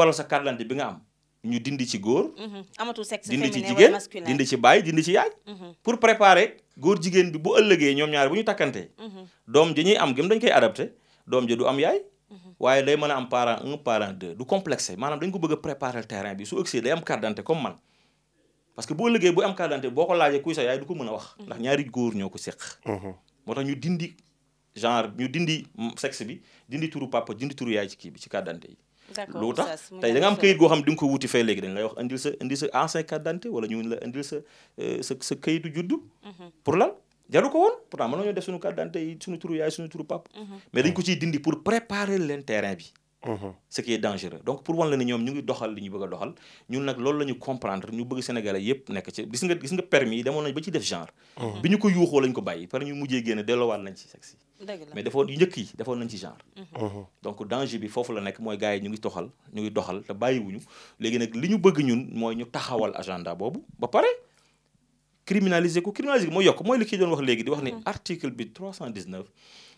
bi nga am ñu dindi ci góor. Mhm. amatul sexe féminin dindi ci jigéen dindi ci baay dindi ci yaay. Mhm. pour préparer góor jigéen bi bu ëllëgee ñoom ñaar bu ñu takkantee. Mhm. doom ji ñuy am gëm dañ koy adapté doom ji du am yaay. waaye day mën a am parent un parent deux du complexe maanaam dañ ko bëgg préparer terrain bi su ëgsee day am carte d'identité comme man. parce que bu ëllëgee bu am carte d'identité boo ko laajee kuy sa yaay du ko mën a wax. ndax ñaari góor ñoo ko seq. moo tax ñu dindi genre ñu dindi sexe bi dindi turu papa dindi turu yaay ci kii bi ci carte d'identité lu tax tey da am këyit goo xam di ko wuti fee léegi dañ lay wax indil sa indil sa ancien carte d'identité ñu la indil sa euh, sa sa këyitu juddu mhm. pour lan jaru ko woon pourtant mën nañoo def suñu carte suñu turu yaay suñu turu pap mhm. mais dañ ko ciy dindi pour préparer leen terrain bi mhm. ce dangereux donc pour wan la ni ñoom ñu ngi doxal ñu bëgg a doxal ñun nag loolu la comprendre ñu bëgg sénégalais yëpp nekk ci gis nga nga permis yi nañ ba ci def mais defoon yu njëkk yi defoon nañ ci genre. Mhm. Mhm. donc danger bi foofu la nekk mooy gars yi ñu ngi toxal ñu ngi doxal te bàyyiwuñu léegi nag li ñu bëgg ñun mooy ñu taxawal agenda boobu ba pare criminaliser ko criminaliser ko mooy yokk mooy li kii doon wax léegi di wax ni mhm. article bi 319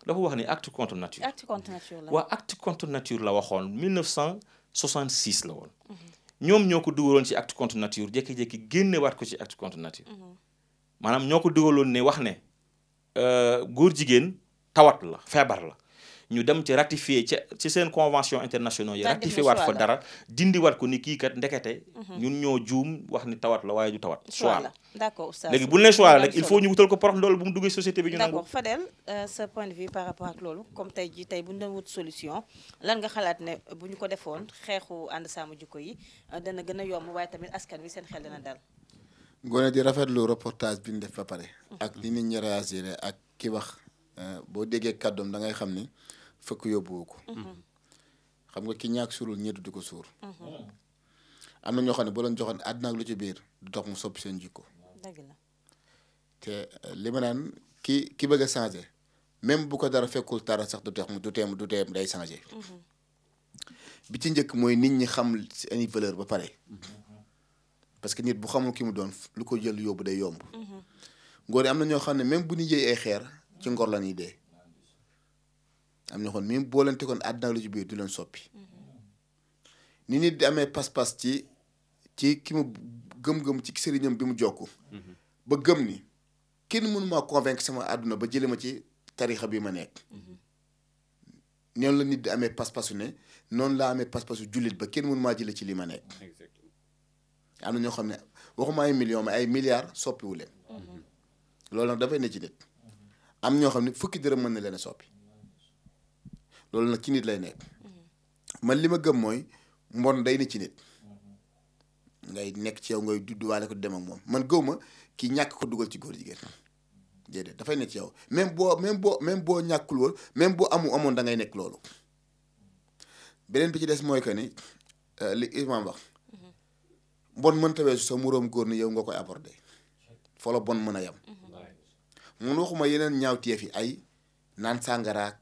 dafa wax ni acte contre nature. acte contre nature la waaw acte contre nature la waxoon 1966 la woon. ñoom ñoo ko dugaloon ci acte contre nature jékki-jékki génnewaat ko ci acte contre maanaam ñoo ko dugaloon ne wax ne euh, góor jigéen. tawat la feebar la ñu dem ci ratifié ca ci seen convention internationaux yi ratifié waat fa dara dindi waat ko ni kii kat ndekete mhm. ñun ñoo juum wax ni tawat la waaye du tawat choix la d'accord oustaz léegi bu ñu nee choix la nag il faut ñu wutal ko porox loolu bu mu duggee société bi ñu nangu d'accord Fadel euh, sa point de vue par rapport comme tey jii tey bu ñu doon wut solution lan nga xalaat ne bu ñu ko defoon xeexu ànd saamu jikko yi euh, dana gën a yomb waaye tamit askan wi seen xel dana dal ngoone di rafetlu reportage bi ñu def ba pare mhm. ak li nit ñi réagir ak ki wax Euh, boo déggee kàddoom dangay xam ni fëkk yóbbuwoo ko. xam nga ki ñaak suurul ñetti di ko suur. am na ñoo xam ne boo leen joxoon àddina ak lu ci biir du tax mu soppi seen jikko. dëgg te euh, li ma naan ki ki bëgg a changé même bu ko dara fekkul tara sax du tax mu du teem day changé. bi ci njëkk mooy nit ñi xam seeni ba pare. parce que nit bu xamul ki mu doon lu ko jël yóbbu day yomb. Mhm. ngóor am na ñoo xam ne même bu ñu jëy ay xeer. ci ngor la ñuy dee am na kon même boo leen tegoon àddina lu ci biir du leen soppi ni nit di pas ci ci ki mu gëm ci sëriñam bi mu jokku gëm ni kenn mënu maa convaincre sama àdduna ba jëlee ma ci tarixa bi ma nekk noonu la nit di amee pas-pasu ne laa amee pas-pasu jullit ba kenn mënu maa jëlee ci li ma nekk na ñoo xam ne waxuma ay million mais ay milliards soppiwu leen mm-hmm. loolu nag dafay ne nit am ñoo xam ne fukki dërëm mën na leen a soppi loolu nag ci nit lay nekk mm-hmm. man li ma gëm mooy mbon day ne ci nit ngay nekk ci yow ngay dudduwaale ko dem ak moom man gëw ma kii ñàkk ko dugal ci góor jigéen déedéet dafay nekk ci yow même boo même boo même boo ñàkkul même boo amu amoon dangay nekk loolu beneen bi ci des mooy que ni euh, li imam wax mm-hmm. mbon mën taweesu sa moroom góor ni yow nga koy aborder folo bon mën a yem mm-hmm. mun waxuma yeneen ñaawteef yi ay naan sàngaraak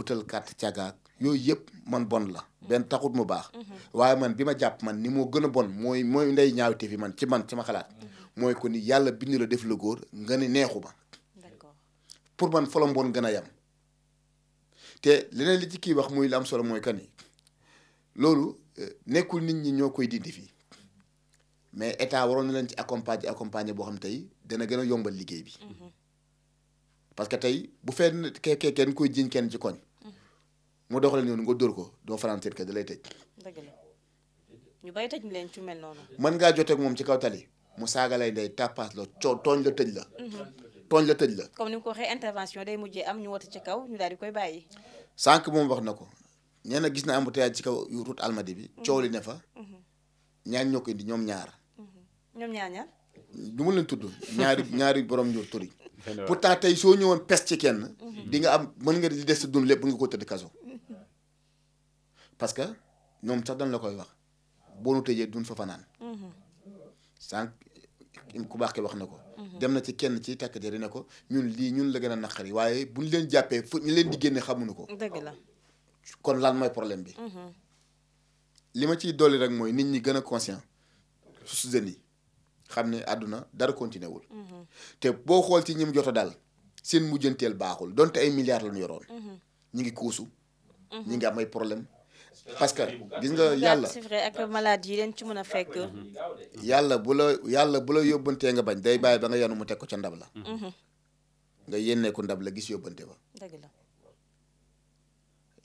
utal carte cagaak yooyu yëpp man bon la benn taxut mu baax mhm. waaye man bi ma jàpp man ni moo gën a bon mooy mooy ndey ñaawteef yi man ci man ci ma xalaat mhm. mooy ko ni yàlla bind la def la góor nga ne neexu ma pour man folom bon gën a yem te leneen li ci kii wax muy la am solo mooy kan yi loolu euh, nekkul nit ñi ñoo koy dindi fii mais état waroon na leen ci accompagner accompagner boo xam tey dana gën a yombal liggéey bi mhm. parce que tey bu fenn ke kenn koy jiñ kenn ci koñ. Mm-hmm. mu doxalee noonu nga dóor ko doo fanaan seet ka da lay tëj. ñu bay tëj leen ci mel noonu. mën ngaa joteeg moom ci kaw tali mu saaga lay ndey tàppaas la coo tooñ la tëj la. Mm-hmm. tooñ la la. comme ni mu ko waxee intervention day mujjee am ñu woote ci kaw ñu daal di koy bàyyi. sànq moom wax na ko nee na gis naa embouteillage ci kaw route Almadies bi. Mm-hmm. coow li ne fa. ñaan ñoo ko indi ñoom ñaar. ñoom ñaar ñaar. ñaari ñaari ñuur turi pourtant tey soo ñëwoon pes ci kenn. Mhm. di am mën nga di des sa dund lépp nga ko tëdd kaso. [laughs] parce que ñoom sax dañ la koy wax boo nu tëjee duñ fa fanaan. Mhm. sànq ku baax ki wax na ko. Mhm. dem na ci kenn ci takk yi ne ko ñun lii ñun la gën a naqari waaye bu ñu leen jàppee fu ñu leen di génne xamuñu ko. la kon lan mooy problème bi. li ma ciy dolli rek mooy nit ñi gën a conscient su jeunes yi xam ne àdduna dara continué wul. Mhm. te boo xool ci ñi mu jot a daal seen mujjanteel baaxul donte ay milliards la ñu yoroon. Mhm. ñu ngi kuusu. Mhm. ñu ngi am ay problème parce nga yàlla c'est yi ci mën a fekk. yàlla bu la yàlla bu la yóbbantee nga bañ day bàyyi ba nga yanu mu teg ko ca ndab la. nga yénnee ko ndab la gis yóbbante ba. dëgg la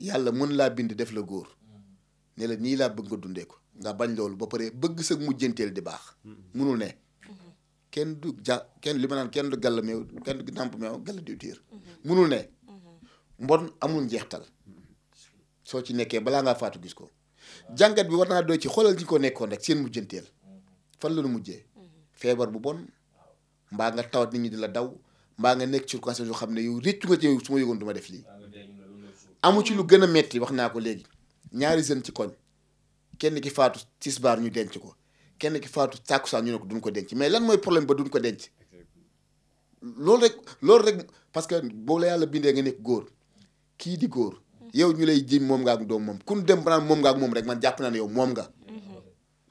yàlla mën laa bind def la góor ne la nii laa bëgg nga dundee ko. nga bañ loolu ba pare bëgg sa mujjanteel di baax. munul ne. kenn du ja kenn li ma naan kenn du gàll meew kenn du nàmp meew gàll diwtiir. munul ne. mbon amul njeextal. soo ci nekkee balaa ngaa faatu gis ko. jàngat bi war naa doy ci xoolal ñi ko nekkoon rek seen mujjanteel. fan la nu feebar bu bon. mbaa nga tawat nit ñi di la daw. mbaa nga nekk circonstance yoo xam ne yow réccu nga ci su ma yëgoon du def lii. amu ci lu gën a metti wax naa ko léegi. ñaari jeunes ci kenn ki faatu tisbaar ñu denc ko kenn ki faatu tàkkusaan ñu ne ko duñ ko denc mais lan mooy problème ba duñ ko denc loolu rek loolu rek parce que boo la yàlla bindee nga nekk góor kii di góor yow ñu lay jiiñ moom nga ak doom moom kun dem banaan moom nga moom rek man jàpp naa ne yow moom nga mm-hmm.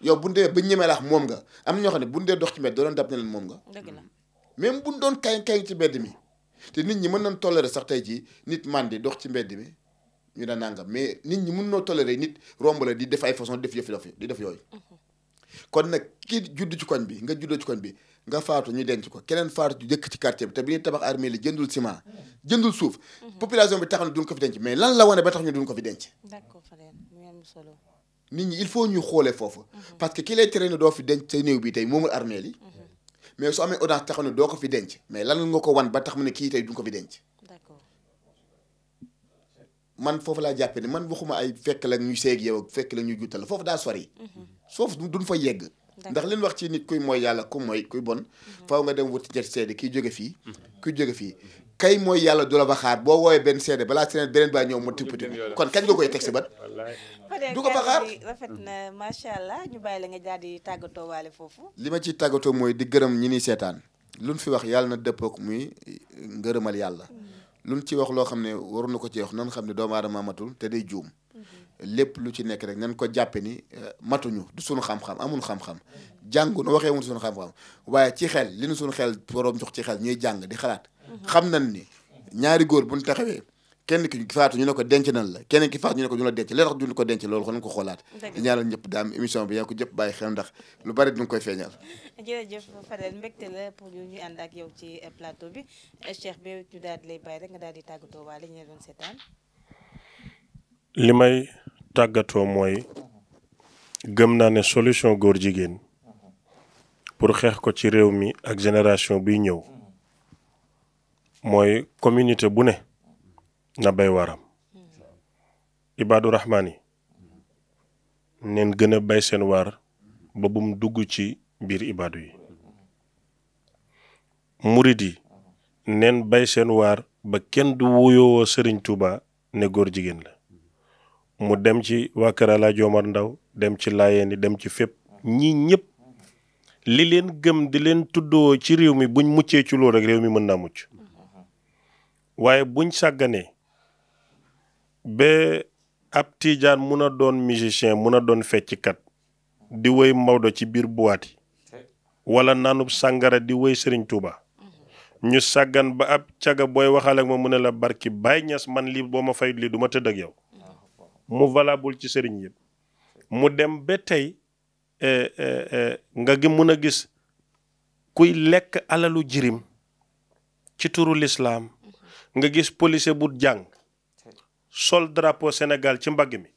yow bu ñu demee ba moom nga am na ñoo xam ne bu ñu dee dox ci mbedd doo dab ne leen moom nga même bu ñu doon kay kay ci mbedd mi te nit ñi mën na toléré sax tey jii nit man di dox ci mbedd mi ñu ne nangam mais nit ñi mën noo tolérer nit romb la di def ay façon def di def yooyu. kon nag kii judd ci koñ bi nga juddoo ci koñ bi nga faatu ñu denc ko keneen faatu jëkk ci quartier bi te bi ñuy tabax armée li jëndul ciment jëndul suuf. Mhm. population bi tax na duñ ko fi denc la wane ba tax ñu ko fi denc. d'accord frère nit ñi il faut ñu xoolee foofu. Mhm. parce que ki tere ne doo fi denc say néew bi tey moomul armée li mhm. mais su amee audience taxaw ne doo ko fi denc mais lan nga ko wan ba tax mu ne kii tey duñ ko fi denc. man foofu laa jàppee ni man waxuma ay fekk la ñu seeg yow fekk la ñuy la foofu daa sori. Mhm. du duñ fa yegg. ndax nu wax ci nit kuy mooy yàlla ku mooy kuy bon. Mhm. faaw nga dem wuti jot seede kiy jóge fii. Mhm. kiy jóge fii kay mooy yàlla du la ba xaar boo woowee benn seede balaa seneen beneen baa ñëw mu tippati kon kañ nga koy teg si bat. du ko ba xaar rafet na macha allah ñu bàyyi la nga daal di tàggatoo waale foofu. li ma ciy tàggatoo mooy di gërëm ñi ni seetaan lu luñ fi wax yàlla na dëppook muy ngërëmal yàlla. lu ci wax loo xam ne waruñu ko ci wax nan xam ne doomu aadama matul te day juum mhm. lépp lu ci nekk rek nan ko jàppe ni euh, matuñu du suñu xam-xam amul xam-xam jàngu nu waxee wun suñu xam-xam waaye ci xel li nu suñu xel borom jox ci xel ñuy jàng di xalaat mhm. xam nan ni ñaari góor buñ taxawee kenn ki faatu ñu ne ko denc nan la kenn ki faatu ñu ne ko ñu la denc la tax du ko denc loolu xon ko xoolaat di ñaanal ñëpp daa lu bari du nga koy feeñal jërëjëf Fadel mbégte la ñu ànd ak yow ci eh, plateau bi eh, Cheikh daal di lay bàyyi rek nga daal di tàggatoo waale ñu doon seetaan li may tàggatoo mooy gëm naa ne solution góor jigéen pour xeex ko ci réew mi ak génération bi ñëw mooy communité bu ne bay waram ibaadu rahmaan yi neen gën a bay seen waar ba bum dugg ci biir ibaadu yi murit yi neen bay seen waar ba kenn du wuyoo sëriñ Tuuba ne góor jigéen la mu dem ci waa Kër Ndaw dem ci Laayeen yi dem ci fépp ñi ñëpp li leen gëm di leen tuddoo ci réew mi buñ muccee ci loolu rek réew mi mën naa mucc waaye buñ sàgganee ba ab tiijaan mun a doon musicien mun a doon fecckat di woy Maodo ci biir boîte yi wala naanub sàngara di woy sëriñ Touba ñu sàggan ba ab caga booy waxaale ak ma mu ne la barki Baye Niass man lii boo ma fayut lii du ma tëdd ak yow mu valable ci Serigne yëpp mu dem ba tey eh, eh, eh, nga gi mun a gis kuy lekk alalu jirim ci turu lislaam nga gis policier bu jàng sol drapeau Sénégal ci mbagg mi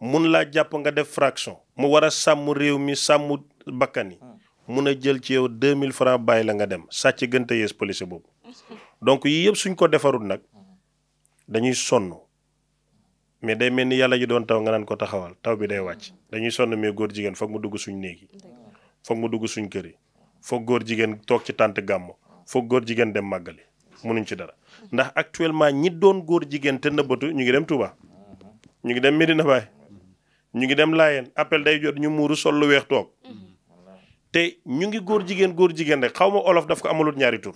mun laa jàpp nga def fraction mu war a sàmm réew mi sàmm bakkan yi mun a jël ci yow mille francs bàyyi la nga dem sàcc gënte yees policier boobu donc yii yëpp suñ ko defarul nag dañuy sonn mais day mel ni yàlla ji doon taw nga naan ko taxawal taw bi day wàcc dañuy sonn mais góor jigéen foog mu dugg suñ néegi yi mu dugg suñ kër yi foog góor jigéen toog ci tànt gàmm foog góor jigéen dem màggali mënuñ ci dara ndax actuellement ñi doon góor jigéen te nëbbatu ñu ngi dem Touba ñu ngi dem Medina Baye ñu ngi dem Laayeen appel day jot ñu muuru sol lu weex toog te ñu ngi góor jigéen góor jigéen rek xaw ma olof daf ko amalut ñaari tur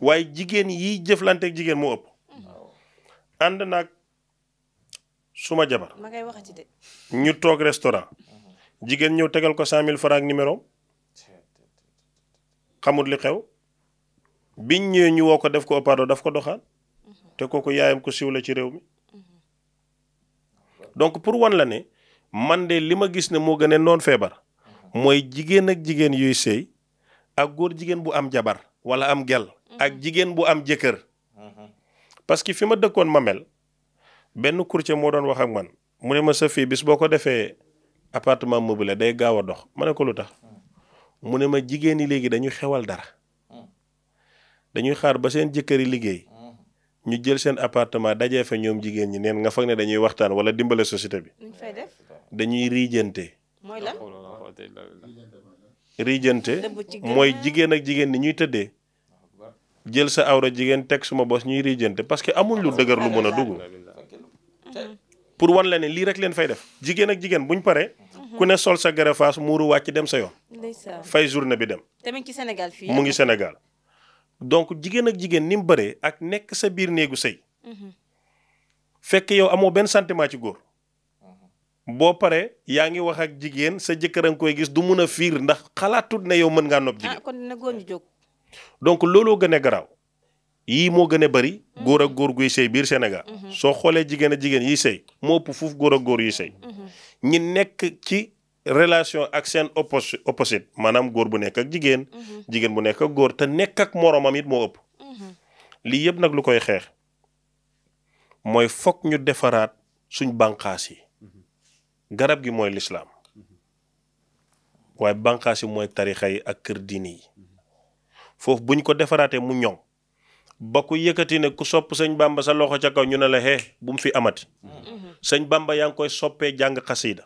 waaye jigéen yiy jëflanteeg jigéen moo ëpp ànd naag suma jabar ma ngay wax ñu toog restaurant jigéen ñëw tegal ko 100000 ak numéro xamul li xew biñ ñëwee ñu woo ko def ko opado daf ko doxaan te kooku yaayam ko siiw la ci réew mi donc pour wan la ne man de li ma gis ne moo gën a noon feebar mooy jigéen ak jigéen yuy sëy ak góor jigéen bu am jabar wala am gel ak jigéen bu am jëkkër parce que fi ma dëkkoon ma mel benn courtier moo doon wax ak man mu ne ma sa fii boo ko defee appartement meublé day gaaw a dox ma ne ko lu tax mu ne ma jigéen ñi léegi dañu xewal dara dañuy xaar ba seen jëkkëri liggéey ñu jël seen appartement dajee fa ñoom jigéen ñi neen nga foog ne dañuy waxtaan wala dimbale société bi. dañuy rijante mooy mooy jigéen ak jigéen ni ñuy tëddee jël sa awra jigéen teg ma bos ñuy riijante parce que amuñ lu dëgër lu mën a dugg. pour wan la ne lii rek leen fay def jigéen ak jigéen buñ paree. ku ne sol sa garafaas muuru wàcc dem sa yoon. fay na bi dem. ci Sénégal mu ngi Sénégal. donc jigéen ak jigéen ni mu bëree ak nekk sa biir néegu sëy fekk yow amoo benn sentiment ci góor boo paree yaa ngi wax ak jigéen sa jëkkër a nga koy gis du mun a fiir ndax xalaatut na yow mën ngaa nopp jigéen. ah kon donc looloo gën a garaaw yii moo gën a bëri. góor ak góor guy sëy biir senegal mhm. soo xoolee jigéen ak jigéen yi sëy moo ëpp fuuf góor ak góor yuy sëy mhm. ñi nekk ci relation ak seen oppos opposite maanaam góor bu nekk ak jigéen. Mhm. jigéen bu nekk ak góor te nekk ak moroomam it moo ëpp. Mhm. lii yëpp nag lu koy xeex mooy fokk ñu defaraat suñ bànqaas yi mhm. garab gi mooy lislaam waaye bànqaas yi mooy tarixa yi ak kër diini yi foofu buñ ko defaraatee mu ñoŋ ba ku yëkkati ne ku sopp sëñ bàmba sa loxo ca kaw ñu ne la xee bu mu fi amati sëñ bàmba yaa ngi koy soppee jàng xasiida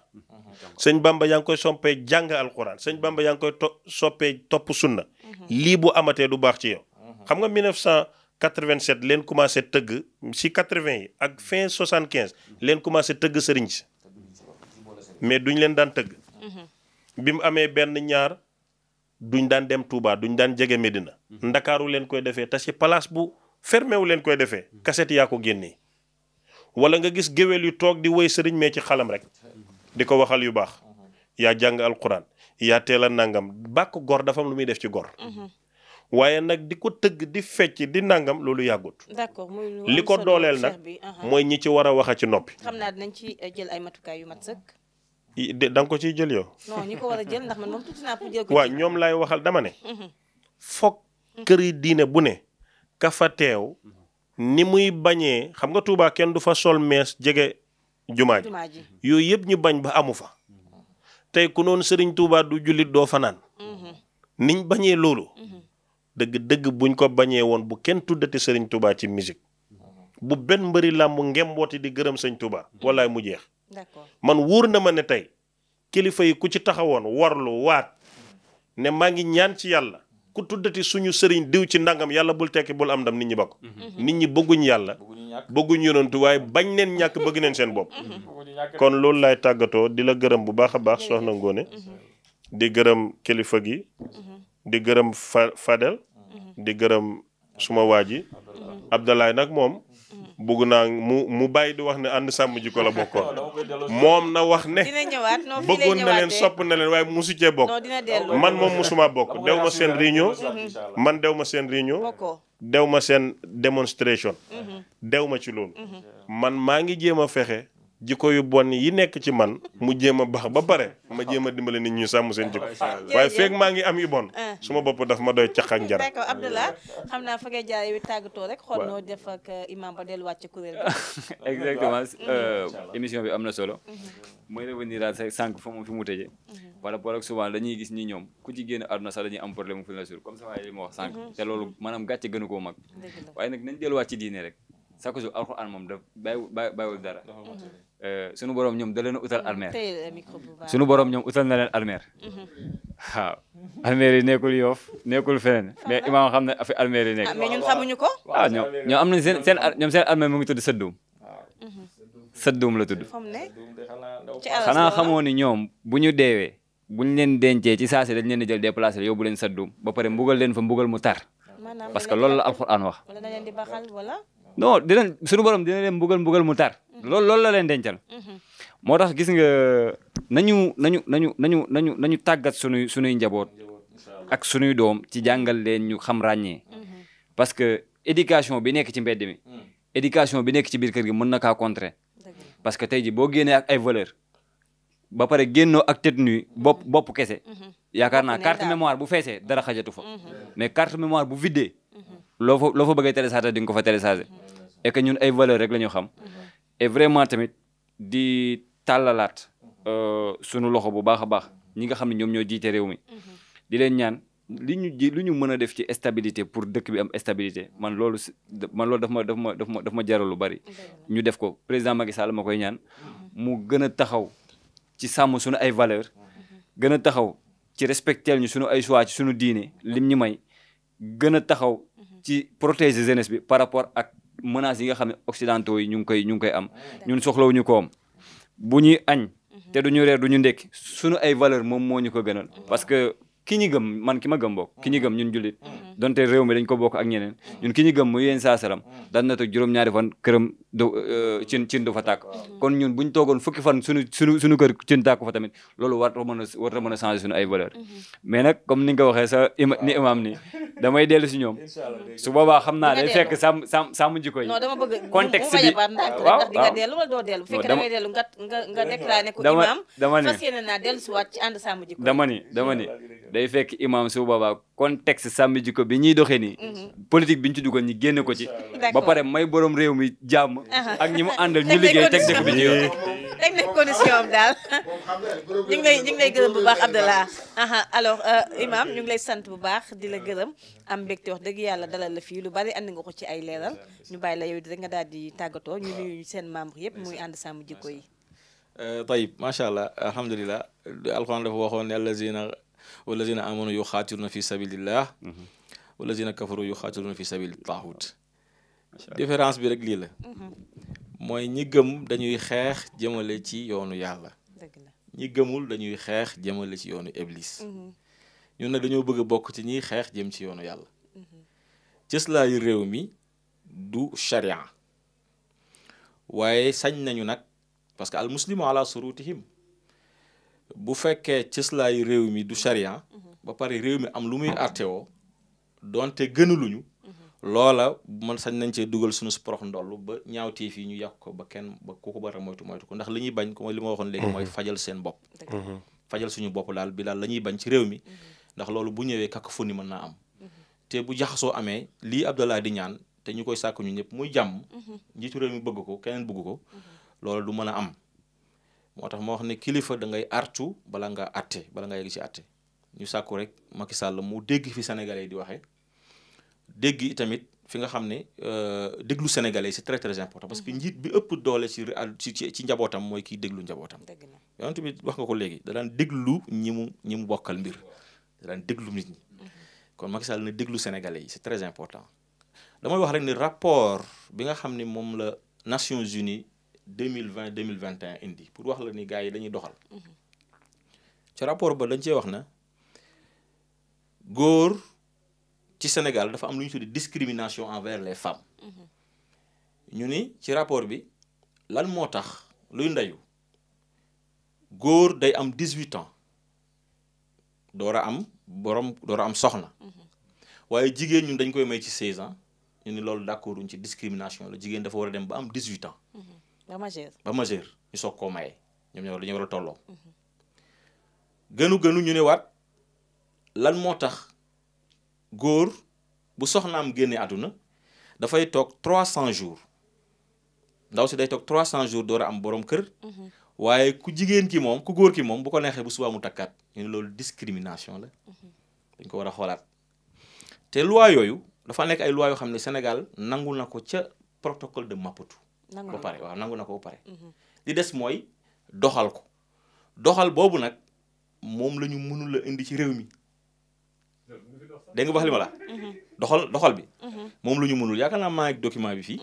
sëñ bamba yaa ngi koy soppee jàng alquran sëñ bamba yaa ngi koy to soppee topp sunna mhm. lii bu amatee du baax ci yow mhm. xam nga 1987 leen commencé tëgg si 80 yi ak fin 75 leen commencé tëgg sëriñ si mais duñ leen daan tëgg mhm. bi mu amee benn ñaar duñ daan dem Touba duñ daan jege Medina ndakaaru leen koy defee te si place bu fermé wu leen koy defee kaset yaa ko génnee wala nga gis géwél yu toog di woy sëriñ mais ci xalam rek di ko waxal yu baax yaa jàng alquran yaa teel a nangam bàkk gor dafa am lu muy def ci gor. Mhm. waaye nag di ko tëgg di fecc di nangam loolu yàggut. d'accord li ko dooleel nag mooy ñi ci war a wax a ci noppi. xam naa dinañ ci eh, jël ay matukaay yu mat sëkk. da nga ko ciy jël yow. non ñi ko war a jël ndax man moom tuuti naa ko jël ko. waaw ñoom laay waxal dama ne. Mhm. foog kër diine bu ne. ka ni muy bañee xam nga Touba kenn du fa sol mees jege. jumaa ji yooyu yëpp ñu bañ ba amu fa tey ku noonu seriñ Touba du jullit doo fanaan mhm. niñ bañee loolu mhm. dëgg dëgg buñ ko bañee woon bu kenn tuddati sëriñ Touba ci musique bu benn mbëri làmb ngem wooti di gërëm sëñ Touba wallaay mu jeex man wóor na ma ne tey kilifa yi ku ci taxawoon warlu waat ne maa ngi ñaan ci yàlla ku tuddati suñu sëriñ diw ci ndangam yàlla bul tekki bul am ndam nit ñi bokk. Mhm. nit ñi bëgguñu yàlla. bëgguñ yonantu waaye bañ neen ñàkk bëgg neen seen bopp. Mhm. kon loolu laay tàggatoo di la gërëm bu baax a baax soxna Ngone. Mhm. di gërëm kilifa gi. di gërëm Fadel. di gërëm suma waa ji. Abdoulaye nag moom. bëgg naa mu mu bàyyi di wax ne ànd sàmm ji jikko la bokkoon [laughs] moom na wax ne bëggoon na leen sopp na leen waaye musu cee bokk man moom musuma bokk dew ma seen réunion man dew ma seen réunion dew ma seen démonstration mm-hmm. dew ma ci loolu mm-hmm. man maa ngi jéem a fexe jikko yu bon yi nekk ci man mu jéem a baax ba pare ma jéem a dimbale nit ñi sàmm seen jikko waaye feeg maa ngi am yu bon ah. suma bopp daf ma doy caq ak njar d'accord Abdallah xam naa fa ngay jaay wi tàggatoo rek xool noo def ak euh, imam ba delluwaat ci kuréel bi [laughs] exactement euh, bi am na solo mooy revenir daal sa sànq fa fi mu tëjee mhm. par rapport ak souvent dañuy gis ñi ñoom ku ci génn àdduna sax dañuy am problème mu fi la sur comme sama li ma wax sànq mhm. te loolu maanaam gàcce gënu koo mag waaye nag nañ delluwaat ci diine rek chaque jour alxuraan moom daf bàyyiwul bàyyiwul dara mhm. Euh, suñu borom ñoom da a utal mm-hmm. armeer suñu borom ñoom utal na leen armeer mm-hmm. waaw yi nekkul yoof nekkul feneen ah mais ah. imaam xam na fi armeer yi nekk ah, mais ñun xamuñu ko waaw ñoom ñoom am nañ seen seen ñoom seen armeer mu ngi tudd sëddum mm-hmm. sëddum la tudd xanaa xamoo ni ñoom bu ñu deewee buñ leen dencee ci saasi dañ leen di jël déplacé la yóbbu leen sëddum ba pare mbugal leen fa mbugal mu tar parce que loolu la alxuraan wax non dinañ dina leen mbugal mbugal mu tar loolu loolu la leen dencal. Mhm. moo tax gis nga nañu nañu nañu nañu nañu nañu tàggat sunuy sunuy njaboot ak sunuy doom ci jàngal leen ñu xam ràññee mhm. parce que éducation bi nekk ci mbedd mi mm. éducation bi nekk ci biir kër gi mën na kaa contrer parce que tey ji boo génnee ak ay valeur ba pare génnoo ak tête nue mhm. bopp bopp kese yaakaar naa carte mémoire bu feesee dara xajatu fa mais carte mémoire bu videe loo fa loo fa bëggee télécharger di nga ko fa télécharger et ñun ay valeur rek la ñu xam et vraiment tamit di tàllalaat euh, sunu loxo bu baax a baax ñi nga xam ne ñoom ñoo jiite réew mi mhm. di leen ñaan li ñu ji li ñu mën a def ci stabilité pour dëkk bi am stabilité man loolu man loolu ma daf ma daf ma daf ma lu bari ñu def ko président Macky Sall ma koy ñaan mhm. mu gën a taxaw ci sàmm suñu ay valeur mhm. gën a taxaw ci respectel ñu suñu ay choix ci suñu diine lim ñu may gën a taxaw ci protéger jeunesse bi par rapport menaces yi nga xam ne ñu ngi koy ñu ngi koy am ñun soxlawuñu koom bu ñuy añ te ñu reer duñu ndekki suñu ay valeur moom moo ñu ko gënal parce que ki ñu gëm man ki ma gëm bokk ki ñu gëm ñun jullit mm-hmm. Mm-hmm. donte réew dañ ko bokk ak ñeneen mm-hmm. ñun ki ñu gëm muy yéen saa salaam daan juróom-ñaari fan këram euh, cin cin du kon ñun bu ñu toogoon fukki fan suñu kër cin tàkku fa tamit loolu war mën a war mën a changer suñu ay valeur mais nag ni nga ko waxee sa ima ni imaam ni damay dellu si ñoom su boobaa xam naa day fekk sàmm sàmm sàmm jikko yi contexte bi waaw waaw dellu wala doo dellu fekk dangay dellu nga nga nga déclaré ko imaam dama ne fas yéene naa dama ni dama ni day fekk imam su boobaa contexte sàmm jikko bi ñuy doxee nii. Mhm. politique bi ñu ci duggoon ñu génne ko ci. ba pare may borom réew mi jàmm. Uh-huh. ak ñi mu [laughs] àndal ñu liggéey teg dëkk bi ci yoon. [laughs] teg nañ condition am daal [laughs] ñu ngi lay ñu ngi lay gërëm bu baax Abdallah. Uh-huh. alors euh, imam ñu ngi lay sant bu baax di la gërëm am mbégte wax dëgg yàlla dalal la fii lu bari ànd nga ko ci ay leeral ñu bàyyi la yow di rek nga daal di tàggatoo ñu nuyu seen membre yëpp muy ànd sàmm jikko yi. Euh, tayib macha allah alhamdulilah walazina amanu yuxaatiruna fi sabilillah walazina kafaru yuxaatiruna fi sabili taahut différence bi rek lii la mhm. mooy ñi gëm dañuy xeex jëmale ci yoonu yàlla ñi gëmul dañuy xeex jëmale ci yoonu iblis mhm. ñun nag dañoo bëgg bokk ci ñiy xeex jëm ci yoonu yàlla mhm. cëslaayu réew mi du charia waaye sañ nañu nag parce que al surutihim bu fekkee cëslaayu réew mi du charia ba pare réew mi am lu muy àttewoo donte gënuluñu loola man sañ nañ cee dugal suñu sporox ndollu ba ñaawteef yi ñu yàq ko ba kenn ba ku ko bara moytu moytu ko ndax li ñuy bañ ko li ma waxoon léegi mooy fajal seen bopp fajal suñu bopp daal bi daal la ñuy ci réew mi ndax loolu bu ñëwee cacophonie mën naa am te bu jaxasoo amee lii Abdallah di ñaan te ñu koy sàkk ñu ñëpp muy jàmm njiitu réew mi bëgg ko keneen bëgg ko loolu du mën a am moo tax ma wax ne kilifa da ngay artu bala nga atte bala nga yegg ci atte ñu sàkku rek Macky Sall mu dégg fi sénégalais di waxe dégg tamit fi nga xam ne euh, déglu sénégalais c'est très important parce que mm-hmm. njiit bi ëpp doole ci ci ci njabootam mooy kiy déglu njabootam. yonent bi wax nga ko léegi da daan ñi mu ñi mu bokkal mbir da déglu nit ñi mm-hmm. na déglu sénégalais yi c'est damay wax rek ni rapport bi nga xam ne moom la Nations Unies. mille vingt deux mille vingt et un indi pour wax la ni gars yi dañuy doxal. Mhm. ci rapport ba dañ cee wax na góor ci Sénégal dafa am lu ñu tuddee discrimination envers les femmes. Mhm. ñu ni ci rapport bi lan moo tax luy ndeyu góor day am dix huit ans door a am borom door a am soxna. Mhm. waaye jigéen ñu dañ koy may ci seize an ñu ni loolu d'accorduñ ci discrimination la jigéen dafa war a dem ba am dix huit ans. ba majeur ñu soog koo maye ñoom ñoo war a tolloo. gënu gënu ñu ne waat lan moo tax góor bu soxna soxnaam génne àdduna dafay toog 300 jours ndaw si day toog trois 300 jours door a am boroom kër. Mhm. waaye ku jigéen ki moom ku góor ki moom bu ko neexee bu subaa mu takkaat ñu ne loolu discrimination la. Mhm. dañ ko war a xoolaat te loi yooyu dafa nekk ay loi yoo xam ne senegal nangu na ko ca protocole de Maputo. ba pare waaw nangu na ko ba pare. Mhm. li des mooy doxal ko doxal boobu nag moom lañu ñu mënul a indi ci réew mi. dégg nga wax li ma la mhm. doxal doxal bi. Mhm. moom la ñu mënul yaakaar naa maa ngi document bi fii.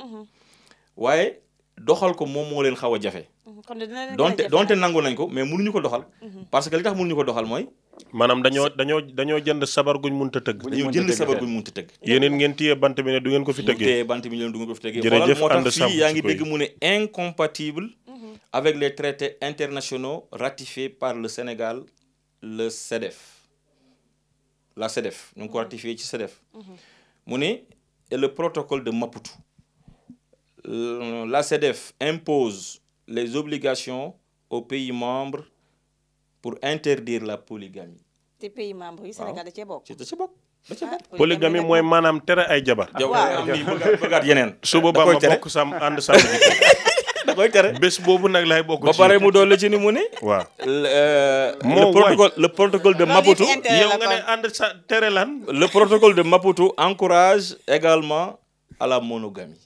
waaye doxal ko moom moo leen xaw a jafe. kon donte donte ah. nangu nañ ko mais mënuñu ko doxal. parce que li tax mënuñu ko doxal mooy. maanaam dañoo dañoo dañoo jënd sabar guñ munta tëgg dañoo jënd sabar guñ munta tëgg yéeneen ngeen téye bant bi ne du ngeen ko fi tëggee téye moo tax fii yaa ngi dégg mu ne incompatible mhm. avec les traités internationaux ratifiés par le Sénégal le CEDEF la CEDEF ñu ngi ko ratifié ci CEDEF mhm. mu ne et le protocole de Maputo euh, la CEDEF impose les obligations aux pays membres pour interdire la polygamie. te pays membres yi Sénégal da cee bokk. da ah, polygamie mooy maanaam tere ay jabar. Ah, waaw bëggaat yeneen. [laughs] su boobaa ma bokk sam ànd sam [laughs] boobu nag lay bokk. ba pare mu doon la ci mu ni. waaw. le euh, protocole le protocole de Maputo. yow nga sa tere lan. le protocole de Maputo encourage également à la monogamie.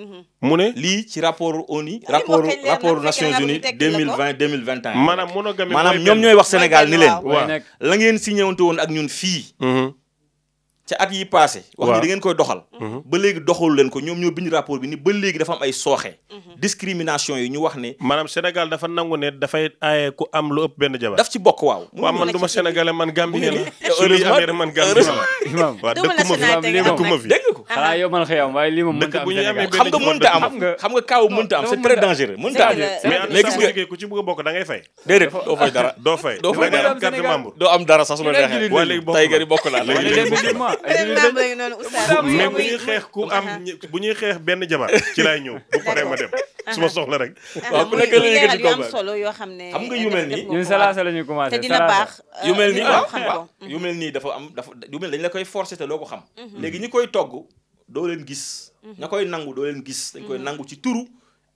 Mm-hmm. mu ne lii ci rapport ONU rapport rapport Nations Unies 2020 2021 maanaam monogamie maanaam ñoom ñooy wax Sénégal ni leen waaw la ngeen signéwante woon ak ñun fii mm-hmm. ca at yi passé wax ni da ngeen koy doxal mm-hmm. ba léegi doxalu leen ko ñoom ñoo bind rapport bi ni ba léegi dafa am ay sooxe discrimination yi ñu wax ne maanaam Sénégal dafa nangu ne dafay aaye ku am lu ëpp benn jabar daf ci bokk waaw man du ma sénégalais man gambien la su li amee man gambien la waaw dëkkuma Ah, ah. xanaa yow man xëy am waaye lii moom mënta am Sénégal xam nga mënta am xam nga kaaw mënta am c'est très dangereux mënta am mais gis nga ku ci bëgg a bokk da ngay fay déedéet doo fay dara doo fay doo fay dara carte membre doo am dara sax su la neexee wala tey nga di bokk laa mais bu ñuy xeex ku am ah, bu ñuy xeex benn jabar ci laay ñëw bu paree ma dem su ma soxla rek waaw bu nekk la yëkkati ko am solo yoo xam ne xam nga yu mel nii ñun salaasa la ñuy commencé te dina baax yu mel euh, nii waaw yu mel nii dafa am dafa yu mel dañ la koy forcer te loo ko xam mm-hmm. léegi ñi koy togg doo leen gis. Mhm. ña koy nangu doo leen gis. dañ koy mhm. nangu ci turu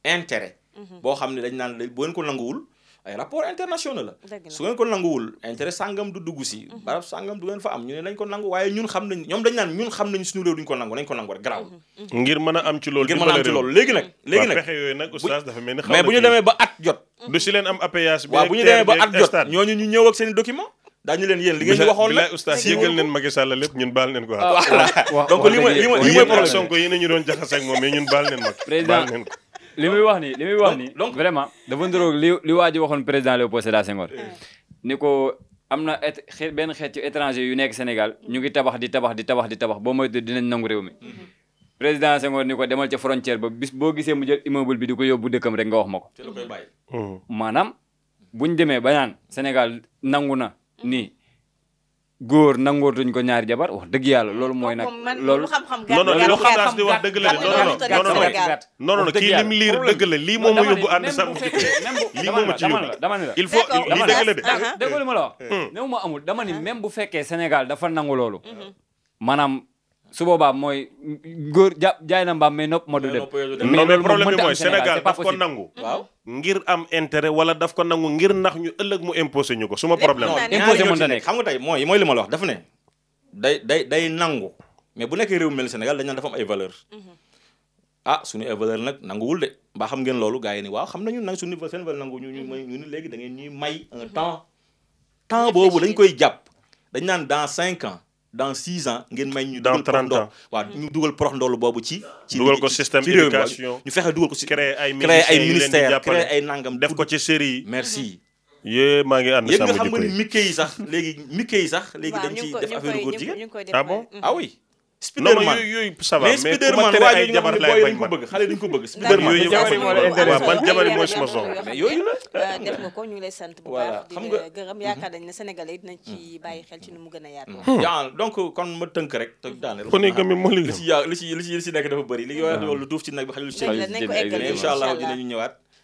intérêt. Mhm. boo xam ne dañ naan boo leen ko nanguwul ay rapport international la. su ngeen ko nanguwul intérêt sangam du dugg si. barab sangam du ngeen fa am ñu ne nañ ko nangu xam nañ ñoom dañ naan ñun ko nangu ko nangu rek garaawul. ngir mën a am ci loolu. ngir léegi nag. léegi nag mais bu ñu demee ba at jot. du si leen am appéage. bi bu ñu demee ba at jot ñooñu ñu ñëw ak document daañu leen yéen li ngeen ñu waxoon la oustaz yëgal leen Macky Sall lépp ñun baal leen ko ah, [laughs] waaw donc li mooy li mooy problème Sonko yéen ñu doon jaxase ak moom mais ñun baal leen mag président li muy wax nii li muy wax nii donc vraiment dafa ndoroog li li waa ji waxoon président Léopold Sédar Senghor eh. ni ko am na xeet benn xeet ci étranger yu nekk Sénégal ñu ngi tabax di tabax di tabax di tabax boo moytu dinañ nangu réew mi mm-hmm. président Senghor ni ko demal ca frontière ba bis boo gisee mu jël immeuble bi di ko yóbbu dëkkam rek nga wax ma ko mm-hmm. maanaam buñ demee ba naan Sénégal nangu na Mm-hmm. nii góor nangootuñ ko ñaari jabar wax dëgg yàlla mm-hmm. loolu mooy nag. loolu non non xam laas wax dëgg la de non non non non dëgg la lii moom ma yóbbu ànd sàmm jikko lii moom ma ci yóbbu dama ni la il faut lii dëgg la de dëgg li mm-hmm. ma amul dama ni bu fekkee senegal dafa nangu loolu maanaam su boobaa mooy góor ja jaay na mbaam mais nopp moo du dem. mais loolu problème bi mooy ngir am intérêt wala daf ko nangu ngir nax ñu ëllëg mu imposé ñu ko suma problème la. imposé mënta xam nga tey mooy mooy li ma la wax dafa ne day day nangu mais bu nekkee réew mel Sénégal dañ naan dafa am ay valeur mhm. a ah, suñu ay valeur nag nanguwul de mbaa xam ngeen loolu gars yi ni waaw xam nañu nag suñu seen valeur nangu ñu mhm. ñu ni léegi da ngeen ñuy may mhm. temps temps boobu dañ koy jàpp dañ naan dans cinq ans dans six ans ngeen may ñu. dans trente ñu dugal prox ndoll boobu ci. ci dugal ko système éducation ñu fexe dugal ko si. créer ay ministères créer ay nangam. def ko ci série merci. yee maa ngi ànd sàmm jikko yi yéen yi sax léegi mike yi sax. léegi dañ ciy def affaire góor jigéen ah bon ah oui. Spiderman non yooyu ça va mais Spiderman waa yooyu jabar laay bañ bëgg xale dañ ko bëgg Spiderman yooyu waaw man jabar mooy yooyu la [laughs] def nga ko ñu ngi lay sant bu baax di la gërëm hmm. yaakaar nañ ne sénégalais dinañ ci hmm. bàyyi xel ci nu mu gën a yaatu hmm. yaa donc kon ma tënk rek te daaneel kon gëmi mo li ci li ci li ci nekk dafa bëri li yooyu loolu duuf ci nag bi xale ci inshallah dinañu ñëwaat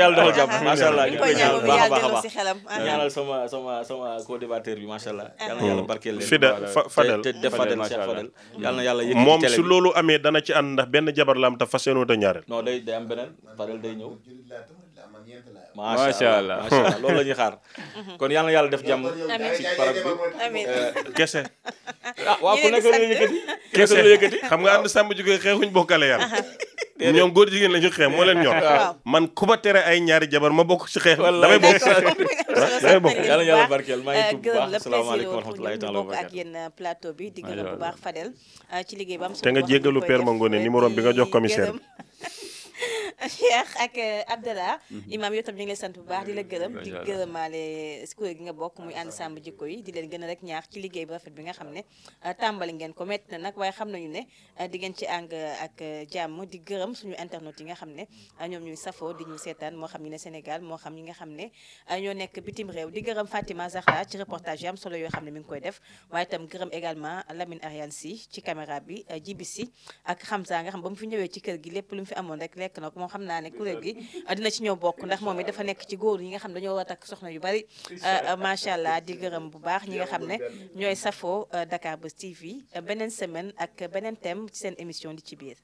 yàlla defal jàmm macha allah ñaanal baax a baax a baax bi macha allah yal na yàlla barkeel te def moom su loolu amee dana ci ànd ndax benn jabar la am te fas yéenoo te ñaareel non day day am macha allah macha allah loolu la ñuy xaar. Mhm. kon yàlla def jàmm. ci parab bi eh, kese. [laughs] ah waaw xam nga ànd sàmm ji koy xeexuñ bokkale yàlla. ñoom góor jigéen la ñu xeex moo leen ñor. man ku ma tere ay ñaari jabar ma bokk si xeex. damay bokk damay bokk yàlla yàlla barkeel maa ngi euh, ak yéen euh, plateau bi di gën a bu baax Fadel euh, ci te nga jéggalu Père Mangone numéro bi nga jox commissaire [laughs] Cheikh ak euh, Abdallah mhm. imaam yow tam ñu ngi lay sant bu baax di la gërëm di gërëmaale si kuréel gi nga bokk muy ànd sàmm jikko yi di leen gën a rek ñaax ci liggéey bi rafet bi nga xam ne euh, tàmbali ngeen ko metti nag waaye xam nañu ne euh, di ngeen ci ànd ak jàmm di gërëm suñu internet yi nga xam ne ñoom ñuy safoo di ñu seetaan moo xam ñu ne Sénégal moo xam ñi nga xam ne ñoo nekk bitim réew di gërëm Fatima Zahra ci reportage yi am solo yoo xam ne mi ngi koy def waaye tam gërëm également Lamine Ariane Sy ci caméra bi Djibi Sy ak Hamza nga xam ba mu fi ñëwee ci kër gi lépp lu mu amoon rek lekk xam naa ne kuréel gi dina ci ñëw bokk ndax moom it dafa nekk ci góor yi nga xam ne dañoo war takk soxna yu bari euh, macha allah di gërëm bu baax ñi nga xam ne ñooy safoo euh, Dakar Buzz TV euh, beneen semaine ak beneen thème seen émission di ci biir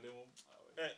désolé moom.